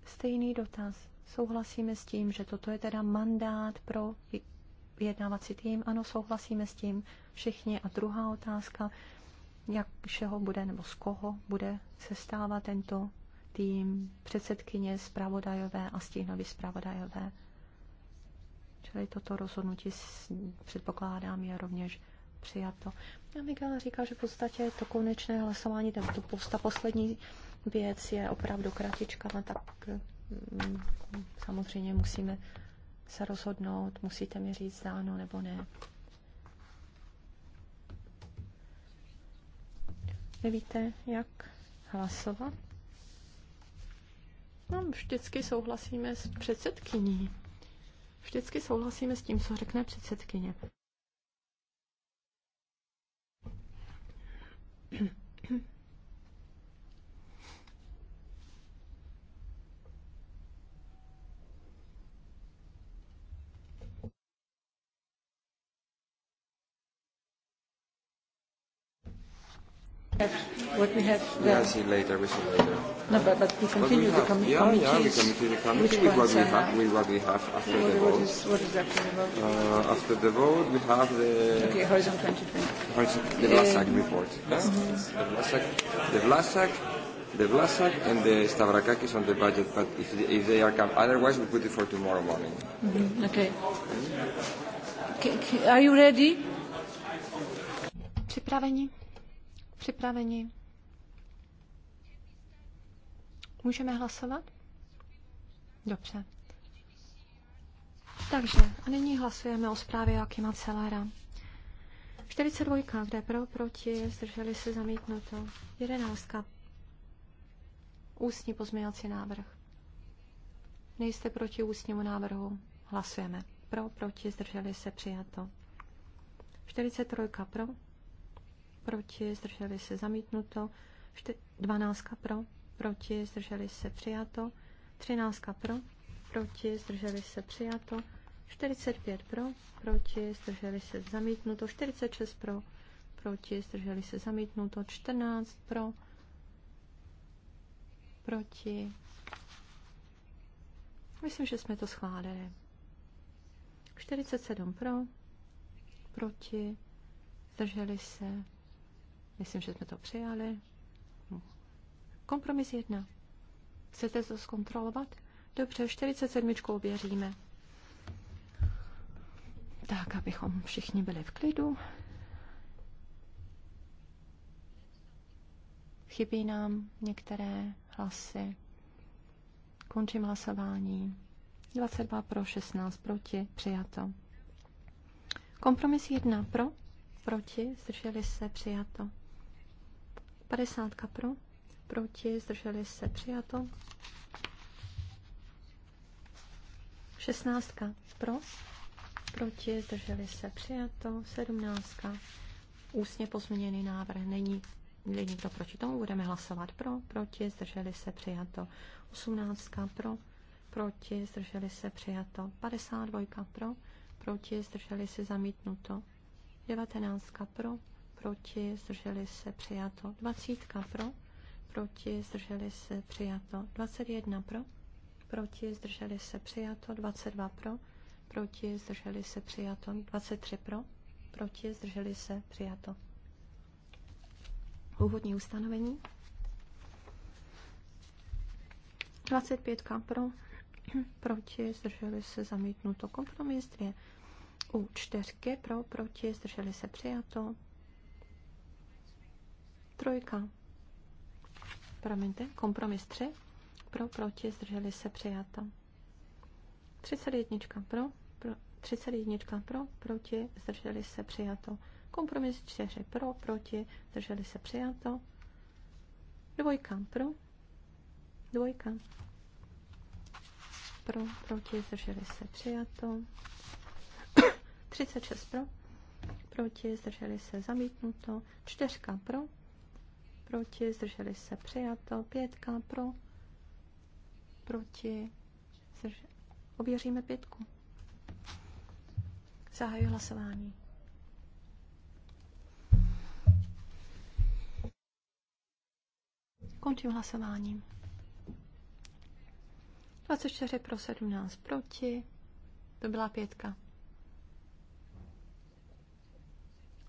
stejný dotaz. Souhlasíme s tím, že toto je teda mandát pro vyjednávací tým? Ano, souhlasíme s tím všichni. A druhá otázka, jak všeho bude nebo z koho bude sestávat tento tým předsedkyně zpravodajové a stínovy zpravodajové. Čili toto rozhodnutí předpokládám je rovněž přijato. Já Miguel říká, že v podstatě to konečné hlasování, to, poslední věc je opravdu kratička, no tak mm, samozřejmě musíme se rozhodnout, musíte mi říct ano nebo ne. Nevíte, jak hlasovat? No, vždycky souhlasíme s předsedkyní. Vždycky souhlasíme s tím, co řekne předsedkyně. Have what we have. The... Yeah, see later. We see later. No, but, but we continue but we have, the com yeah, committees. Yeah, we continue the committee with what we have. With what we have after what, the vote. What is, what is after the vote? Uh, after the vote, we have the. Okay, Horizon 2020. Horizon, the Vlasak um, report. Yeah? Mm-hmm. The Vlasak. The Vlasak the Vlasak and the Stavrakakis on the budget, but if they, if they are come, otherwise we put it for tomorrow morning. Mm-hmm. Okay. K- k- are you ready? Připraveni? Připraveni? Můžeme hlasovat? Dobře. Takže a nyní hlasujeme o zprávě Akima Celera. 42, kde pro, proti, zdrželi se zamítnuto. 11. Ústní pozměňovací návrh. Nejste proti ústnímu návrhu. Hlasujeme. Pro, proti, zdrželi se, přijato. 43 pro, proti, zdrželi se zamítnuto, 12 pro, proti, zdrželi se přijato, 13 pro, proti, zdrželi se přijato, 45 pro, proti, zdrželi se zamítnuto, 46 pro, proti, zdrželi se zamítnuto, 14 pro, proti. Myslím, že jsme to schválili. 47 pro, proti, zdrželi se Myslím, že jsme to přijali. Kompromis jedna. Chcete to zkontrolovat? Dobře, 47 ověříme. Tak, abychom všichni byli v klidu. Chybí nám některé hlasy. Končím hlasování. 22 pro, 16 proti, přijato. Kompromis 1 pro, proti, zdrželi se, přijato. 50 pro, proti, zdrželi se, přijato. 16 pro, proti, zdrželi se, přijato. 17 ústně pozměněný návrh není Není nikdo proti tomu, budeme hlasovat pro, proti, zdrželi se, přijato. 18 pro, proti, zdrželi se, přijato. 52 pro, proti, zdrželi se, zamítnuto. 19 pro, proti, zdrželi se, přijato. 20 pro, proti, zdrželi se, přijato. 21 pro, proti, zdrželi se, přijato. 22 pro, proti, zdrželi se, přijato. 23 pro, proti, zdrželi se, přijato. Úvodní ustanovení. 25 pro, proti, zdrželi se, zamítnuto. Kompromis 2 u čtyřky pro, proti, zdrželi se, přijato. Trojka. Promiňte, kompromis 3. Pro, proti, zdrželi se, přijata. 31 pro, pro 31 pro, proti, zdrželi se, přijato. Kompromis 4 pro, proti, zdrželi se, přijato. Dvojka pro, dvojka pro, proti, zdrželi se, přijato. 36 pro, proti, zdrželi se, zamítnuto. Čtyřka pro, proti, zdrželi se přijato, pětka pro, proti, zdrželi. Ověříme pětku. Zahajuji hlasování. Končím hlasování. 24 pro 17 proti. To byla pětka.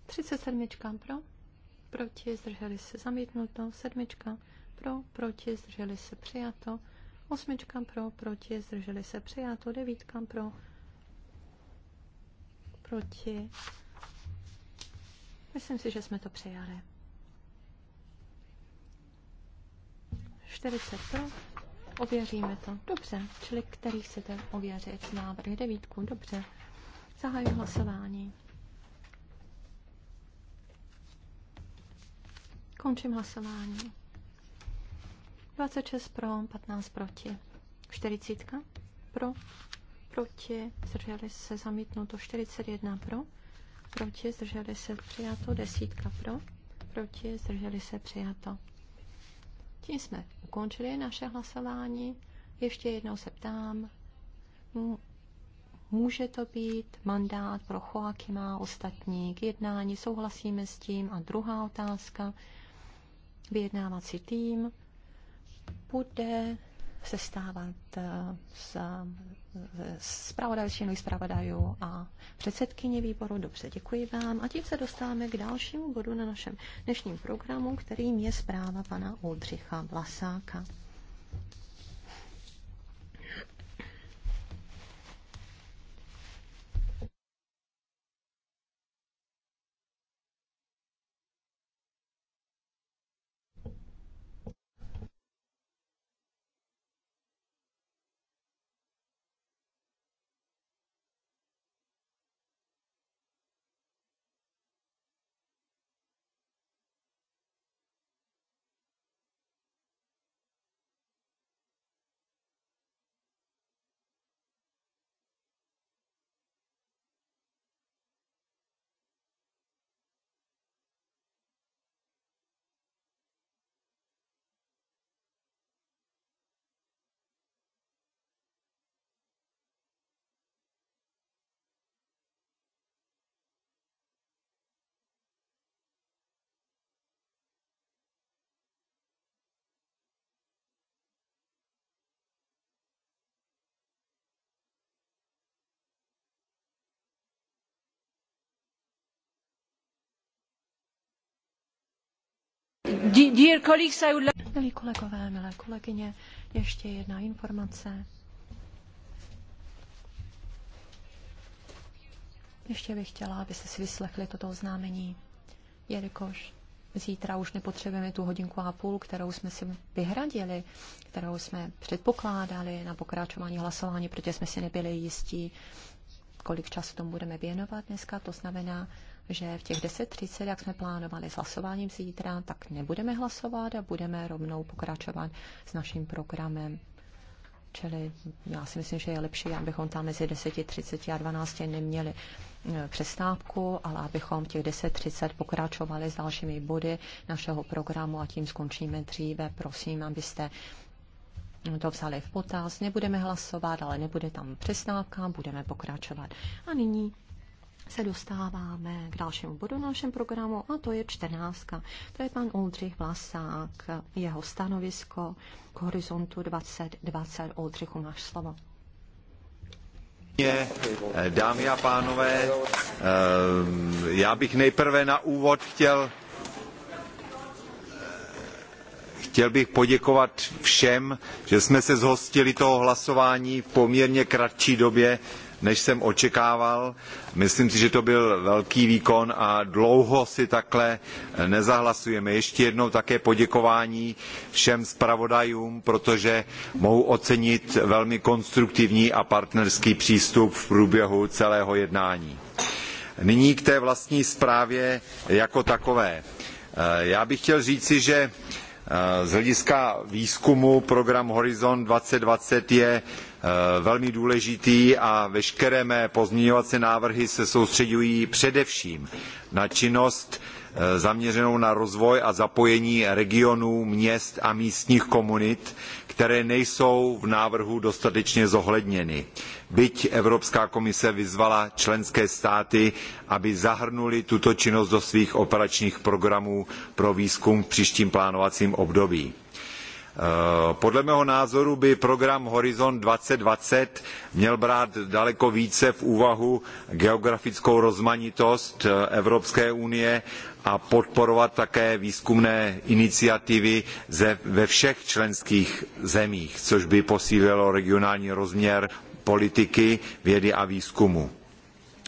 37 pro proti, zdrželi se zamítnuto, sedmička pro, proti, zdrželi se přijato, osmička pro, proti, zdrželi se přijato, devítka pro, proti. Myslím si, že jsme to přijali. 40 pro, ověříme to. Dobře, čili který chcete ověřit? Návrh devítku, dobře. Zahajuji hlasování. Končím hlasování. 26 pro, 15 proti. 40 pro, proti, zdrželi se zamítnuto 41 pro, proti, zdrželi se přijato, 10 pro, proti, zdrželi se přijato. Tím jsme ukončili naše hlasování. Ještě jednou se ptám, může to být mandát pro Choakima, ostatní k jednání, souhlasíme s tím? A druhá otázka, vyjednávací tým bude eh, s, z eh, zpravodajčinou, zpravodajů a předsedkyně výboru. Dobře, děkuji vám. A tím se dostáváme k dalšímu bodu na našem dnešním programu, kterým je zpráva pana Oldřicha Vlasáka. Milí kolegové, milé kolegyně, ještě jedna informace. Ještě bych chtěla, abyste si vyslechli toto oznámení, jelikož zítra už nepotřebujeme tu hodinku a půl, kterou jsme si vyhradili, kterou jsme předpokládali na pokračování hlasování, protože jsme si nebyli jistí, kolik času tomu budeme věnovat dneska. To znamená, že v těch 10.30, jak jsme plánovali s hlasováním zítra, tak nebudeme hlasovat a budeme rovnou pokračovat s naším programem. Čili já si myslím, že je lepší, abychom tam mezi 10.30 a 12 neměli e, přestávku, ale abychom v těch 10.30 pokračovali s dalšími body našeho programu a tím skončíme dříve. Prosím, abyste to vzali v potaz. Nebudeme hlasovat, ale nebude tam přestávka, budeme pokračovat. A nyní se dostáváme k dalšímu bodu na našem programu a to je čtrnáctka. To je pan Oldřich Vlasák, jeho stanovisko k horizontu 2020. Oldřichu, máš slovo. Dámy a pánové, eh, já bych nejprve na úvod chtěl eh, chtěl bych poděkovat všem, že jsme se zhostili toho hlasování v poměrně kratší době, než jsem očekával. Myslím si, že to byl velký výkon a dlouho si takhle eh, nezahlasujeme. Ještě jednou také poděkování všem zpravodajům, protože mohu ocenit velmi konstruktivní a partnerský přístup v průběhu celého jednání. Nyní k té vlastní zprávě jako takové. Eh, já bych chtěl říci, že Eh, z hlediska výzkumu program Horizon 2020 je eh, velmi důležitý a veškeré mé pozměňovací návrhy se soustředují především na činnost Eh, zaměřenou na rozvoj a zapojení regionů, měst a místních komunit, které nejsou v návrhu dostatečně zohledněny. Byť Evropská komise vyzvala členské státy, aby zahrnuli tuto činnost do svých operačních programů pro výzkum v příštím plánovacím období. Eh, podle mého názoru by program Horizont 2020 měl brát daleko více v úvahu geografickou rozmanitost eh, Evropské unie a podporovat také výzkumné iniciativy ve všech členských zemích, což by posílilo regionální rozměr politiky vědy a výzkumu.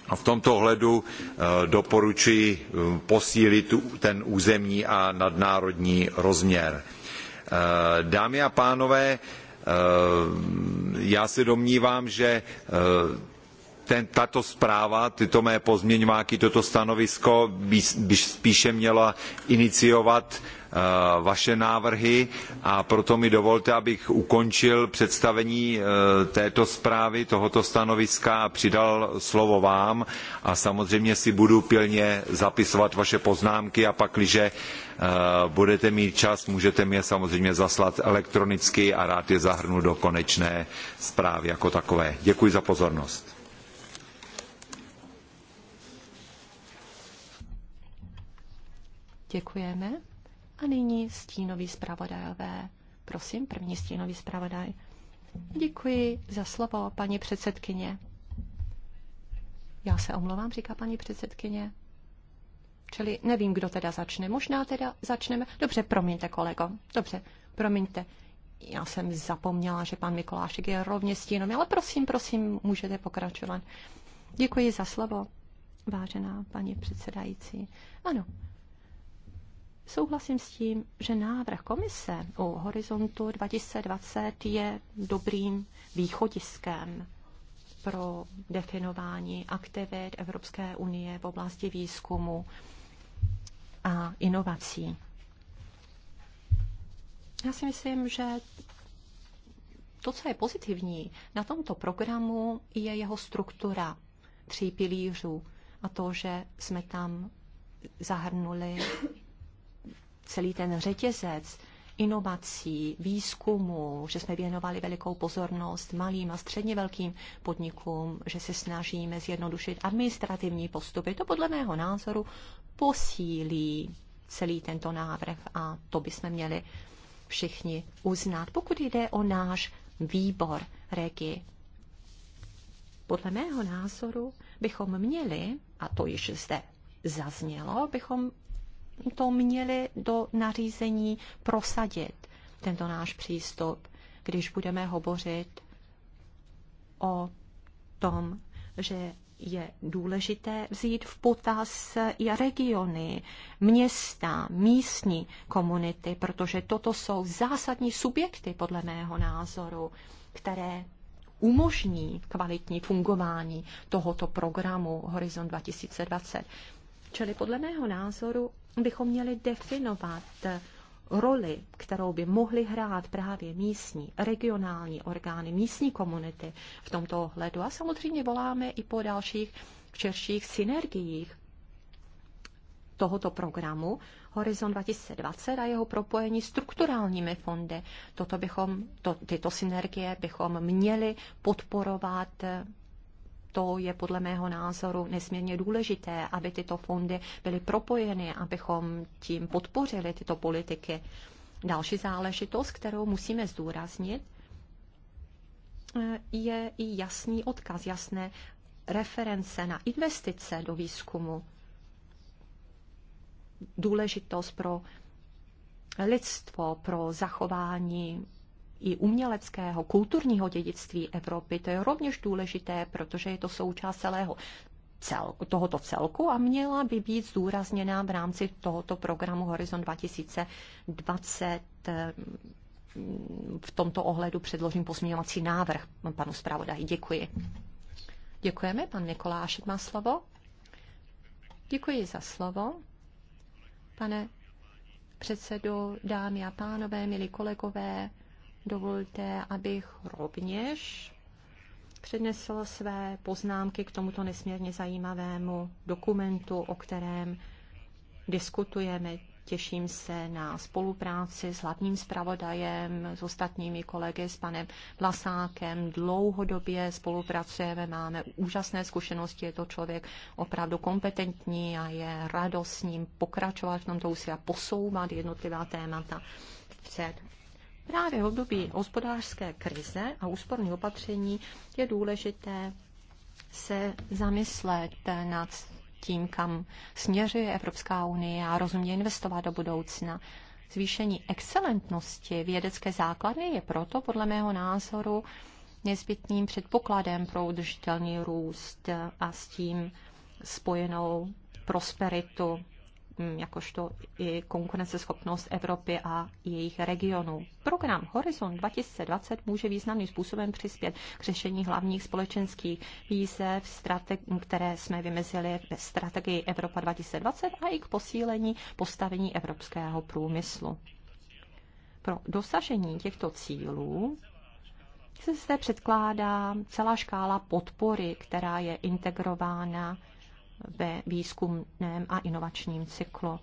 A v tomto ohledu eh, doporučuji eh, posílit ten územní a nadnárodní rozměr. Eh, dámy a pánové, já se domnívám, že ten, tato zpráva, tyto mé pozměňováky, toto stanovisko by, by spíše měla iniciovat eh, vaše návrhy a proto mi dovolte, abych ukončil představení eh, této zprávy, tohoto stanoviska a přidal slovo vám a samozřejmě si budu pilně zapisovat vaše poznámky a pak, když eh, budete mít čas, můžete mi je samozřejmě zaslat elektronicky a rád je zahrnu do konečné zprávy jako takové. Děkuji za pozornost. Děkujeme. A nyní stínový zpravodajové. Prosím, první stínový zpravodaj. Děkuji za slovo, paní předsedkyně. Já se omlouvám, říká paní předsedkyně. Čili nevím, kdo teda začne. Možná teda začneme. Dobře, promiňte, kolego. Dobře, promiňte. Já jsem zapomněla, že pan Mikolášek je rovně stínový, ale prosím, prosím, můžete pokračovat. Děkuji za slovo, vážená paní předsedající. Ano, Souhlasím s tím, že návrh komise u horizontu 2020 je dobrým východiskem pro definování aktivit Evropské unie v oblasti výzkumu a inovací. Já si myslím, že to, co je pozitivní na tomto programu, je jeho struktura tří pilířů a to, že jsme tam zahrnuli celý ten řetězec inovací, výzkumu, že jsme věnovali velikou pozornost malým a středně velkým podnikům, že se snažíme zjednodušit administrativní postupy. To podle mého názoru posílí celý tento návrh a to bychom měli všichni uznat, pokud jde o náš výbor regi. Podle mého názoru bychom měli, a to již zde zaznělo, bychom to měli do nařízení prosadit, tento náš přístup, když budeme hovořit o tom, že je důležité vzít v potaz i regiony, města, místní komunity, protože toto jsou zásadní subjekty, podle mého názoru, které umožní kvalitní fungování tohoto programu Horizon 2020. Čili podle mého názoru bychom měli definovat roli, kterou by mohly hrát právě místní, regionální orgány, místní komunity v tomto ohledu. A samozřejmě voláme i po dalších širších synergiích tohoto programu Horizon 2020 a jeho propojení strukturálními fondy. Toto bychom, to, tyto synergie bychom měli podporovat to je podle mého názoru nesmírně důležité, aby tyto fondy byly propojeny, abychom tím podpořili tyto politiky. Další záležitost, kterou musíme zdůraznit, eh, je i jasný odkaz, jasné reference na investice do výzkumu, důležitost pro lidstvo, pro zachování i uměleckého, kulturního dědictví Evropy. To je rovněž důležité, protože je to součást celého cel, tohoto celku a měla by být zdůrazněna v rámci tohoto programu Horizon 2020. Ehm, v tomto ohledu předložím pozměňovací návrh panu zpravodaji. Děkuji. Děkujeme. Pan Nikolášek má slovo. Děkuji za slovo. Pane předsedo, dámy a pánové, milí kolegové, Dovolte, abych rovněž přednesl své poznámky k tomuto nesmírně zajímavému dokumentu, o kterém diskutujeme. Těším se na spolupráci s hlavním zpravodajem, s ostatními kolegy, s panem Vlasákem. Dlouhodobě spolupracujeme, máme úžasné zkušenosti, je to člověk opravdu kompetentní a je radost s ním pokračovat v tomto úsilí a posouvat jednotlivá témata vpřed. Právě v období hospodářské krize a úsporných opatření je důležité se zamyslet nad tím, kam směřuje Evropská unie a rozumně investovat do budoucna. Zvýšení excelentnosti vědecké základny je proto podle mého názoru nezbytným předpokladem pro udržitelný růst a s tím spojenou prosperitu Mm, jakožto i konkurenceschopnost Evropy a jejich regionů. Program Horizon 2020 může významným způsobem přispět k řešení hlavních společenských výzev, které jsme vymezili ve strategii Evropa 2020 a i k posílení postavení evropského průmyslu. Pro dosažení těchto cílů se zde předkládá celá škála podpory, která je integrována ve výzkumném a inovačním cyklu.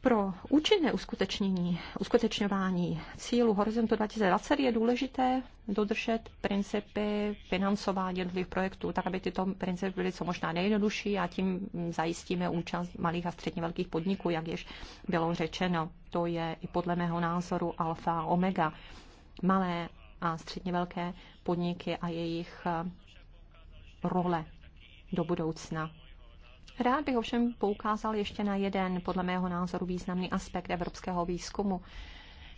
Pro účinné uskutečnění, uskutečňování cílu Horizontu 2020 je důležité dodržet principy financování jednotlivých projektů, tak aby tyto principy byly co možná nejjednodušší a tím zajistíme účast malých a středně velkých podniků, jak již bylo řečeno. To je i podle mého názoru alfa omega. Malé a středně velké podniky a jejich role do budoucna. Rád bych ovšem poukázal ještě na jeden, podle mého názoru, významný aspekt evropského výzkumu.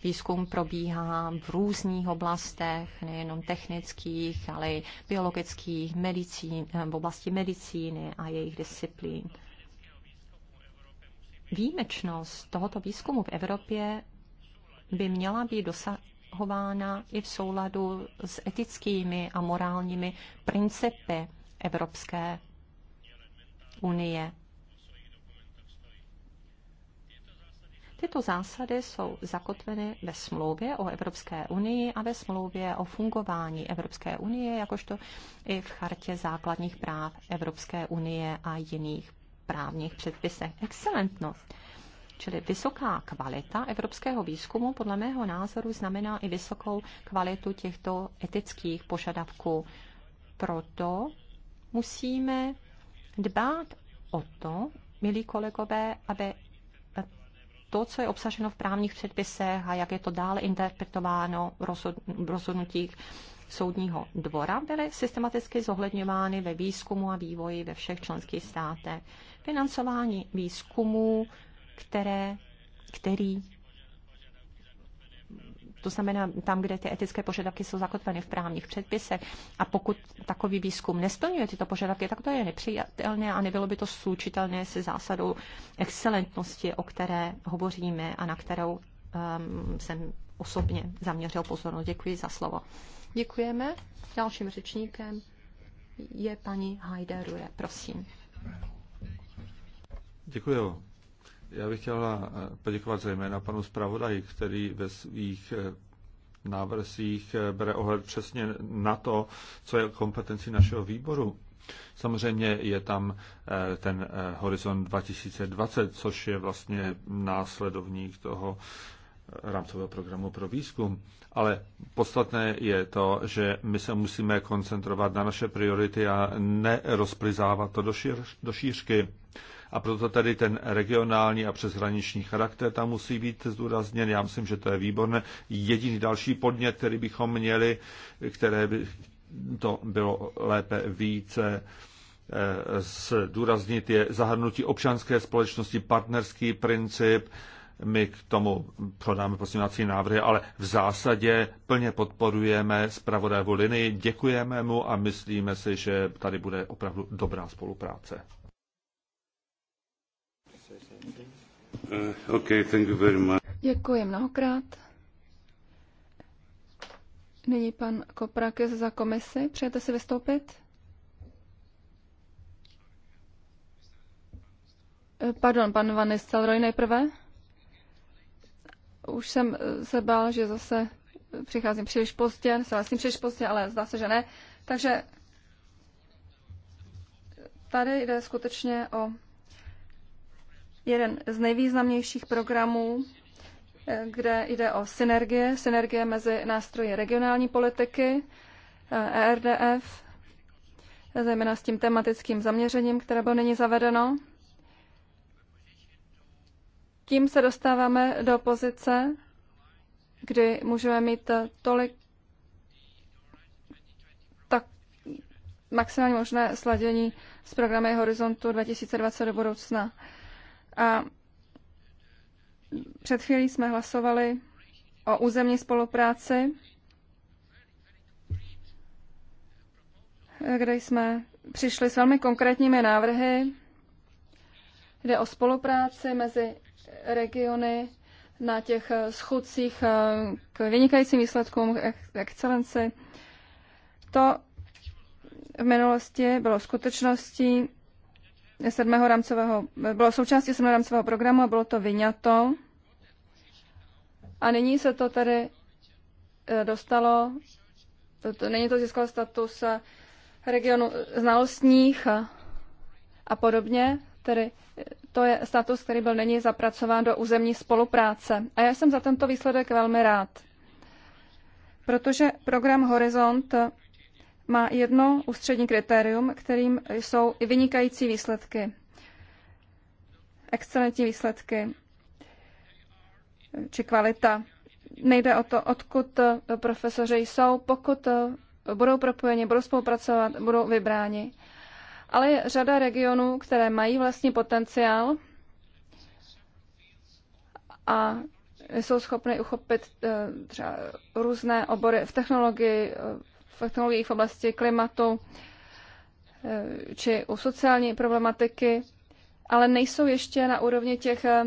Výzkum probíhá v různých oblastech, nejenom technických, ale i biologických, medicín, v oblasti medicíny a jejich disciplín. Výjimečnost tohoto výzkumu v Evropě by měla být dosa- chována i v souladu s etickými a morálními principy Evropské unie. Tyto zásady jsou zakotveny ve smlouvě o Evropské unii a ve smlouvě o fungování Evropské unie, jakožto i v chartě základních práv Evropské unie a jiných právních předpisech. Excelentnost Čili vysoká kvalita evropského výzkumu podle mého názoru znamená i vysokou kvalitu těchto etických požadavků. Proto musíme dbát o to, milí kolegové, aby to, co je obsaženo v právních předpisech a jak je to dále interpretováno v rozhodnutích soudního dvora, byly systematicky zohledňovány ve výzkumu a vývoji ve všech členských státech. Financování výzkumu které, který to znamená tam, kde ty etické požadavky jsou zakotveny v právních předpisech. A pokud takový výzkum nesplňuje tyto požadavky, tak to je nepřijatelné a nebylo by to slučitelné se zásadou excelentnosti, o které hovoříme a na kterou um, jsem osobně zaměřil pozornost. Děkuji za slovo. Děkujeme. Dalším řečníkem je paní Hajderuje. Prosím. Děkuji. Já bych chtěla eh, poděkovat zejména panu zpravodaji, který ve svých eh, návrzích eh, bere ohled přesně na to, co je kompetenci našeho výboru. Samozřejmě je tam ten horizont 2020, což je vlastně následovník toho rámcového programu pro výzkum. Ale podstatné je to, že my se musíme koncentrovat na naše priority a nerozplizávat to do, šíř, do šířky. A proto tady ten regionální a přeshraniční charakter tam musí být zdůrazněn. Já myslím, že to je výborné. Jediný další podnět, který bychom měli, které by to bylo lépe více eh, zdůraznit, je zahrnutí občanské společnosti, partnerský princip, my k tomu podáme pozměňovací návrhy, ale v zásadě plně podporujeme zpravodajovou linii, děkujeme mu a myslíme si, že tady bude opravdu dobrá spolupráce. Uh, okay, thank you very much. Děkuji mnohokrát. Nyní pan Koprakis za komisi. Přejete si vystoupit? Eh, pardon, pan Van Nistelrooy nejprve. Už jsem eh, se bál, že zase přicházím příliš pozdě, jsem vlastně příliš pozdě, ale zdá se, že ne. Takže tady jde skutečně o jeden z nejvýznamnějších programů, eh, kde jde o synergie, synergie mezi nástroji regionální politiky, ERDF, eh, e zejména s tím tematickým zaměřením, které bylo nyní zavedeno. Tím se dostáváme do pozice, kdy můžeme mít eh, tolik tak maximálně možné sladění s programy Horizontu 2020 do budoucna. A před chvílí jsme hlasovali o územní spolupráci, kde jsme přišli s velmi konkrétními návrhy. Jde o spolupráci mezi regiony na těch schůdcích eh, k vynikajícím výsledkům, k excelenci. To v minulosti bylo skutečností, sedmého rámcového, bylo součástí sedmého rámcového programu a bylo to vyňato. A nyní se to tedy eh, dostalo, to, není to získalo status eh, regionu znalostních a, a podobně, tedy eh, to je status, který byl nyní zapracován do územní spolupráce. A já jsem za tento výsledek velmi rád, protože program Horizont má jedno ústřední kritérium, kterým jsou i vynikající výsledky, excelentní výsledky či kvalita. Nejde o to, odkud profesoři jsou, pokud budou propojeni, budou spolupracovat, budou vybráni. Ale je řada regionů, které mají vlastní potenciál a jsou schopny uchopit eh, třeba různé obory v technologii, technologiích v oblasti klimatu eh, či u sociální problematiky, ale nejsou ještě na úrovni těch eh,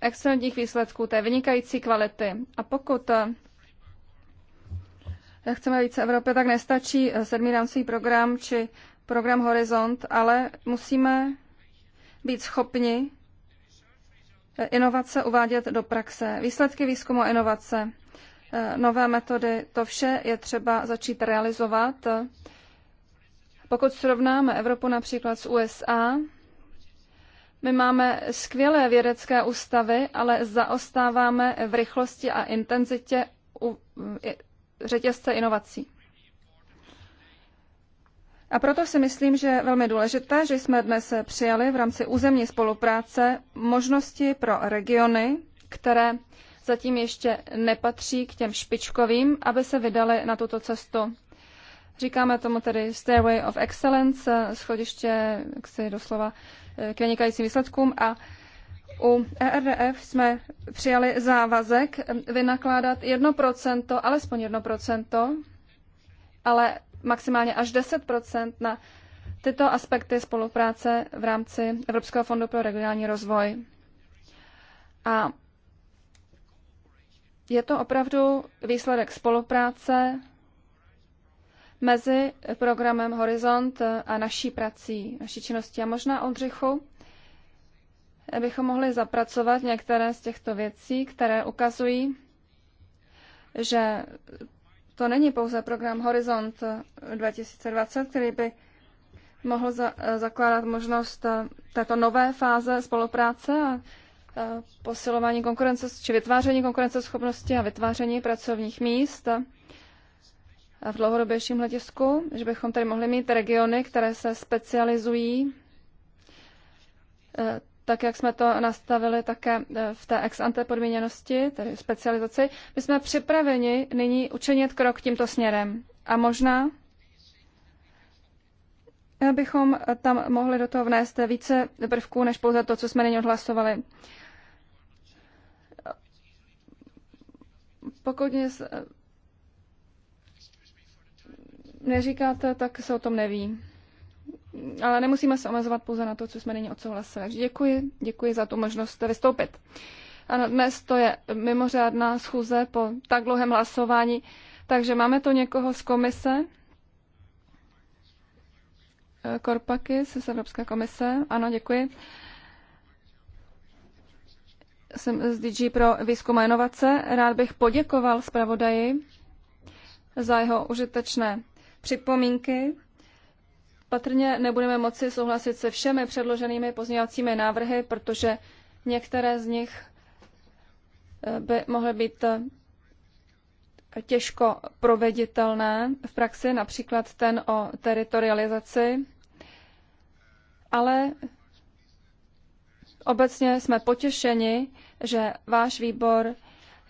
excelentních výsledků, té vynikající kvality. A pokud eh, chceme více Evropy, tak nestačí sedmý rámcový program či program Horizont, ale musíme být schopni inovace uvádět do praxe. Výsledky výzkumu a inovace nové metody. To vše je třeba začít realizovat. Pokud srovnáme Evropu například s USA, my máme skvělé vědecké ústavy, ale zaostáváme v rychlosti a intenzitě u řetězce inovací. A proto si myslím, že je velmi důležité, že jsme dnes přijali v rámci územní spolupráce možnosti pro regiony, které zatím ještě nepatří k těm špičkovým, aby se vydali na tuto cestu. Říkáme tomu tedy Stairway of Excellence, schodiště, jak si doslova, eh, k vynikajícím výsledkům a u ERDF jsme přijali závazek eh, vynakládat 1%, alespoň 1%, ale maximálně až 10% na tyto aspekty spolupráce v rámci Evropského fondu pro regionální rozvoj. A je to opravdu výsledek spolupráce mezi programem Horizont a naší prací, naší činností. A možná, Oldřichu, abychom mohli zapracovat některé z těchto věcí, které ukazují, že to není pouze program Horizont 2020, který by mohl za, zakládat možnost této nové fáze spolupráce a Eh, posilování konkurence, či vytváření konkurenceschopnosti a vytváření pracovních míst v dlouhodobějším hledisku, že bychom tady mohli mít regiony, které se specializují, eh, tak jak jsme to nastavili také eh, v té ex ante podmíněnosti, tedy specializaci. My jsme připraveni nyní učinit krok tímto směrem. A možná bychom tam mohli do toho vnést více prvků, než pouze to, co jsme nyní odhlasovali. Pokud nic eh, neříkáte, tak se o tom neví. Ale nemusíme se omezovat pouze na to, co jsme nyní odsouhlasili. Takže děkuji, děkuji za tu možnost vystoupit. Ano, dnes to je mimořádná schůze po tak dlouhém hlasování, takže máme tu někoho z komise. Eh, Korpaky z Evropské komise. Ano, děkuji jsem z DG pro výzkum a inovace. Rád bych poděkoval zpravodaji za jeho užitečné připomínky. Patrně nebudeme moci souhlasit se všemi předloženými pozměňovacími návrhy, protože některé z nich eh, by mohly být eh, těžko proveditelné v praxi, například ten o teritorializaci, ale Obecně jsme potěšeni, že váš výbor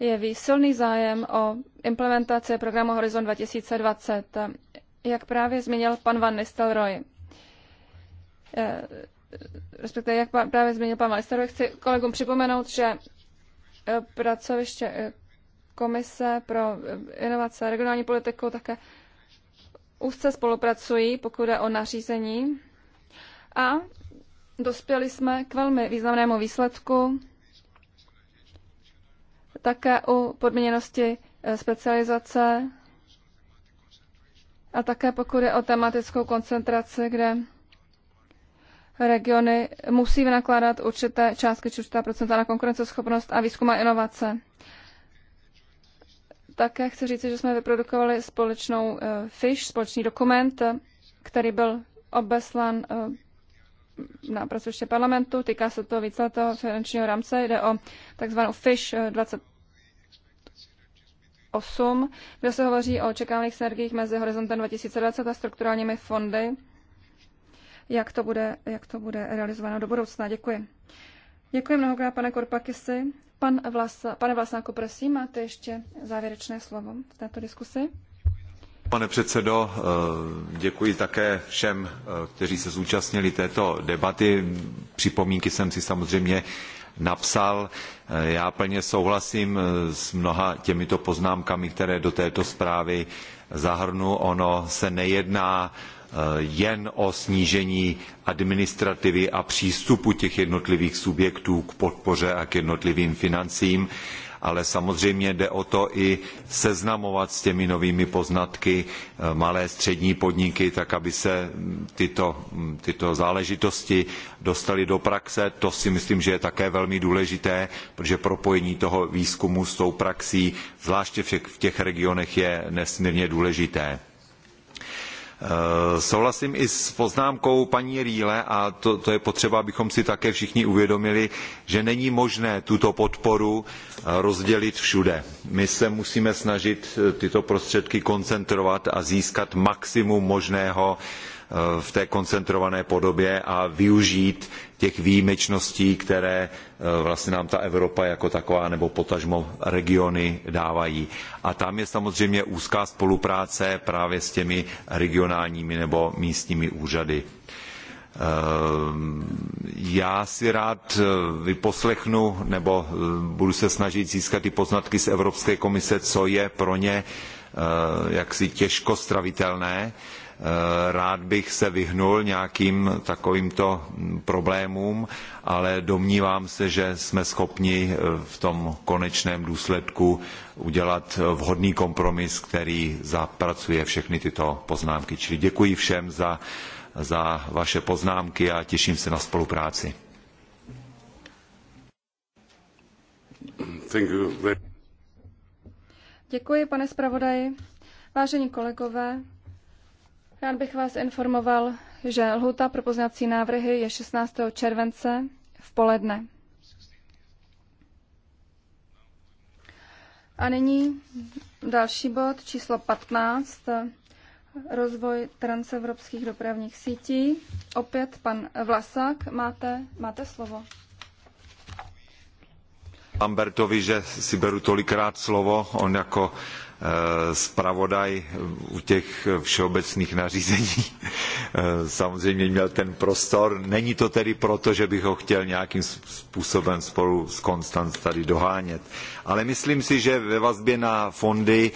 jeví silný zájem o implementaci programu Horizon 2020, jak právě zmínil pan Van Nistelrooy. Eh, respektive, jak právě zmínil pan Van Nistelrooy, chci kolegům připomenout, že eh, pracoviště eh, Komise pro inovace a regionální politiku také úzce spolupracují, pokud jde o nařízení. A Dospěli jsme k velmi významnému výsledku také u podměněnosti eh, specializace a také pokud je o tematickou koncentraci, kde regiony musí vynakládat určité částky či určitá procenta na konkurenceschopnost a výzkum a inovace. Také chci říct, že jsme vyprodukovali společnou eh, FISH, společný dokument, který byl obeslan eh, na pracoviště parlamentu. Týká se to toho finančního rámce. Jde o takzvanou FISH 28, kde se hovoří o očekávaných synergiích mezi horizontem 2020 a strukturálními fondy. Jak to bude, jak to bude realizováno do budoucna. Děkuji. Děkuji mnohokrát, pane Korpakisi. Pan Vlasa, pane Vlasnáku, prosím, máte ještě závěrečné slovo v této diskusi. Pane předsedo, eh, děkuji také všem, eh, kteří se zúčastnili této debaty. Připomínky jsem si samozřejmě napsal. Eh, já plně souhlasím s mnoha těmito poznámkami, které do této zprávy zahrnu. Ono se nejedná jen o snížení administrativy a přístupu těch jednotlivých subjektů k podpoře a k jednotlivým financím ale samozřejmě jde o to i seznamovat s těmi novými poznatky eh, malé střední podniky, tak aby se mm, tyto, mm, tyto záležitosti dostaly do praxe. To si myslím, že je také velmi důležité, protože propojení toho výzkumu s tou praxí, zvláště v těch regionech, je nesmírně důležité. Eh, souhlasím i s poznámkou paní Rýle a to, to je potřeba, abychom si také všichni uvědomili, že není možné tuto podporu eh, rozdělit všude. My se musíme snažit eh, tyto prostředky koncentrovat a získat maximum možného v té koncentrované podobě a využít těch výjimečností, které eh, vlastně nám ta Evropa jako taková nebo potažmo regiony dávají. A tam je samozřejmě úzká spolupráce právě s těmi regionálními nebo místními úřady. Ehm, já si rád eh, vyposlechnu nebo eh, budu se snažit získat i poznatky z Evropské komise, co je pro ně jaksi těžko stravitelné. Eh, rád bych se vyhnul nějakým takovýmto problémům, ale domnívám se, že jsme schopni eh, v tom konečném důsledku udělat vhodný kompromis, který zapracuje všechny tyto poznámky. Čili děkuji všem za, za vaše poznámky a těším se na spolupráci. Děkuji, pane zpravodaji. Vážení kolegové, Rád bych vás informoval, že lhuta pro poznací návrhy je 16. července v poledne. A nyní další bod, číslo 15, rozvoj transevropských dopravních sítí. Opět pan Vlasák, máte, máte slovo. Lambertovi, že si beru tolikrát slovo, on jako Eh, zpravodaj eh, u těch všeobecných nařízení eh, samozřejmě měl ten prostor. Není to tedy proto, že bych ho chtěl nějakým způsobem spolu s Konstanc tady dohánět. Ale myslím si, že ve vazbě na fondy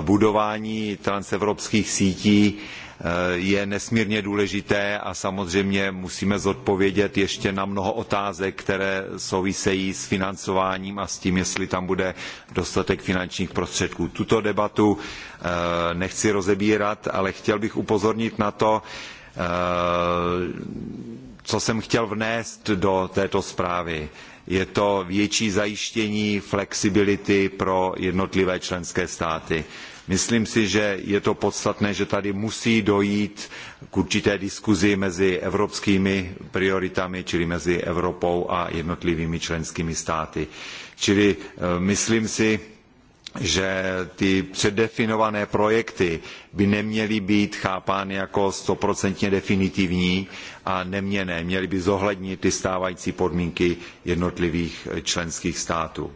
budování transevropských sítí Eh, je nesmírně důležité a samozřejmě musíme zodpovědět ještě na mnoho otázek, které souvisejí s financováním a s tím, jestli tam bude dostatek finančních prostředků. Tuto debatu eh, nechci rozebírat, ale chtěl bych upozornit na to, eh, co jsem chtěl vnést do této zprávy. Je to větší zajištění flexibility pro jednotlivé členské státy Myslím si, že je to podstatné, že tady musí dojít k určité diskuzi mezi evropskými prioritami, čili mezi Evropou a jednotlivými členskými státy. Čili eh, myslím si, že ty předdefinované projekty by neměly být chápány jako stoprocentně definitivní a neměné. Měly by zohlednit ty stávající podmínky jednotlivých eh, členských států.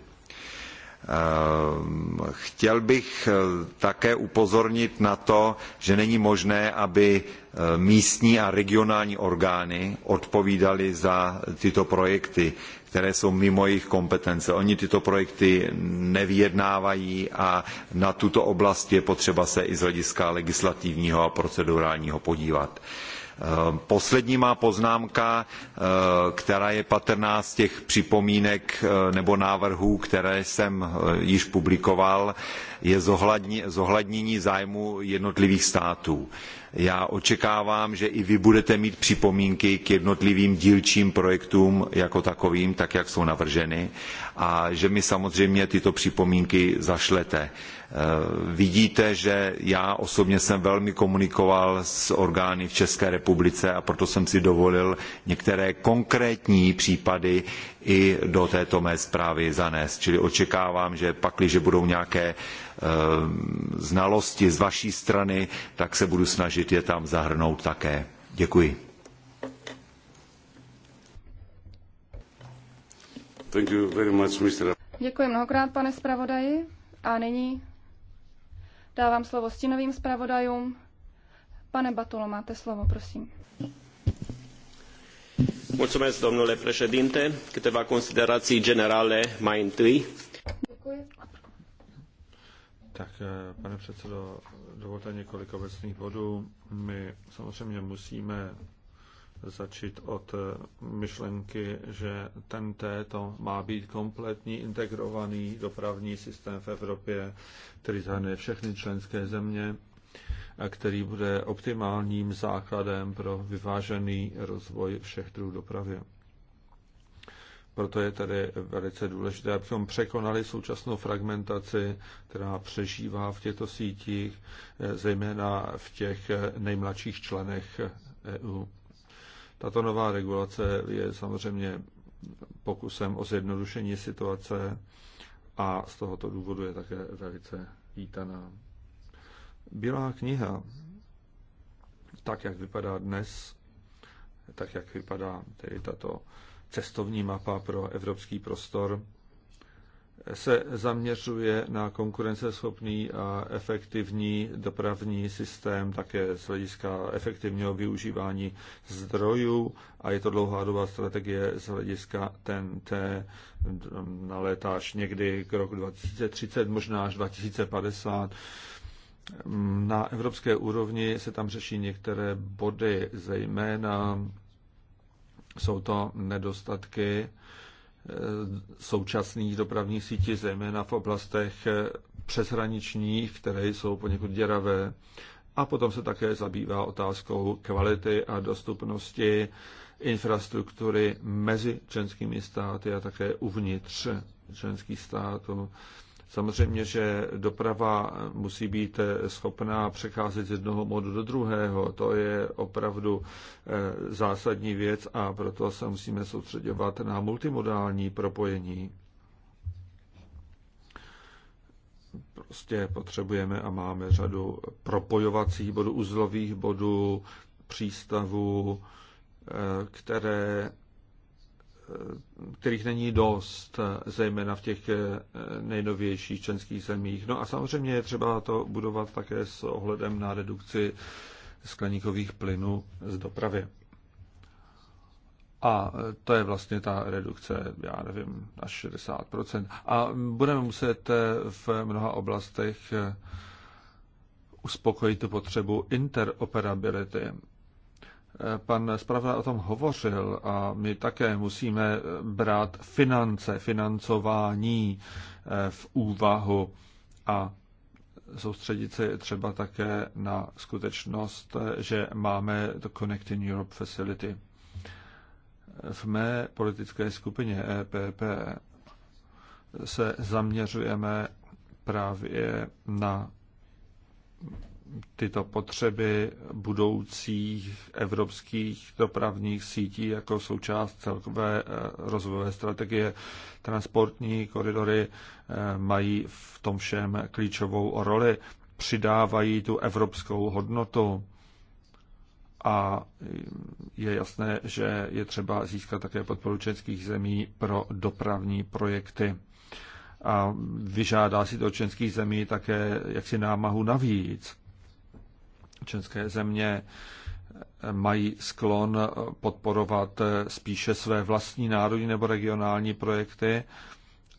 Ehm, chtěl bych eh, také upozornit na to, že není možné, aby eh, místní a regionální orgány odpovídaly za tyto projekty, které jsou mimo jejich kompetence. Oni tyto projekty nevyjednávají a na tuto oblast je potřeba se i z hlediska legislativního a procedurálního podívat. Uh, Ehm, poslední má poznámka, ehm, která je patrná z těch připomínek ehm, nebo návrhů, které jsem již publikoval, je zohlednění zájmu jednotlivých států. Já očekávám, že i vy budete mít připomínky k jednotlivým dílčím projektům jako takovým, tak jak jsou navrženy a že mi samozřejmě tyto připomínky zašlete. Eh, vidíte, že já osobně jsem velmi komunikoval s orgány v České republice a proto jsem si dovolil některé konkrétní případy i do této mé zprávy zanést. Čili očekávám, že pakliže budou nějaké eh, znalosti z vaší strany, tak se budu snažit je tam zahrnout také. Děkuji. Děkuji mnohokrát, pane zpravodaji. A nyní Dávám slovo stinovým zpravodajům. Pane Batulo, máte slovo, prosím. Mulțumesc, domnule președinte. Câteva considerații generale mai întâi. Tak, eh, pane předsedo, dovolte několik obecných bodů. My samozřejmě musíme začít od eh, myšlenky, že ten této má být kompletní integrovaný dopravní systém v Evropě, který zahrnuje všechny členské země a který bude optimálním základem pro vyvážený rozvoj všech druhů dopravy. Proto je tedy velice důležité, abychom překonali současnou fragmentaci, která přežívá v těchto sítích, eh, zejména v těch eh, nejmladších členech EU. E tato nová regulace je samozřejmě pokusem o zjednodušení situace a z tohoto důvodu je také velice vítaná. Bílá kniha, tak jak vypadá dnes, tak jak vypadá tedy tato cestovní mapa pro evropský prostor, se zaměřuje na konkurenceschopný a efektivní dopravní systém, také z hlediska efektivního využívání zdrojů a je to dlouhodobá strategie z hlediska TNT na léta až někdy k roku 2030, možná až 2050. Na evropské úrovni se tam řeší některé body, zejména jsou to nedostatky Eh, současných dopravních sítí, zejména v oblastech eh, přeshraničních, které jsou poněkud děravé. A potom se také zabývá otázkou kvality a dostupnosti infrastruktury mezi členskými státy a také uvnitř členských států. Samozřejmě, že doprava musí být eh, schopná přecházet z jednoho modu do druhého. To je opravdu eh, zásadní věc a proto se musíme soustředovat na multimodální propojení. Prostě potřebujeme a máme řadu propojovacích bodů, uzlových bodů, přístavů, eh, které Eh, kterých není dost, eh, zejména v těch eh, nejnovějších členských zemích. No a samozřejmě je třeba to budovat také s ohledem na redukci skleníkových plynů z dopravy. A to je vlastně ta redukce, já nevím, až 60%. A budeme muset v mnoha oblastech uspokojit tu potřebu interoperability. Pan zpravodaj o tom hovořil a my také musíme brát finance, financování eh, v úvahu a soustředit se třeba také na skutečnost, že máme to Connecting Europe Facility. V mé politické skupině EPP se zaměřujeme právě na tyto potřeby budoucích evropských dopravních sítí jako součást celkové eh, rozvojové strategie. Transportní koridory eh, mají v tom všem klíčovou roli, přidávají tu evropskou hodnotu a je jasné, že je třeba získat také podporu českých zemí pro dopravní projekty a vyžádá si to od členských zemí také jaksi námahu navíc členské země mají sklon podporovat spíše své vlastní národní nebo regionální projekty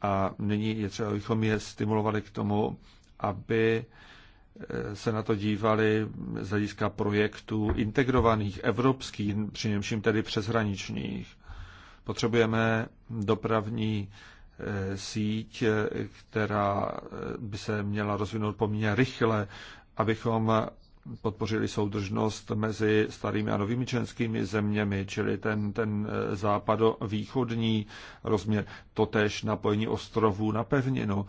a nyní je třeba, abychom je stimulovali k tomu, aby se na to dívali z hlediska projektů integrovaných, evropských, přinejmenším tedy přeshraničních. Potřebujeme dopravní eh, síť, eh, která eh, by se měla rozvinout poměrně rychle, abychom podpořili soudržnost mezi starými a novými členskými zeměmi, čili ten, ten e, západo-východní rozměr, totéž napojení ostrovů na pevninu.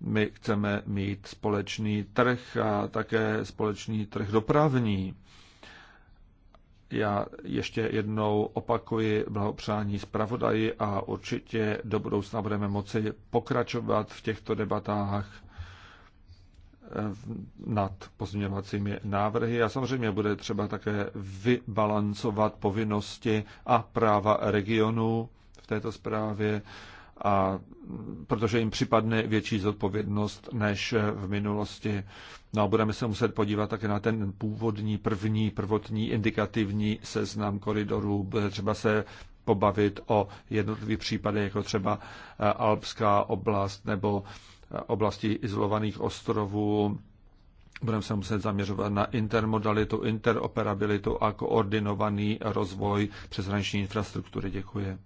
My chceme mít společný trh a také společný trh dopravní. Já ještě jednou opakuji blahopřání zpravodaji a určitě do budoucna budeme moci pokračovat v těchto debatách Eh, nad pozměňovacími návrhy a samozřejmě bude třeba také vybalancovat povinnosti a práva regionu v této zprávě, a mm, protože jim připadne větší zodpovědnost než v minulosti. No a budeme se muset podívat také na ten původní, první, prvotní, indikativní seznam koridorů. Bude třeba se pobavit o jednotlivých případech, jako třeba eh, Alpská oblast nebo oblasti izolovaných ostrovů. Budeme se muset zaměřovat na intermodalitu, interoperabilitu a koordinovaný rozvoj přeshraniční infrastruktury. Děkuji.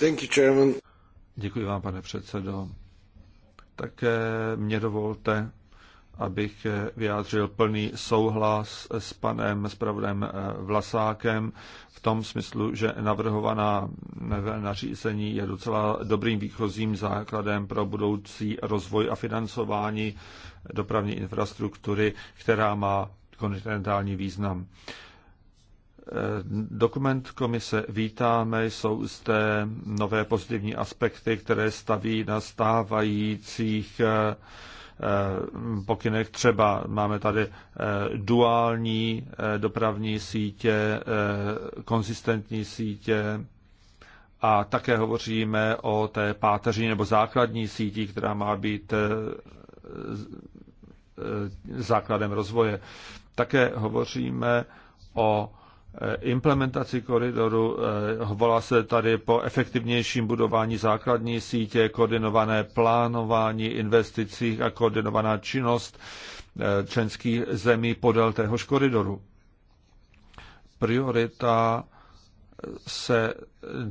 Thank you, chairman. Děkuji vám, pane předsedo. Také mě dovolte abych vyjádřil plný souhlas s panem spravodem eh, Vlasákem v tom smyslu, že navrhovaná nařízení je docela dobrým výchozím základem pro budoucí rozvoj a financování dopravní infrastruktury, která má kontinentální význam. Eh, dokument komise vítáme, jsou zde nové pozitivní aspekty, které staví na stávajících eh, Eh, pokynech. Třeba máme tady eh, duální eh, dopravní sítě, konzistentní sítě a také hovoříme o té páteřní nebo základní síti, která má být základem rozvoje. Také hovoříme o Eh, implementaci koridoru. Eh, volá se tady po efektivnějším budování základní sítě, koordinované plánování investicích a koordinovaná činnost eh, členských zemí podél téhož koridoru. Priorita se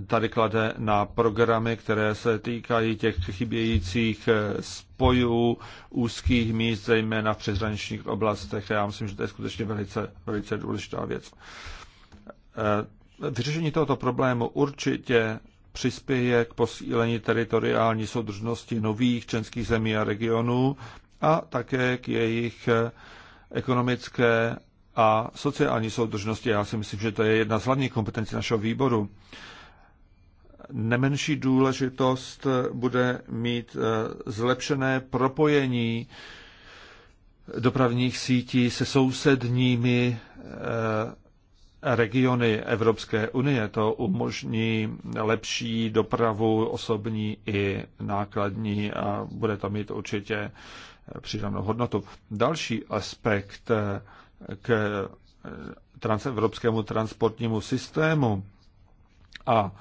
tady klade na programy, které se týkají těch chybějících spojů, úzkých míst, zejména v přeshraničních oblastech. Já myslím, že to je skutečně velice, velice důležitá věc. Eh, vyřešení tohoto problému určitě přispěje k posílení teritoriální soudržnosti nových členských zemí a regionů a také k jejich eh, ekonomické a sociální soudržnosti. Já si myslím, že to je jedna z hlavních kompetencí našeho výboru. Nemenší důležitost eh, bude mít zlepšené propojení dopravních sítí se sousedními regiony Evropské unie. To umožní lepší dopravu osobní i nákladní a bude to mít určitě přidanou hodnotu. Další aspekt k transevropskému transportnímu systému a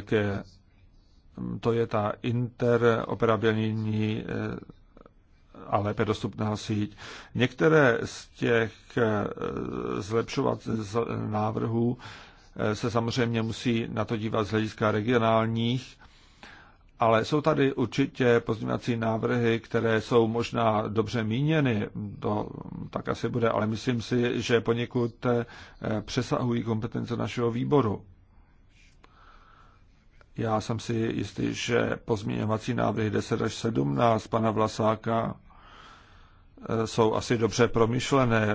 ke, to je ta interoperabilní a lépe dostupná síť. Některé z těch eh, zlepšovat návrhů eh, se samozřejmě musí na to dívat z hlediska regionálních, ale jsou tady určitě pozměňovací návrhy, které jsou možná dobře míněny, to tak asi bude, ale myslím si, že poněkud eh, přesahují kompetence našeho výboru. Já jsem si jistý, že pozměňovací návrhy 10 až 17 pana Vlasáka Eh, jsou asi dobře promyšlené,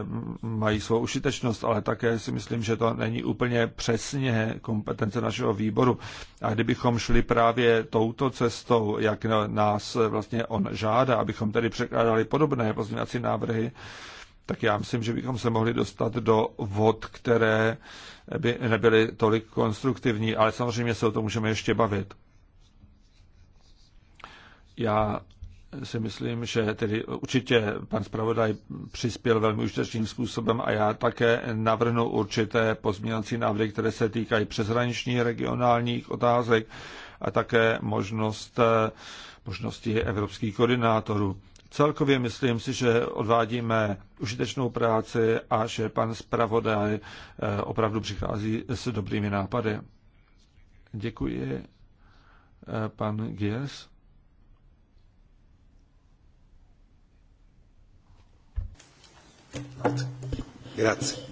mají svou užitečnost, ale také si myslím, že to není úplně přesně kompetence našeho výboru. A kdybychom šli právě touto cestou, jak nás vlastně on žádá, abychom tedy překládali podobné pozměňovací návrhy, tak já myslím, že bychom se mohli dostat do vod, které by nebyly tolik konstruktivní, ale samozřejmě se o tom můžeme ještě bavit. Já si myslím, že tedy určitě pan zpravodaj přispěl velmi užitečným způsobem a já také navrhnu určité pozměňovací návrhy, které se týkají přeshraničních regionálních otázek a také možnost, eh, možnosti evropských koordinátorů. Celkově myslím si, že odvádíme užitečnou práci a že pan zpravodaj eh, opravdu přichází s dobrými nápady. Děkuji, eh, pan Giers. Grazie.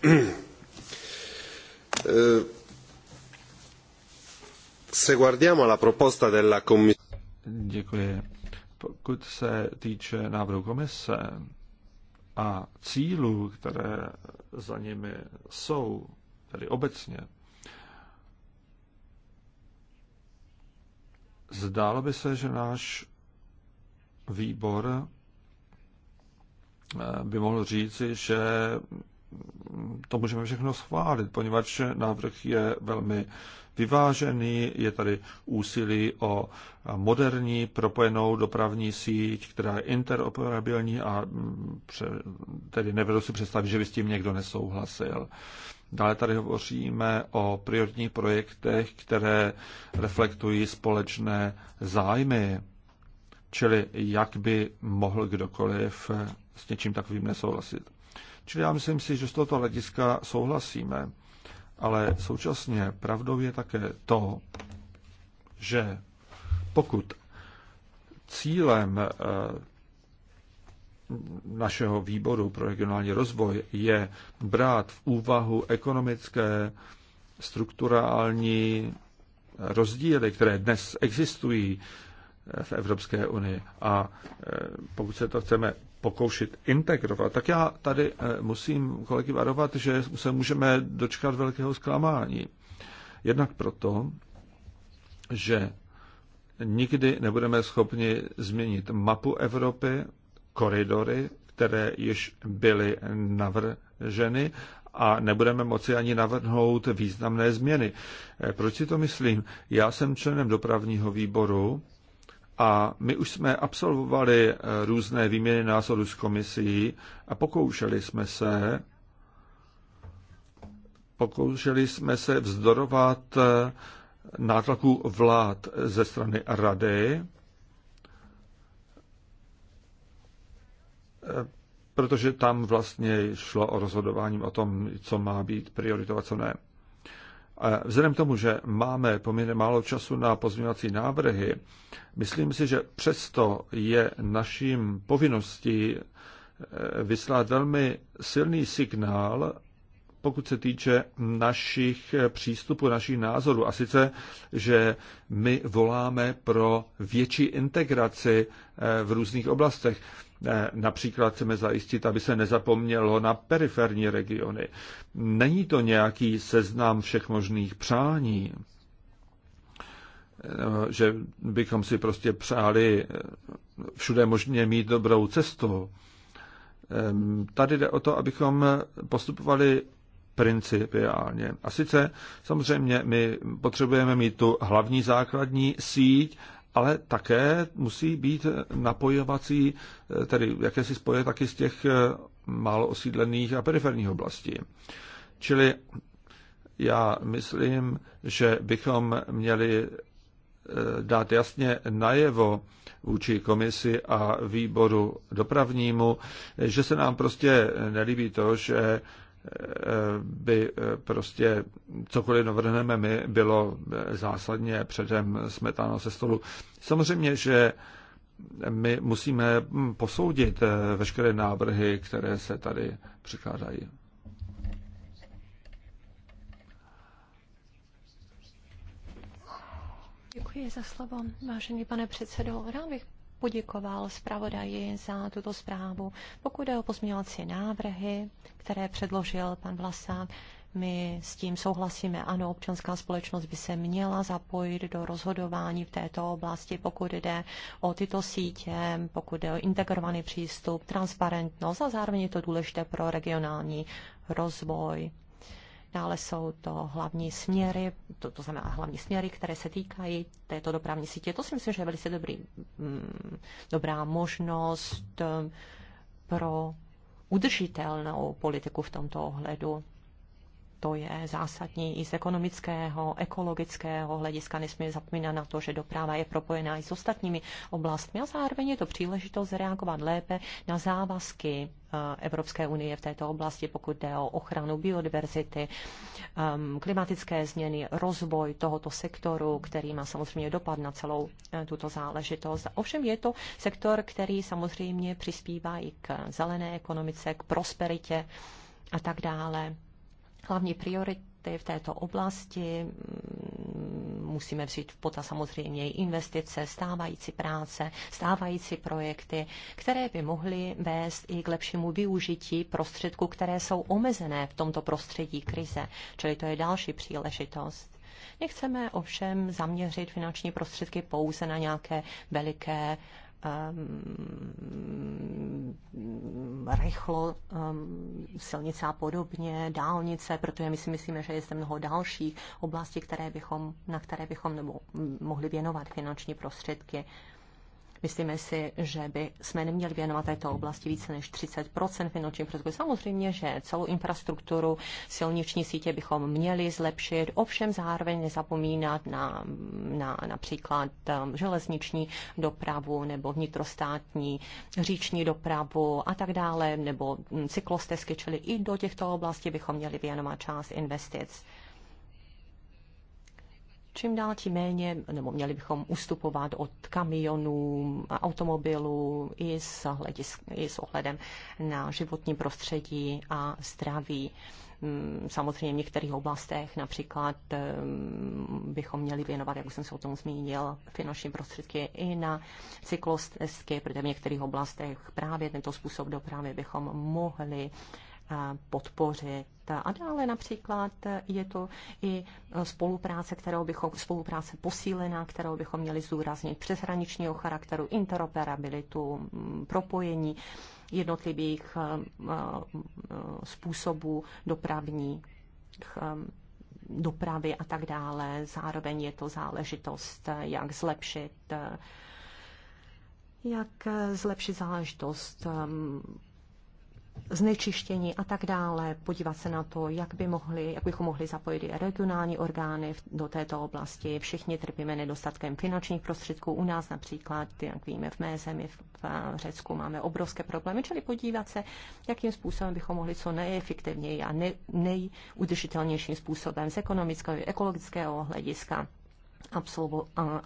Eh, se guardiamo alla proposta della Commissione. Děkuji. Pokud se týče návrhu komise a cílů, které za nimi jsou, tedy obecně, zdálo by se, že náš výbor by mohl říci, že to můžeme všechno schválit, poněvadž návrh je velmi vyvážený, je tady úsilí o moderní propojenou dopravní síť, která je interoperabilní a mm, pře, tedy nevedu si představit, že by s tím někdo nesouhlasil. Dále tady hovoříme o prioritních projektech, které reflektují společné zájmy, čili jak by mohl kdokoliv s něčím takovým nesouhlasit. Čili já myslím si, že z tohoto hlediska souhlasíme, ale současně pravdou je také to, že pokud cílem eh, našeho výboru pro regionální rozvoj je brát v úvahu ekonomické, strukturální rozdíly, které dnes existují eh, v Evropské unii. A eh, pokud se to chceme pokoušet integrovat, tak já tady eh, musím kolegy varovat, že se můžeme dočkat velkého zklamání. Jednak proto, že nikdy nebudeme schopni změnit mapu Evropy, koridory, které již byly navrženy a nebudeme moci ani navrhnout významné změny. Eh, proč si to myslím? Já jsem členem dopravního výboru a my už jsme absolvovali eh, různé výměny názorů s komisí a pokoušeli jsme se pokoušeli jsme se vzdorovat eh, nátlaku vlád ze strany rady, eh, protože tam vlastně šlo o rozhodování o tom, co má být prioritovat, co ne. Vzhledem k tomu, že máme poměrně málo času na pozměňovací návrhy, myslím si, že přesto je naším povinností eh, vyslat velmi silný signál, pokud se týče našich přístupů, našich názorů. A sice, že my voláme pro větší integraci eh, v různých oblastech. Například chceme zajistit, aby se nezapomnělo na periferní regiony. Není to nějaký seznam všech možných přání, eh, že bychom si prostě přáli eh, všude možně mít dobrou cestu. Ehm, tady jde o to, abychom postupovali principiálně. A sice samozřejmě my potřebujeme mít tu hlavní základní síť ale také musí být napojovací, eh, tedy jakési spoje taky z těch eh, málo osídlených a periferních oblastí. Čili já myslím, že bychom měli eh, dát jasně najevo vůči komisi a výboru dopravnímu, že se nám prostě nelíbí to, že by eh, prostě cokoliv navrhneme my, bylo eh, zásadně předem smetáno se stolu. Samozřejmě, že my musíme hm, posoudit eh, veškeré návrhy, které se tady přikládají. Děkuji za slovo, vážený pane předsedo. Rád bych poděkoval zpravodaji za tuto zprávu. Pokud jde o pozměňovací návrhy, které předložil pan Vlasák, my s tím souhlasíme. Ano, občanská společnost by se měla zapojit do rozhodování v této oblasti, pokud jde o tyto sítě, pokud jde o integrovaný přístup, transparentnost a zároveň je to důležité pro regionální rozvoj. Dále jsou to hlavní směry, to, to znamená hlavní směry, které se týkají této dopravní sítě. To si myslím, že je velice dobrý, mm, dobrá možnost eh, pro udržitelnou politiku v tomto ohledu to je zásadní i z ekonomického, ekologického hlediska. Nesmíme zapomínat na to, že doprava je propojená i s ostatními oblastmi a zároveň je to příležitost reagovat lépe na závazky eh, Evropské unie v této oblasti, pokud jde o ochranu biodiverzity, ehm, klimatické změny, rozvoj tohoto sektoru, který má samozřejmě dopad na celou eh, tuto záležitost. Ovšem je to sektor, který samozřejmě přispívá i k zelené ekonomice, k prosperitě a tak dále hlavní priority v této oblasti. Mm, musíme vzít v potaz samozřejmě i investice, stávající práce, stávající projekty, které by mohly vést i k lepšímu využití prostředků, které jsou omezené v tomto prostředí krize. Čili to je další příležitost. Nechceme ovšem zaměřit finanční prostředky pouze na nějaké veliké um, rychlo um, silnice a podobně, dálnice, protože my si myslíme, že je zde mnoho dalších oblastí, které bychom, na které bychom nebo mohli věnovat finanční prostředky. Uh, Myslíme si, že by jsme neměli věnovat této oblasti více než 30 finančních prostředků. Samozřejmě, že celou infrastrukturu silniční sítě bychom měli zlepšit, ovšem zároveň nezapomínat na, na například um, železniční dopravu nebo vnitrostátní říční dopravu a tak dále, nebo mm, cyklostezky, čili i do těchto oblastí bychom měli věnovat část investic čím dál tím méně, nebo měli bychom ustupovat od kamionů, automobilů i s, hledisk, i s ohledem na životní prostředí a zdraví. Mm, samozřejmě v některých oblastech například mm, bychom měli věnovat, jak už jsem se o tom zmínil, finanční prostředky i na cyklostezky, protože v některých oblastech právě tento způsob dopravy bychom mohli podpořit. A dále například je to i spolupráce, kterou bychom, spolupráce posílená, kterou bychom měli zdůraznit přeshraničního charakteru, interoperabilitu, mm, propojení jednotlivých eh, eh, způsobů dopravní eh, dopravy a tak dále. Zároveň je to záležitost, jak zlepšit jak zlepšit záležitost znečištění a tak dále, podívat se na to, jak, by mohli, jak bychom mohli zapojit i regionální orgány do této oblasti. Všichni trpíme nedostatkem finančních prostředků. U nás například, jak víme, v mé zemi, v, Řecku máme obrovské problémy, čili podívat se, jakým způsobem bychom mohli co nejefektivněji a ne, nejudržitelnějším způsobem z ekonomického i ekologického hlediska absolvo, a, a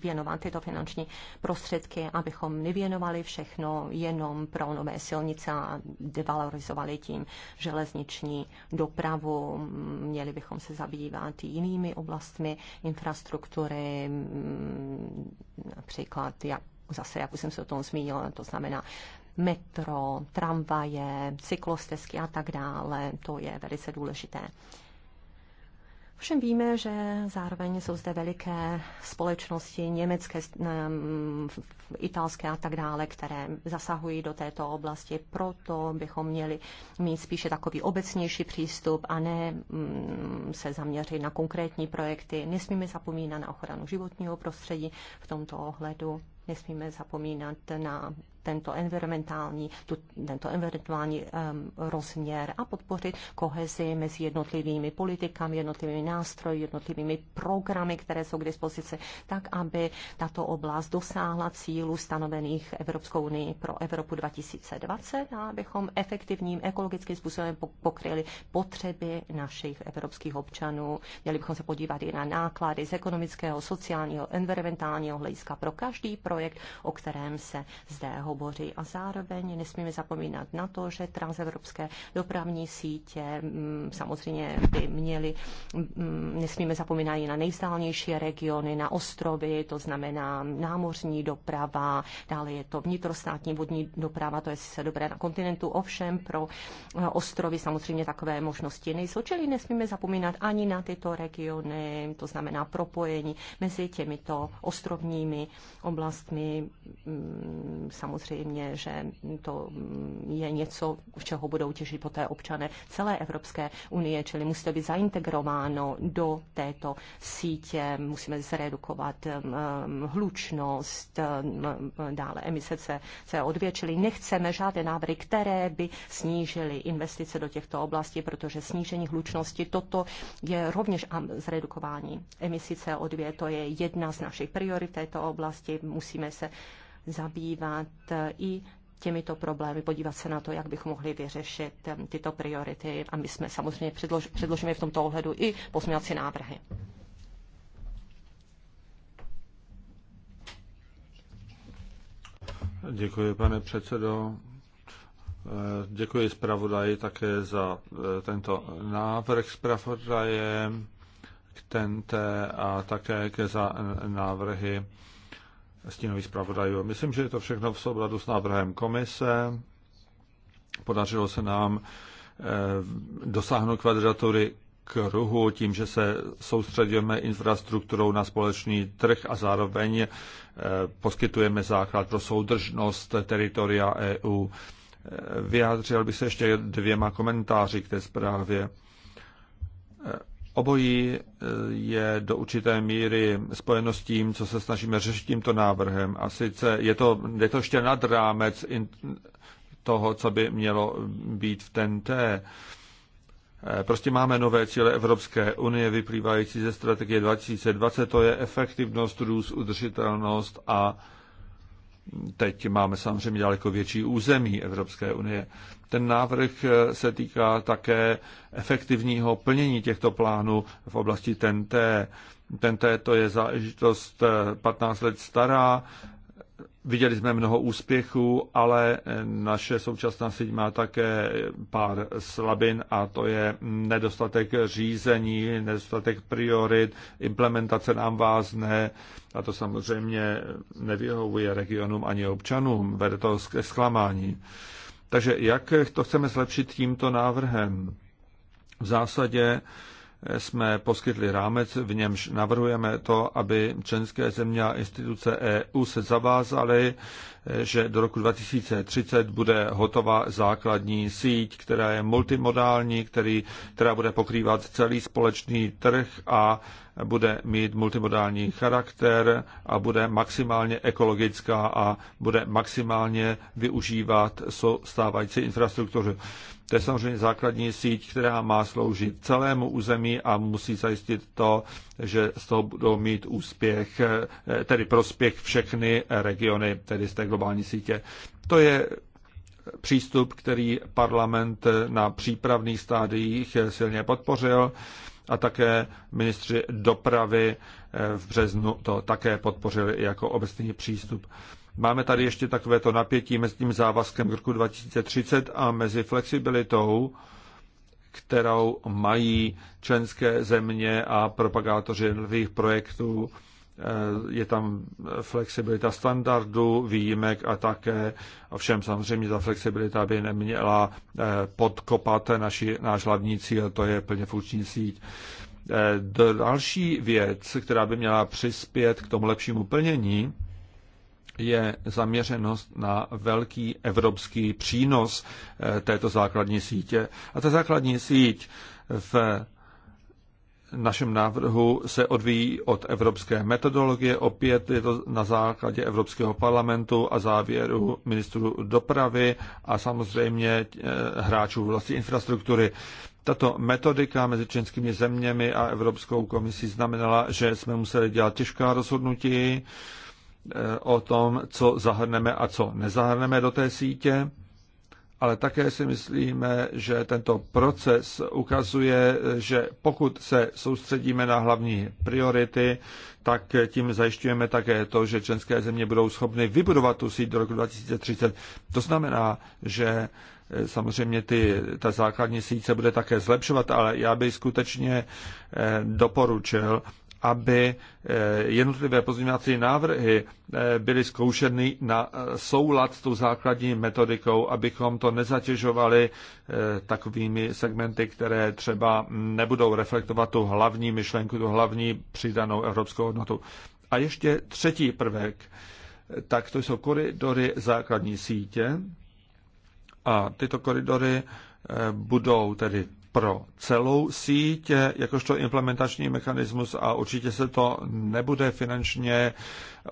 věnovat tyto finanční prostředky, abychom nevěnovali všechno jenom pro nové silnice a devalorizovali tím železniční dopravu. Měli bychom se zabývat jinými oblastmi infrastruktury, mm, například, jak, zase, jak už jsem se o tom zmínila, to znamená metro, tramvaje, cyklostezky a tak dále. To je velice důležité. Všem víme, že zároveň jsou zde veliké společnosti, německé, italské a tak dále, které zasahují do této oblasti. Proto bychom měli mít spíše takový obecnější přístup a ne mm, se zaměřit na konkrétní projekty. Nesmíme zapomínat na ochranu životního prostředí v tomto ohledu. Nesmíme zapomínat na tento environmentální, tu, tento environmentální um, rozměr a podpořit kohezi mezi jednotlivými politikami, jednotlivými nástroji, jednotlivými programy, které jsou k dispozici, tak, aby tato oblast dosáhla cílů stanovených Evropskou unii pro Evropu 2020 a abychom efektivním ekologickým způsobem pokryli potřeby našich evropských občanů. Měli bychom se podívat i na náklady z ekonomického, sociálního, environmentálního hlediska pro každý projekt, o kterém se zde hovoří obory A zároveň nesmíme zapomínat na to, že transevropské dopravní sítě mm, samozřejmě by měly, mm, nesmíme zapomínat i na nejzdálnější regiony, na ostrovy, to znamená námořní doprava, dále je to vnitrostátní vodní doprava, to je sice dobré na kontinentu, ovšem pro eh, ostrovy samozřejmě takové možnosti nejsou, čili nesmíme zapomínat ani na tyto regiony, to znamená propojení mezi těmito ostrovními oblastmi, mm, samozřejmě samozřejmě, že to je něco, v čeho budou těžit poté občané celé Evropské unie, čili musí to být zaintegrováno do této sítě, musíme zredukovat um, um, hlučnost, um, dále emise CO2, čili nechceme žádné návrhy, které by snížily investice do těchto oblastí, protože snížení hlučnosti, toto je rovněž zredukování emisí CO2, to je jedna z našich priorit této oblasti, musíme se zabývat eh, i těmito problémy, podívat se na to, jak bychom mohli vyřešit eh, tyto priority. A my jsme samozřejmě předlož, předložíme v tomto ohledu i pozměňovací návrhy. Děkuji, pane předsedo. Eh, děkuji zpravodaji také za tento návrh zpravodaje k TNT a také za návrhy Stínový zpravodajů. Myslím, že je to všechno v souladu s návrhem komise. Podařilo se nám eh, dosáhnout kvadratury kruhu tím, že se soustředíme infrastrukturou na společný trh a zároveň eh, poskytujeme základ pro soudržnost teritoria EU. Eh, vyjádřil bych se ještě dvěma komentáři k té zprávě. Obojí e, je do určité míry spojeno s tím, co se snažíme řešit tímto návrhem. A sice je to, je to ještě nad rámec toho, co by mělo být v TNT. E, prostě máme nové cíle Evropské unie vyplývající ze strategie 2020, to je efektivnost, růst, udržitelnost a Teď máme samozřejmě daleko větší území Evropské unie. Ten návrh eh, se týká také efektivního plnění těchto plánů v oblasti TNT. TNT to je záležitost 15 eh, let stará, Viděli jsme mnoho úspěchů, ale eh, naše současná síť má také pár slabin a to je nedostatek řízení, nedostatek priorit, implementace nám vázne a to samozřejmě nevyhovuje regionům ani občanům, vede to ke zklamání. Takže jak to chceme zlepšit tímto návrhem? V zásadě jsme poskytli rámec, v němž navrhujeme to, aby členské země a instituce EU se zavázaly, že do roku 2030 bude hotová základní síť, která je multimodální, který, která bude pokrývat celý společný trh a bude mít multimodální charakter a bude maximálně ekologická a bude maximálně využívat stávající infrastrukturu. To je samozřejmě základní síť, která má sloužit celému území a musí zajistit to, že z toho budou mít úspěch, eh, tedy prospěch všechny regiony, tedy z té globální sítě. To je přístup, který parlament na přípravných stádiích silně podpořil a také ministři dopravy eh, v březnu to také podpořili jako obecný přístup. Máme tady ještě takovéto napětí mezi tím závazkem roku 2030 a mezi flexibilitou, kterou mají členské země a propagátoři jednotlivých projektů. Eh, je tam flexibilita standardů, výjimek a také, ovšem samozřejmě ta flexibilita by neměla eh, podkopat naši, náš hlavní cíl, to je plně funkční síť. Eh, další věc, která by měla přispět k tomu lepšímu plnění, je zaměřenost na velký evropský přínos eh, této základní sítě. A ta základní síť v našem návrhu se odvíjí od evropské metodologie. Opět je to na základě Evropského parlamentu a závěru ministru dopravy a samozřejmě eh, hráčů vlastní infrastruktury. Tato metodika mezi českými zeměmi a Evropskou komisí znamenala, že jsme museli dělat těžká rozhodnutí, o tom, co zahrneme a co nezahrneme do té sítě, ale také si myslíme, že tento proces ukazuje, že pokud se soustředíme na hlavní priority, tak tím zajišťujeme také to, že členské země budou schopny vybudovat tu síť do roku 2030. To znamená, že e, samozřejmě ty, ta základní síť se bude také zlepšovat, ale já bych skutečně e, doporučil, aby eh, jednotlivé pozměňovací návrhy eh, byly zkoušeny na eh, soulad s tou základní metodikou, abychom to nezatěžovali takovými segmenty, které třeba nebudou reflektovat tu hlavní myšlenku, tu hlavní přidanou evropskou hodnotu. A ještě třetí prvek, tak to jsou koridory základní sítě. A tyto koridory budou tedy pro celou síť, jakožto implementační mechanismus a určitě se to nebude finančně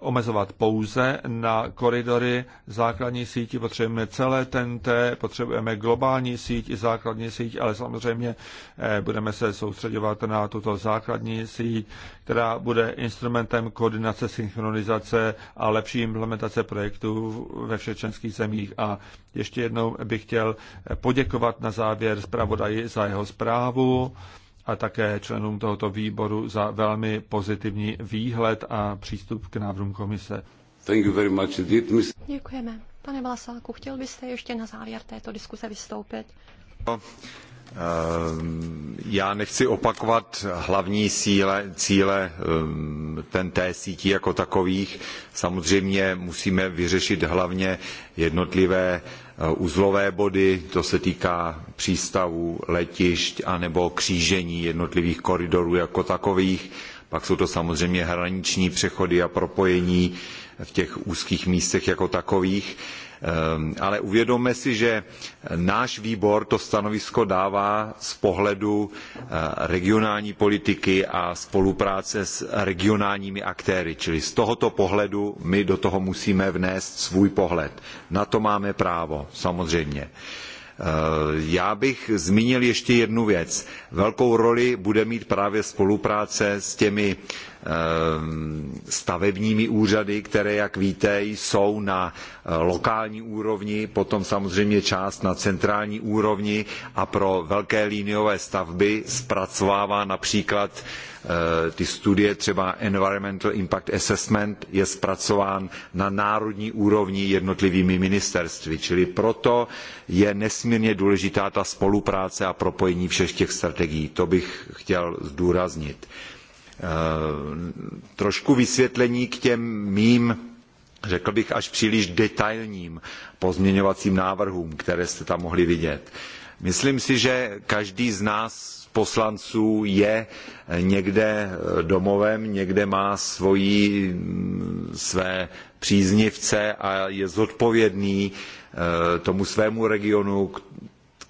omezovat pouze na koridory základní síti, potřebujeme celé TNT, potřebujeme globální síť i základní síť, ale samozřejmě eh, budeme se soustředovat na tuto základní síť, která bude instrumentem koordinace, synchronizace a lepší implementace projektů ve všech členských zemích. A ještě jednou bych chtěl poděkovat na závěr zpravodaji za jeho zprávu a také členům tohoto výboru za velmi pozitivní výhled a přístup k návrhům komise. Thank you very much indeed, Děkujeme. Pane Vlasáku, chtěl byste ještě na závěr této diskuse vystoupit? No, eh, já nechci opakovat hlavní síle, cíle eh, ten té sítí jako takových. Samozřejmě musíme vyřešit hlavně jednotlivé Eh, uzlové body, to se týká přístavů, letišť anebo křížení jednotlivých koridorů jako takových. Pak jsou to samozřejmě hraniční přechody a propojení v těch úzkých místech jako takových. Ehm, ale uvědomme si, že náš výbor to stanovisko dává z pohledu eh, regionální politiky a spolupráce s regionálními aktéry. Čili z tohoto pohledu my do toho musíme vnést svůj pohled. Na to máme právo, samozřejmě. Eh, já bych zmínil ještě jednu věc. Velkou roli bude mít právě spolupráce s těmi Ehm, stavebními úřady, které, jak víte, jsou na eh, lokální úrovni, potom samozřejmě část na centrální úrovni a pro velké liniové stavby zpracovává například eh, ty studie, třeba Environmental Impact Assessment je zpracován na národní úrovni jednotlivými ministerstvy. Čili proto je nesmírně důležitá ta spolupráce a propojení všech těch strategií. To bych chtěl zdůraznit. Eh, trošku vysvětlení k těm mým řekl bych až příliš detailním pozměňovacím návrhům, které jste tam mohli vidět. Myslím si, že každý z nás poslanců je někde domovem, někde má svoji, mm, své příznivce a je zodpovědný eh, tomu svému regionu,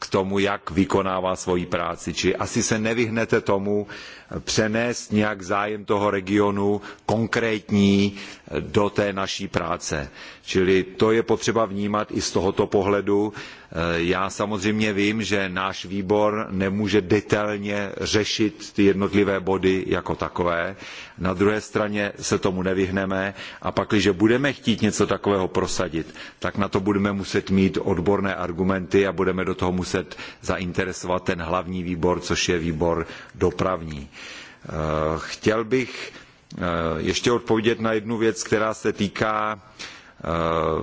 k tomu, jak vykonává svoji práci. Či asi se nevyhnete tomu eh, přenést nějak zájem toho regionu konkrétní eh, do té naší práce. Čili to je potřeba vnímat i z tohoto pohledu. Eh, já samozřejmě vím, že náš výbor nemůže detailně řešit ty jednotlivé body jako takové. Na druhé straně se tomu nevyhneme a pakliže budeme chtít něco takového prosadit, tak na to budeme muset mít odborné argumenty a budeme do toho muset zainteresovat ten hlavní výbor, což je výbor dopravní. Eh, chtěl bych eh, ještě odpovědět na jednu věc, která se týká uh, Eh,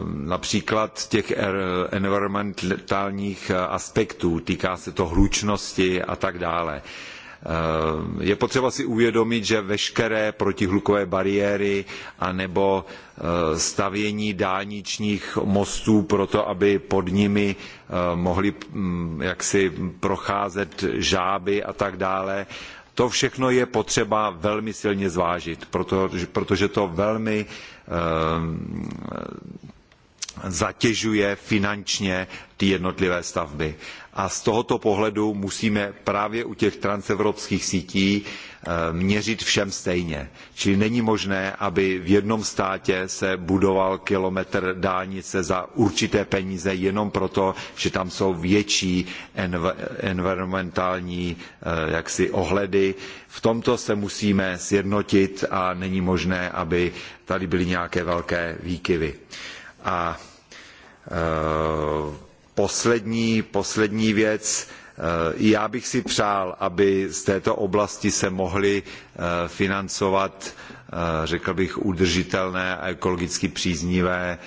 například těch er, environmentálních eh, aspektů, týká se to hlučnosti a tak dále. Eh, je potřeba si uvědomit, že veškeré protihlukové bariéry anebo stavění dálničních mostů proto, aby pod nimi mohly mm, jaksi procházet žáby a tak dále, to všechno je potřeba velmi silně zvážit, protože to velmi eh, zatěžuje finančně ty jednotlivé stavby. A z tohoto pohledu musíme právě u těch transevropských sítí eh, měřit všem stejně. Čili není možné, aby v jednom státě se budoval kilometr dálnice za určité peníze jenom proto, že tam jsou větší env- environmentální eh, jaksi ohledy. V tomto se musíme sjednotit a není možné, aby tady byly nějaké velké výkyvy. A e, poslední, poslední věc, e, já bych si přál, aby z této oblasti se mohly e, financovat, řekl bych, udržitelné a ekologicky příznivé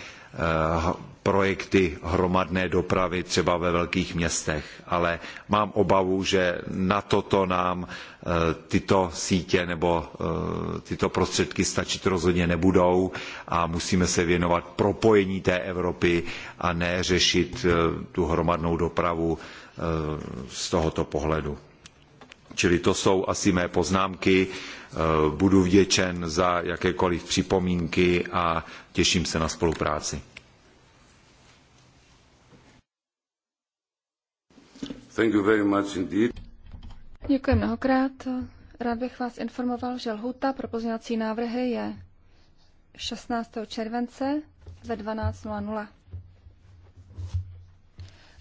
projekty hromadné dopravy třeba ve velkých městech, ale mám obavu, že na toto nám eh, tyto sítě nebo eh, tyto prostředky stačit rozhodně nebudou a musíme se věnovat propojení té Evropy a ne řešit eh, tu hromadnou dopravu z tohoto pohledu. Čili to jsou asi mé poznámky. Budu vděčen za jakékoliv připomínky a těším se na spolupráci. Thank you very much indeed. Děkuji mnohokrát. Rád bych vás informoval, že lhuta pro pozměňovací návrhy je 16. července ve 12.00.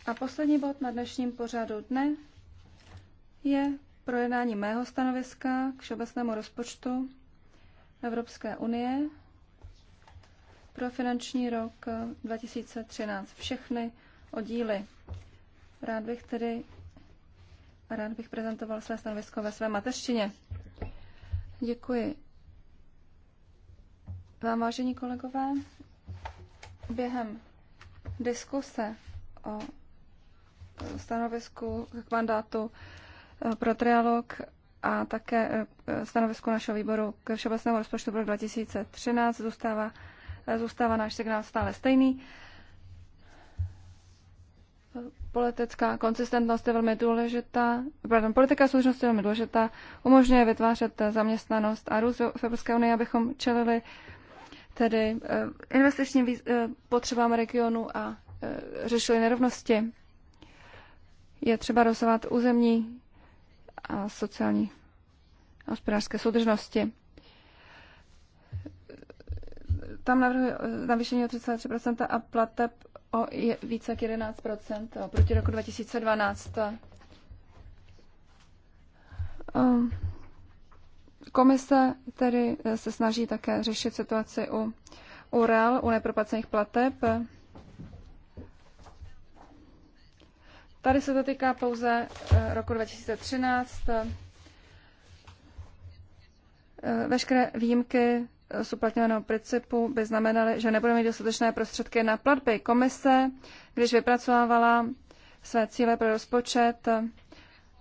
A poslední bod na dnešním pořadu dne je projednání mého stanoviska k všeobecnému rozpočtu Evropské unie pro finanční rok 2013. Všechny oddíly. Rád bych tedy rád bych prezentoval své stanovisko ve své mateřštině. Děkuji. Vám, vážení kolegové, během diskuse o stanovisku k mandátu eh, pro trialog a také eh, stanovisku našeho výboru k všeobecnému rozpočtu pro 2013 zůstává, eh, zůstává náš signál stále stejný politická konsistentnost je velmi důležitá, pardon, politika soudržnosti je velmi důležitá, umožňuje vytvářet zaměstnanost a růst v Evropské unii, abychom čelili tedy eh, investičním eh, potřebám regionu a eh, řešili nerovnosti. Je třeba dosovat územní a sociální a hospodářské soudržnosti. Tam navrhuji navýšení o 33% a plateb o je, více jak 11 eh, proti roku 2012. Eh, komise tedy eh, se snaží také řešit situaci u URL, u neproplacených plateb. Tady se to týká pouze roku 2013. Veškeré výjimky z uplatňovaného principu by znamenaly, že nebudeme mít dostatečné prostředky na platby. Komise, když vypracovávala své cíle pro rozpočet,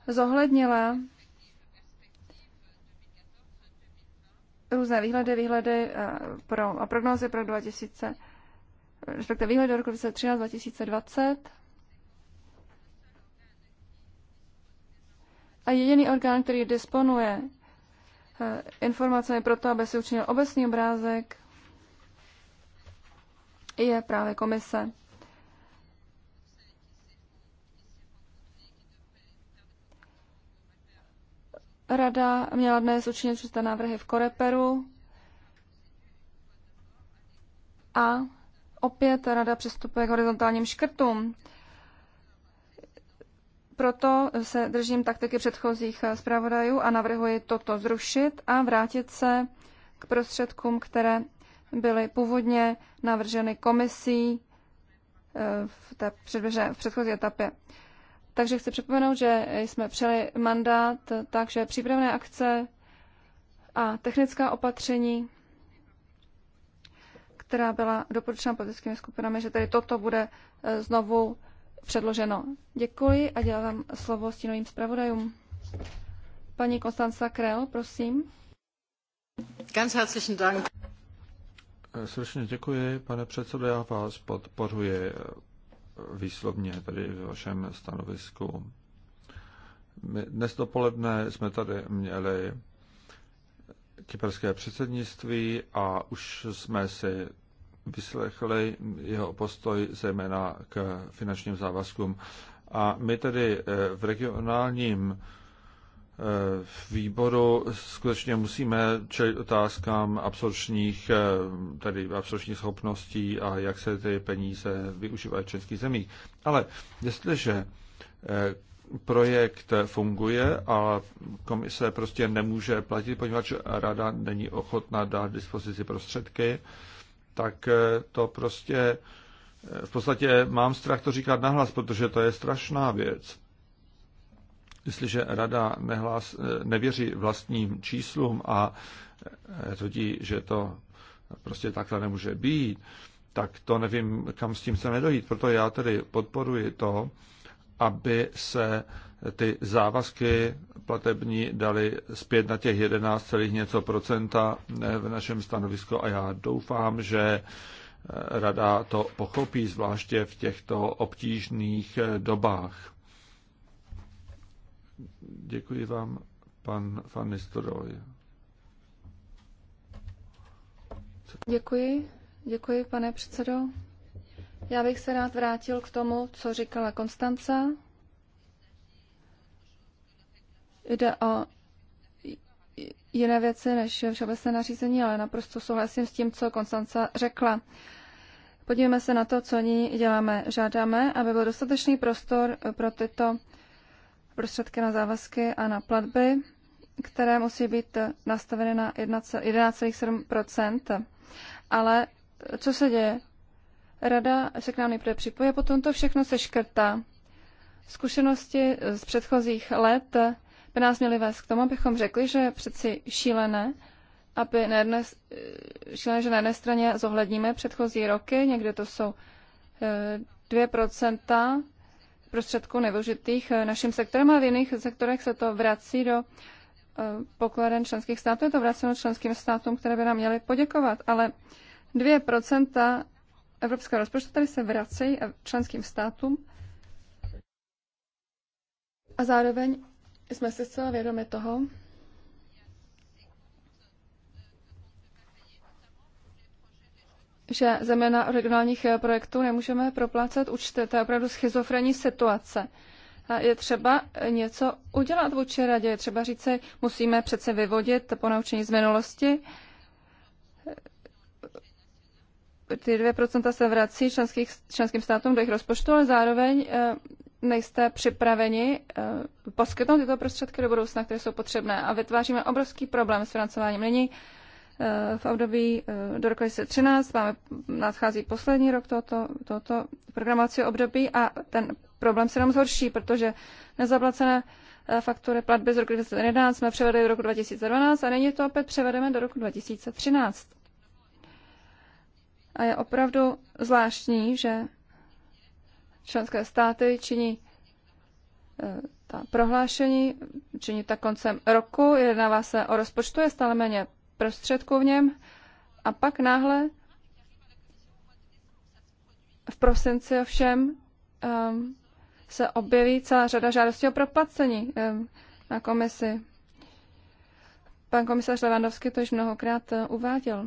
zohlednila různé výhledy, výhledy eh, pro, a prognózy pro 2000, respektive výhledy do roku 2013, 2020. A jediný orgán, který disponuje Eh, informacemi pro to, aby si učinil obecný obrázek, je právě komise. Rada měla dnes učinit čisté návrhy v Koreperu a opět rada přistupuje k horizontálním škrtům. Proto se držím taktiky předchozích eh, zpravodajů a navrhuji toto zrušit a vrátit se k prostředkům, které byly původně navrženy komisí eh, v, té předběžné, v předchozí etapě. Takže chci připomenout, že jsme přeli mandát, eh, takže přípravné akce a technická opatření, která byla doporučena politickými skupinami, že tedy toto bude znovu předloženo. Děkuji a dělám slovo stínovým zpravodajům. Paní Konstanca Krell, prosím. Ganz herzlichen Dank. Eh, srdečně děkuji, pane předsedo, já vás podporuji eh, výslovně tady v vašem stanovisku. My dnes dopoledne jsme tady měli kyperské předsednictví a už jsme si vyslechli jeho postoj zejména k finančním závazkům. A my tedy eh, v regionálním eh, výboru skutečně musíme čelit otázkám absorčních, eh, tedy absorčních schopností a jak se ty peníze využívají v českých zemích. Ale jestliže projekt funguje a komise prostě nemůže platit, poněvadž rada není ochotná dát dispozici prostředky, tak eh, to prostě eh, v podstatě mám strach to říkat nahlas, protože to je strašná věc. Jestliže rada nehlas, eh, nevěří vlastním číslům a tvrdí, že to prostě takhle nemůže být, tak to nevím, kam s tím chceme dojít. Proto já tedy podporuji to, aby se ty závazky platební dali zpět na těch 11, něco procenta eh, v našem stanovisku a já doufám, že eh, rada to pochopí, zvláště v těchto obtížných eh, dobách. Děkuji vám, pan Van Děkuji, děkuji, pane předsedo. Já bych se rád vrátil k tomu, co říkala Konstanca jde o jiné věci než všeobecné nařízení, ale naprosto souhlasím s tím, co Konstanca řekla. Podívejme se na to, co nyní děláme. Žádáme, aby byl dostatečný prostor pro tyto prostředky na závazky a na platby, které musí být nastaveny na 11,7 Ale co se děje? Rada se k nám nejprve připoje, potom to všechno se škrtá. Zkušenosti z předchozích let by nás měly vést k tomu, abychom řekli, že přeci šílené, aby na jedné, eh, šílené, že na jedné straně zohledníme předchozí roky, někde to jsou 2% eh, prostředků nevyužitých eh, naším sektorem, a v jiných sektorech se to vrací do pokladen členských států, je to vraceno členským státům, které by nám měly poděkovat, ale 2% evropského rozpočtu tady se vracejí členským státům a zároveň jsme si zcela vědomi toho, že zeměna regionálních eh, projektů nemůžeme proplácet účty. To je opravdu schizofrenní situace. Je třeba eh, něco udělat vůči radě. Je třeba říct, si, musíme přece vyvodit po naučení z minulosti. Eh, ty 2% se vrací členských, členským státům do jejich rozpočtu, ale zároveň nejste připraveni eh, poskytnout tyto prostředky do budoucna, které jsou potřebné. A vytváříme obrovský problém s financováním. Nyní eh, v období eh, do roku 2013 máme, nadchází poslední rok tohoto, tohoto programovacího období a ten problém se nám zhorší, protože nezaplacené faktury platby z roku 2011 jsme převedli do roku 2012 a nyní to opět převedeme do roku 2013. A je opravdu zvláštní, že členské státy činí eh, ta prohlášení, činí tak koncem roku, jednává se o rozpočtu, je stále méně prostředků v něm a pak náhle v prosinci ovšem um, se objeví celá řada žádostí o proplacení um, na komisi. Pan komisař Levandovský to již mnohokrát eh, uváděl.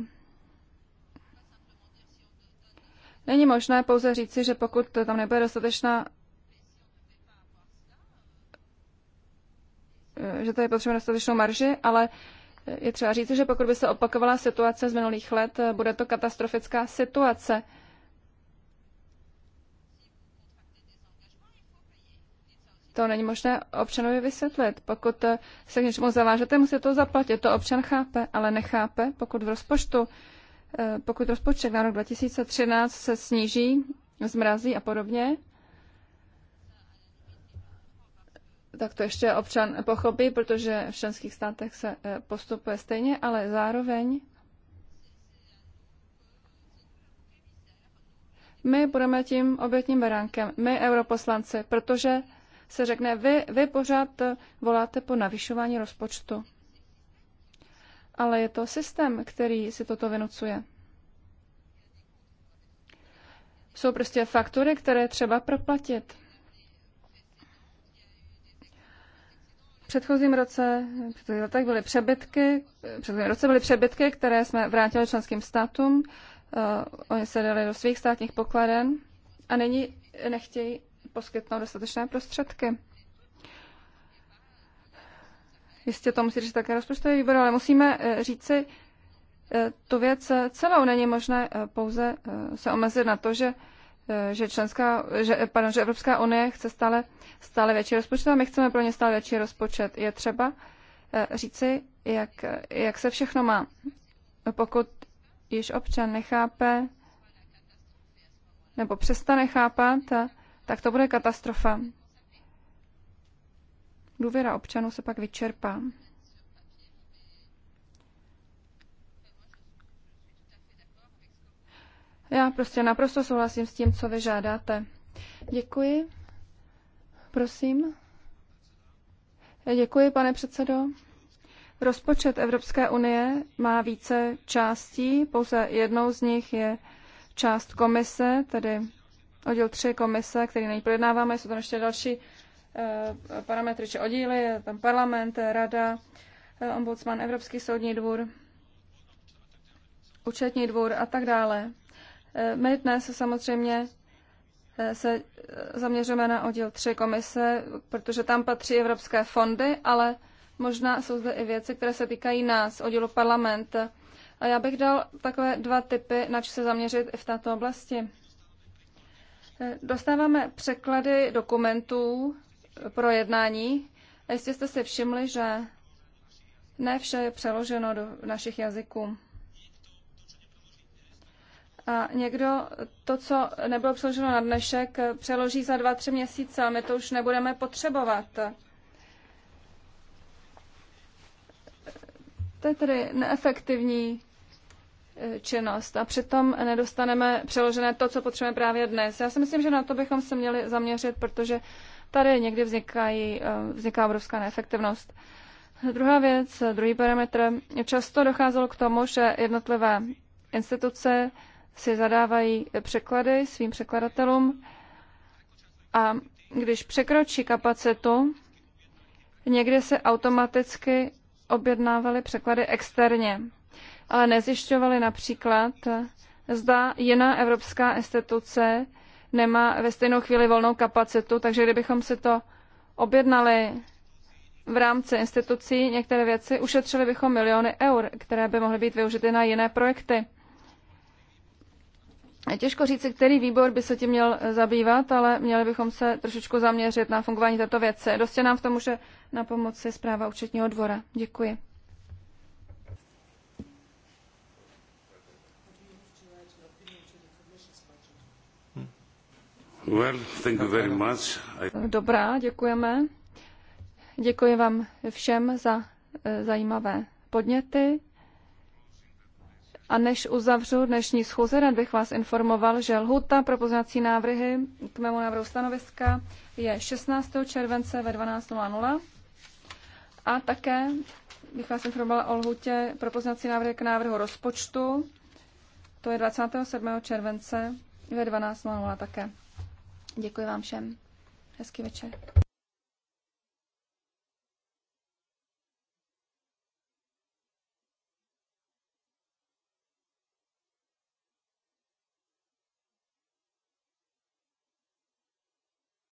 Není možné pouze říci, že pokud tam nebude dostatečná že tady potřebujeme dostatečnou marži, ale je třeba říct, že pokud by se opakovala situace z minulých let, bude to katastrofická situace. To není možné občanovi vysvětlit. Pokud se k něčemu zavážete, musíte to zaplatit. To občan chápe, ale nechápe, pokud v rozpočtu Eh, pokud rozpočet na rok 2013 se sníží, zmrazí a podobně, tak to ještě občan pochopí, protože v členských státech se eh, postupuje stejně, ale zároveň my budeme tím obětním beránkem, my europoslanci, protože se řekne, vy, vy pořád voláte po navyšování rozpočtu ale je to systém, který si toto vynucuje. Jsou prostě faktury, které třeba proplatit. V předchozím roce, předchozím letech byly přebytky, v předchozím roce byly přebytky, které jsme vrátili členským státům. Uh, oni se dali do svých státních pokladen a nyní nechtějí poskytnout dostatečné prostředky. Jistě to musí říct také rozpočtový výbor, ale musíme eh, říci eh, tu věc eh, celou. Není možné pouze se omezit na to, že že, členská, že, pardon, že Evropská unie chce stále, stále větší rozpočet a my chceme pro ně stále větší rozpočet. Je třeba říci, jak, jak se všechno má. Pokud již občan nechápe nebo přestane chápat, tak to bude katastrofa důvěra občanů se pak vyčerpá. Já prostě naprosto souhlasím s tím, co vy žádáte. Děkuji. Prosím. Děkuji, pane předsedo. Rozpočet Evropské unie má více částí, pouze jednou z nich je část komise, tedy oddíl tři komise, který nyní Jsou tam ještě další Eh, parametry či oddíly, je tam parlament, rada, eh, ombudsman, Evropský soudní dvůr, účetní dvůr a tak dále. Eh, my dnes samozřejmě se zaměřujeme na oddíl 3 komise, protože tam patří evropské fondy, ale možná jsou zde i věci, které se týkají nás, oddílu parlament. A já bych dal takové dva typy, na co se zaměřit i v této oblasti. Dostáváme překlady dokumentů pro jednání. A jistě jste si všimli, že ne vše je přeloženo do našich jazyků. A někdo to, co nebylo přeloženo na dnešek, přeloží za dva, tři měsíce a my to už nebudeme potřebovat. To je tedy neefektivní eh, činnost a přitom nedostaneme přeložené to, co potřebujeme právě dnes. Já si myslím, že na to bychom se měli zaměřit, protože tady někdy vznikají, eh, vzniká obrovská neefektivnost. Druhá věc, druhý parametr, často docházelo k tomu, že jednotlivé instituce si zadávají překlady svým překladatelům a když překročí kapacitu, někde se automaticky objednávaly překlady externě, ale nezjišťovali například, zda jiná evropská instituce nemá ve stejnou chvíli volnou kapacitu, takže kdybychom si to objednali v rámci institucí některé věci, ušetřili bychom miliony eur, které by mohly být využity na jiné projekty. Je těžko říct, který výbor by se tím měl zabývat, ale měli bychom se trošičku zaměřit na fungování této věci. Dostě nám v tom může na pomoci zpráva účetního dvora. Děkuji. Dobrá, děkujeme. Děkuji vám všem za eh, zajímavé podněty. A než uzavřu dnešní schůze, rád bych vás informoval, že lhuta pro poznací návrhy k mému návrhu stanoviska je 16. července ve 12.00. A také bych vás informovala o lhutě pro poznací návrhy k návrhu rozpočtu. To je 27. července ve 12.00 také. Děkuji vám všem. Hezký večer.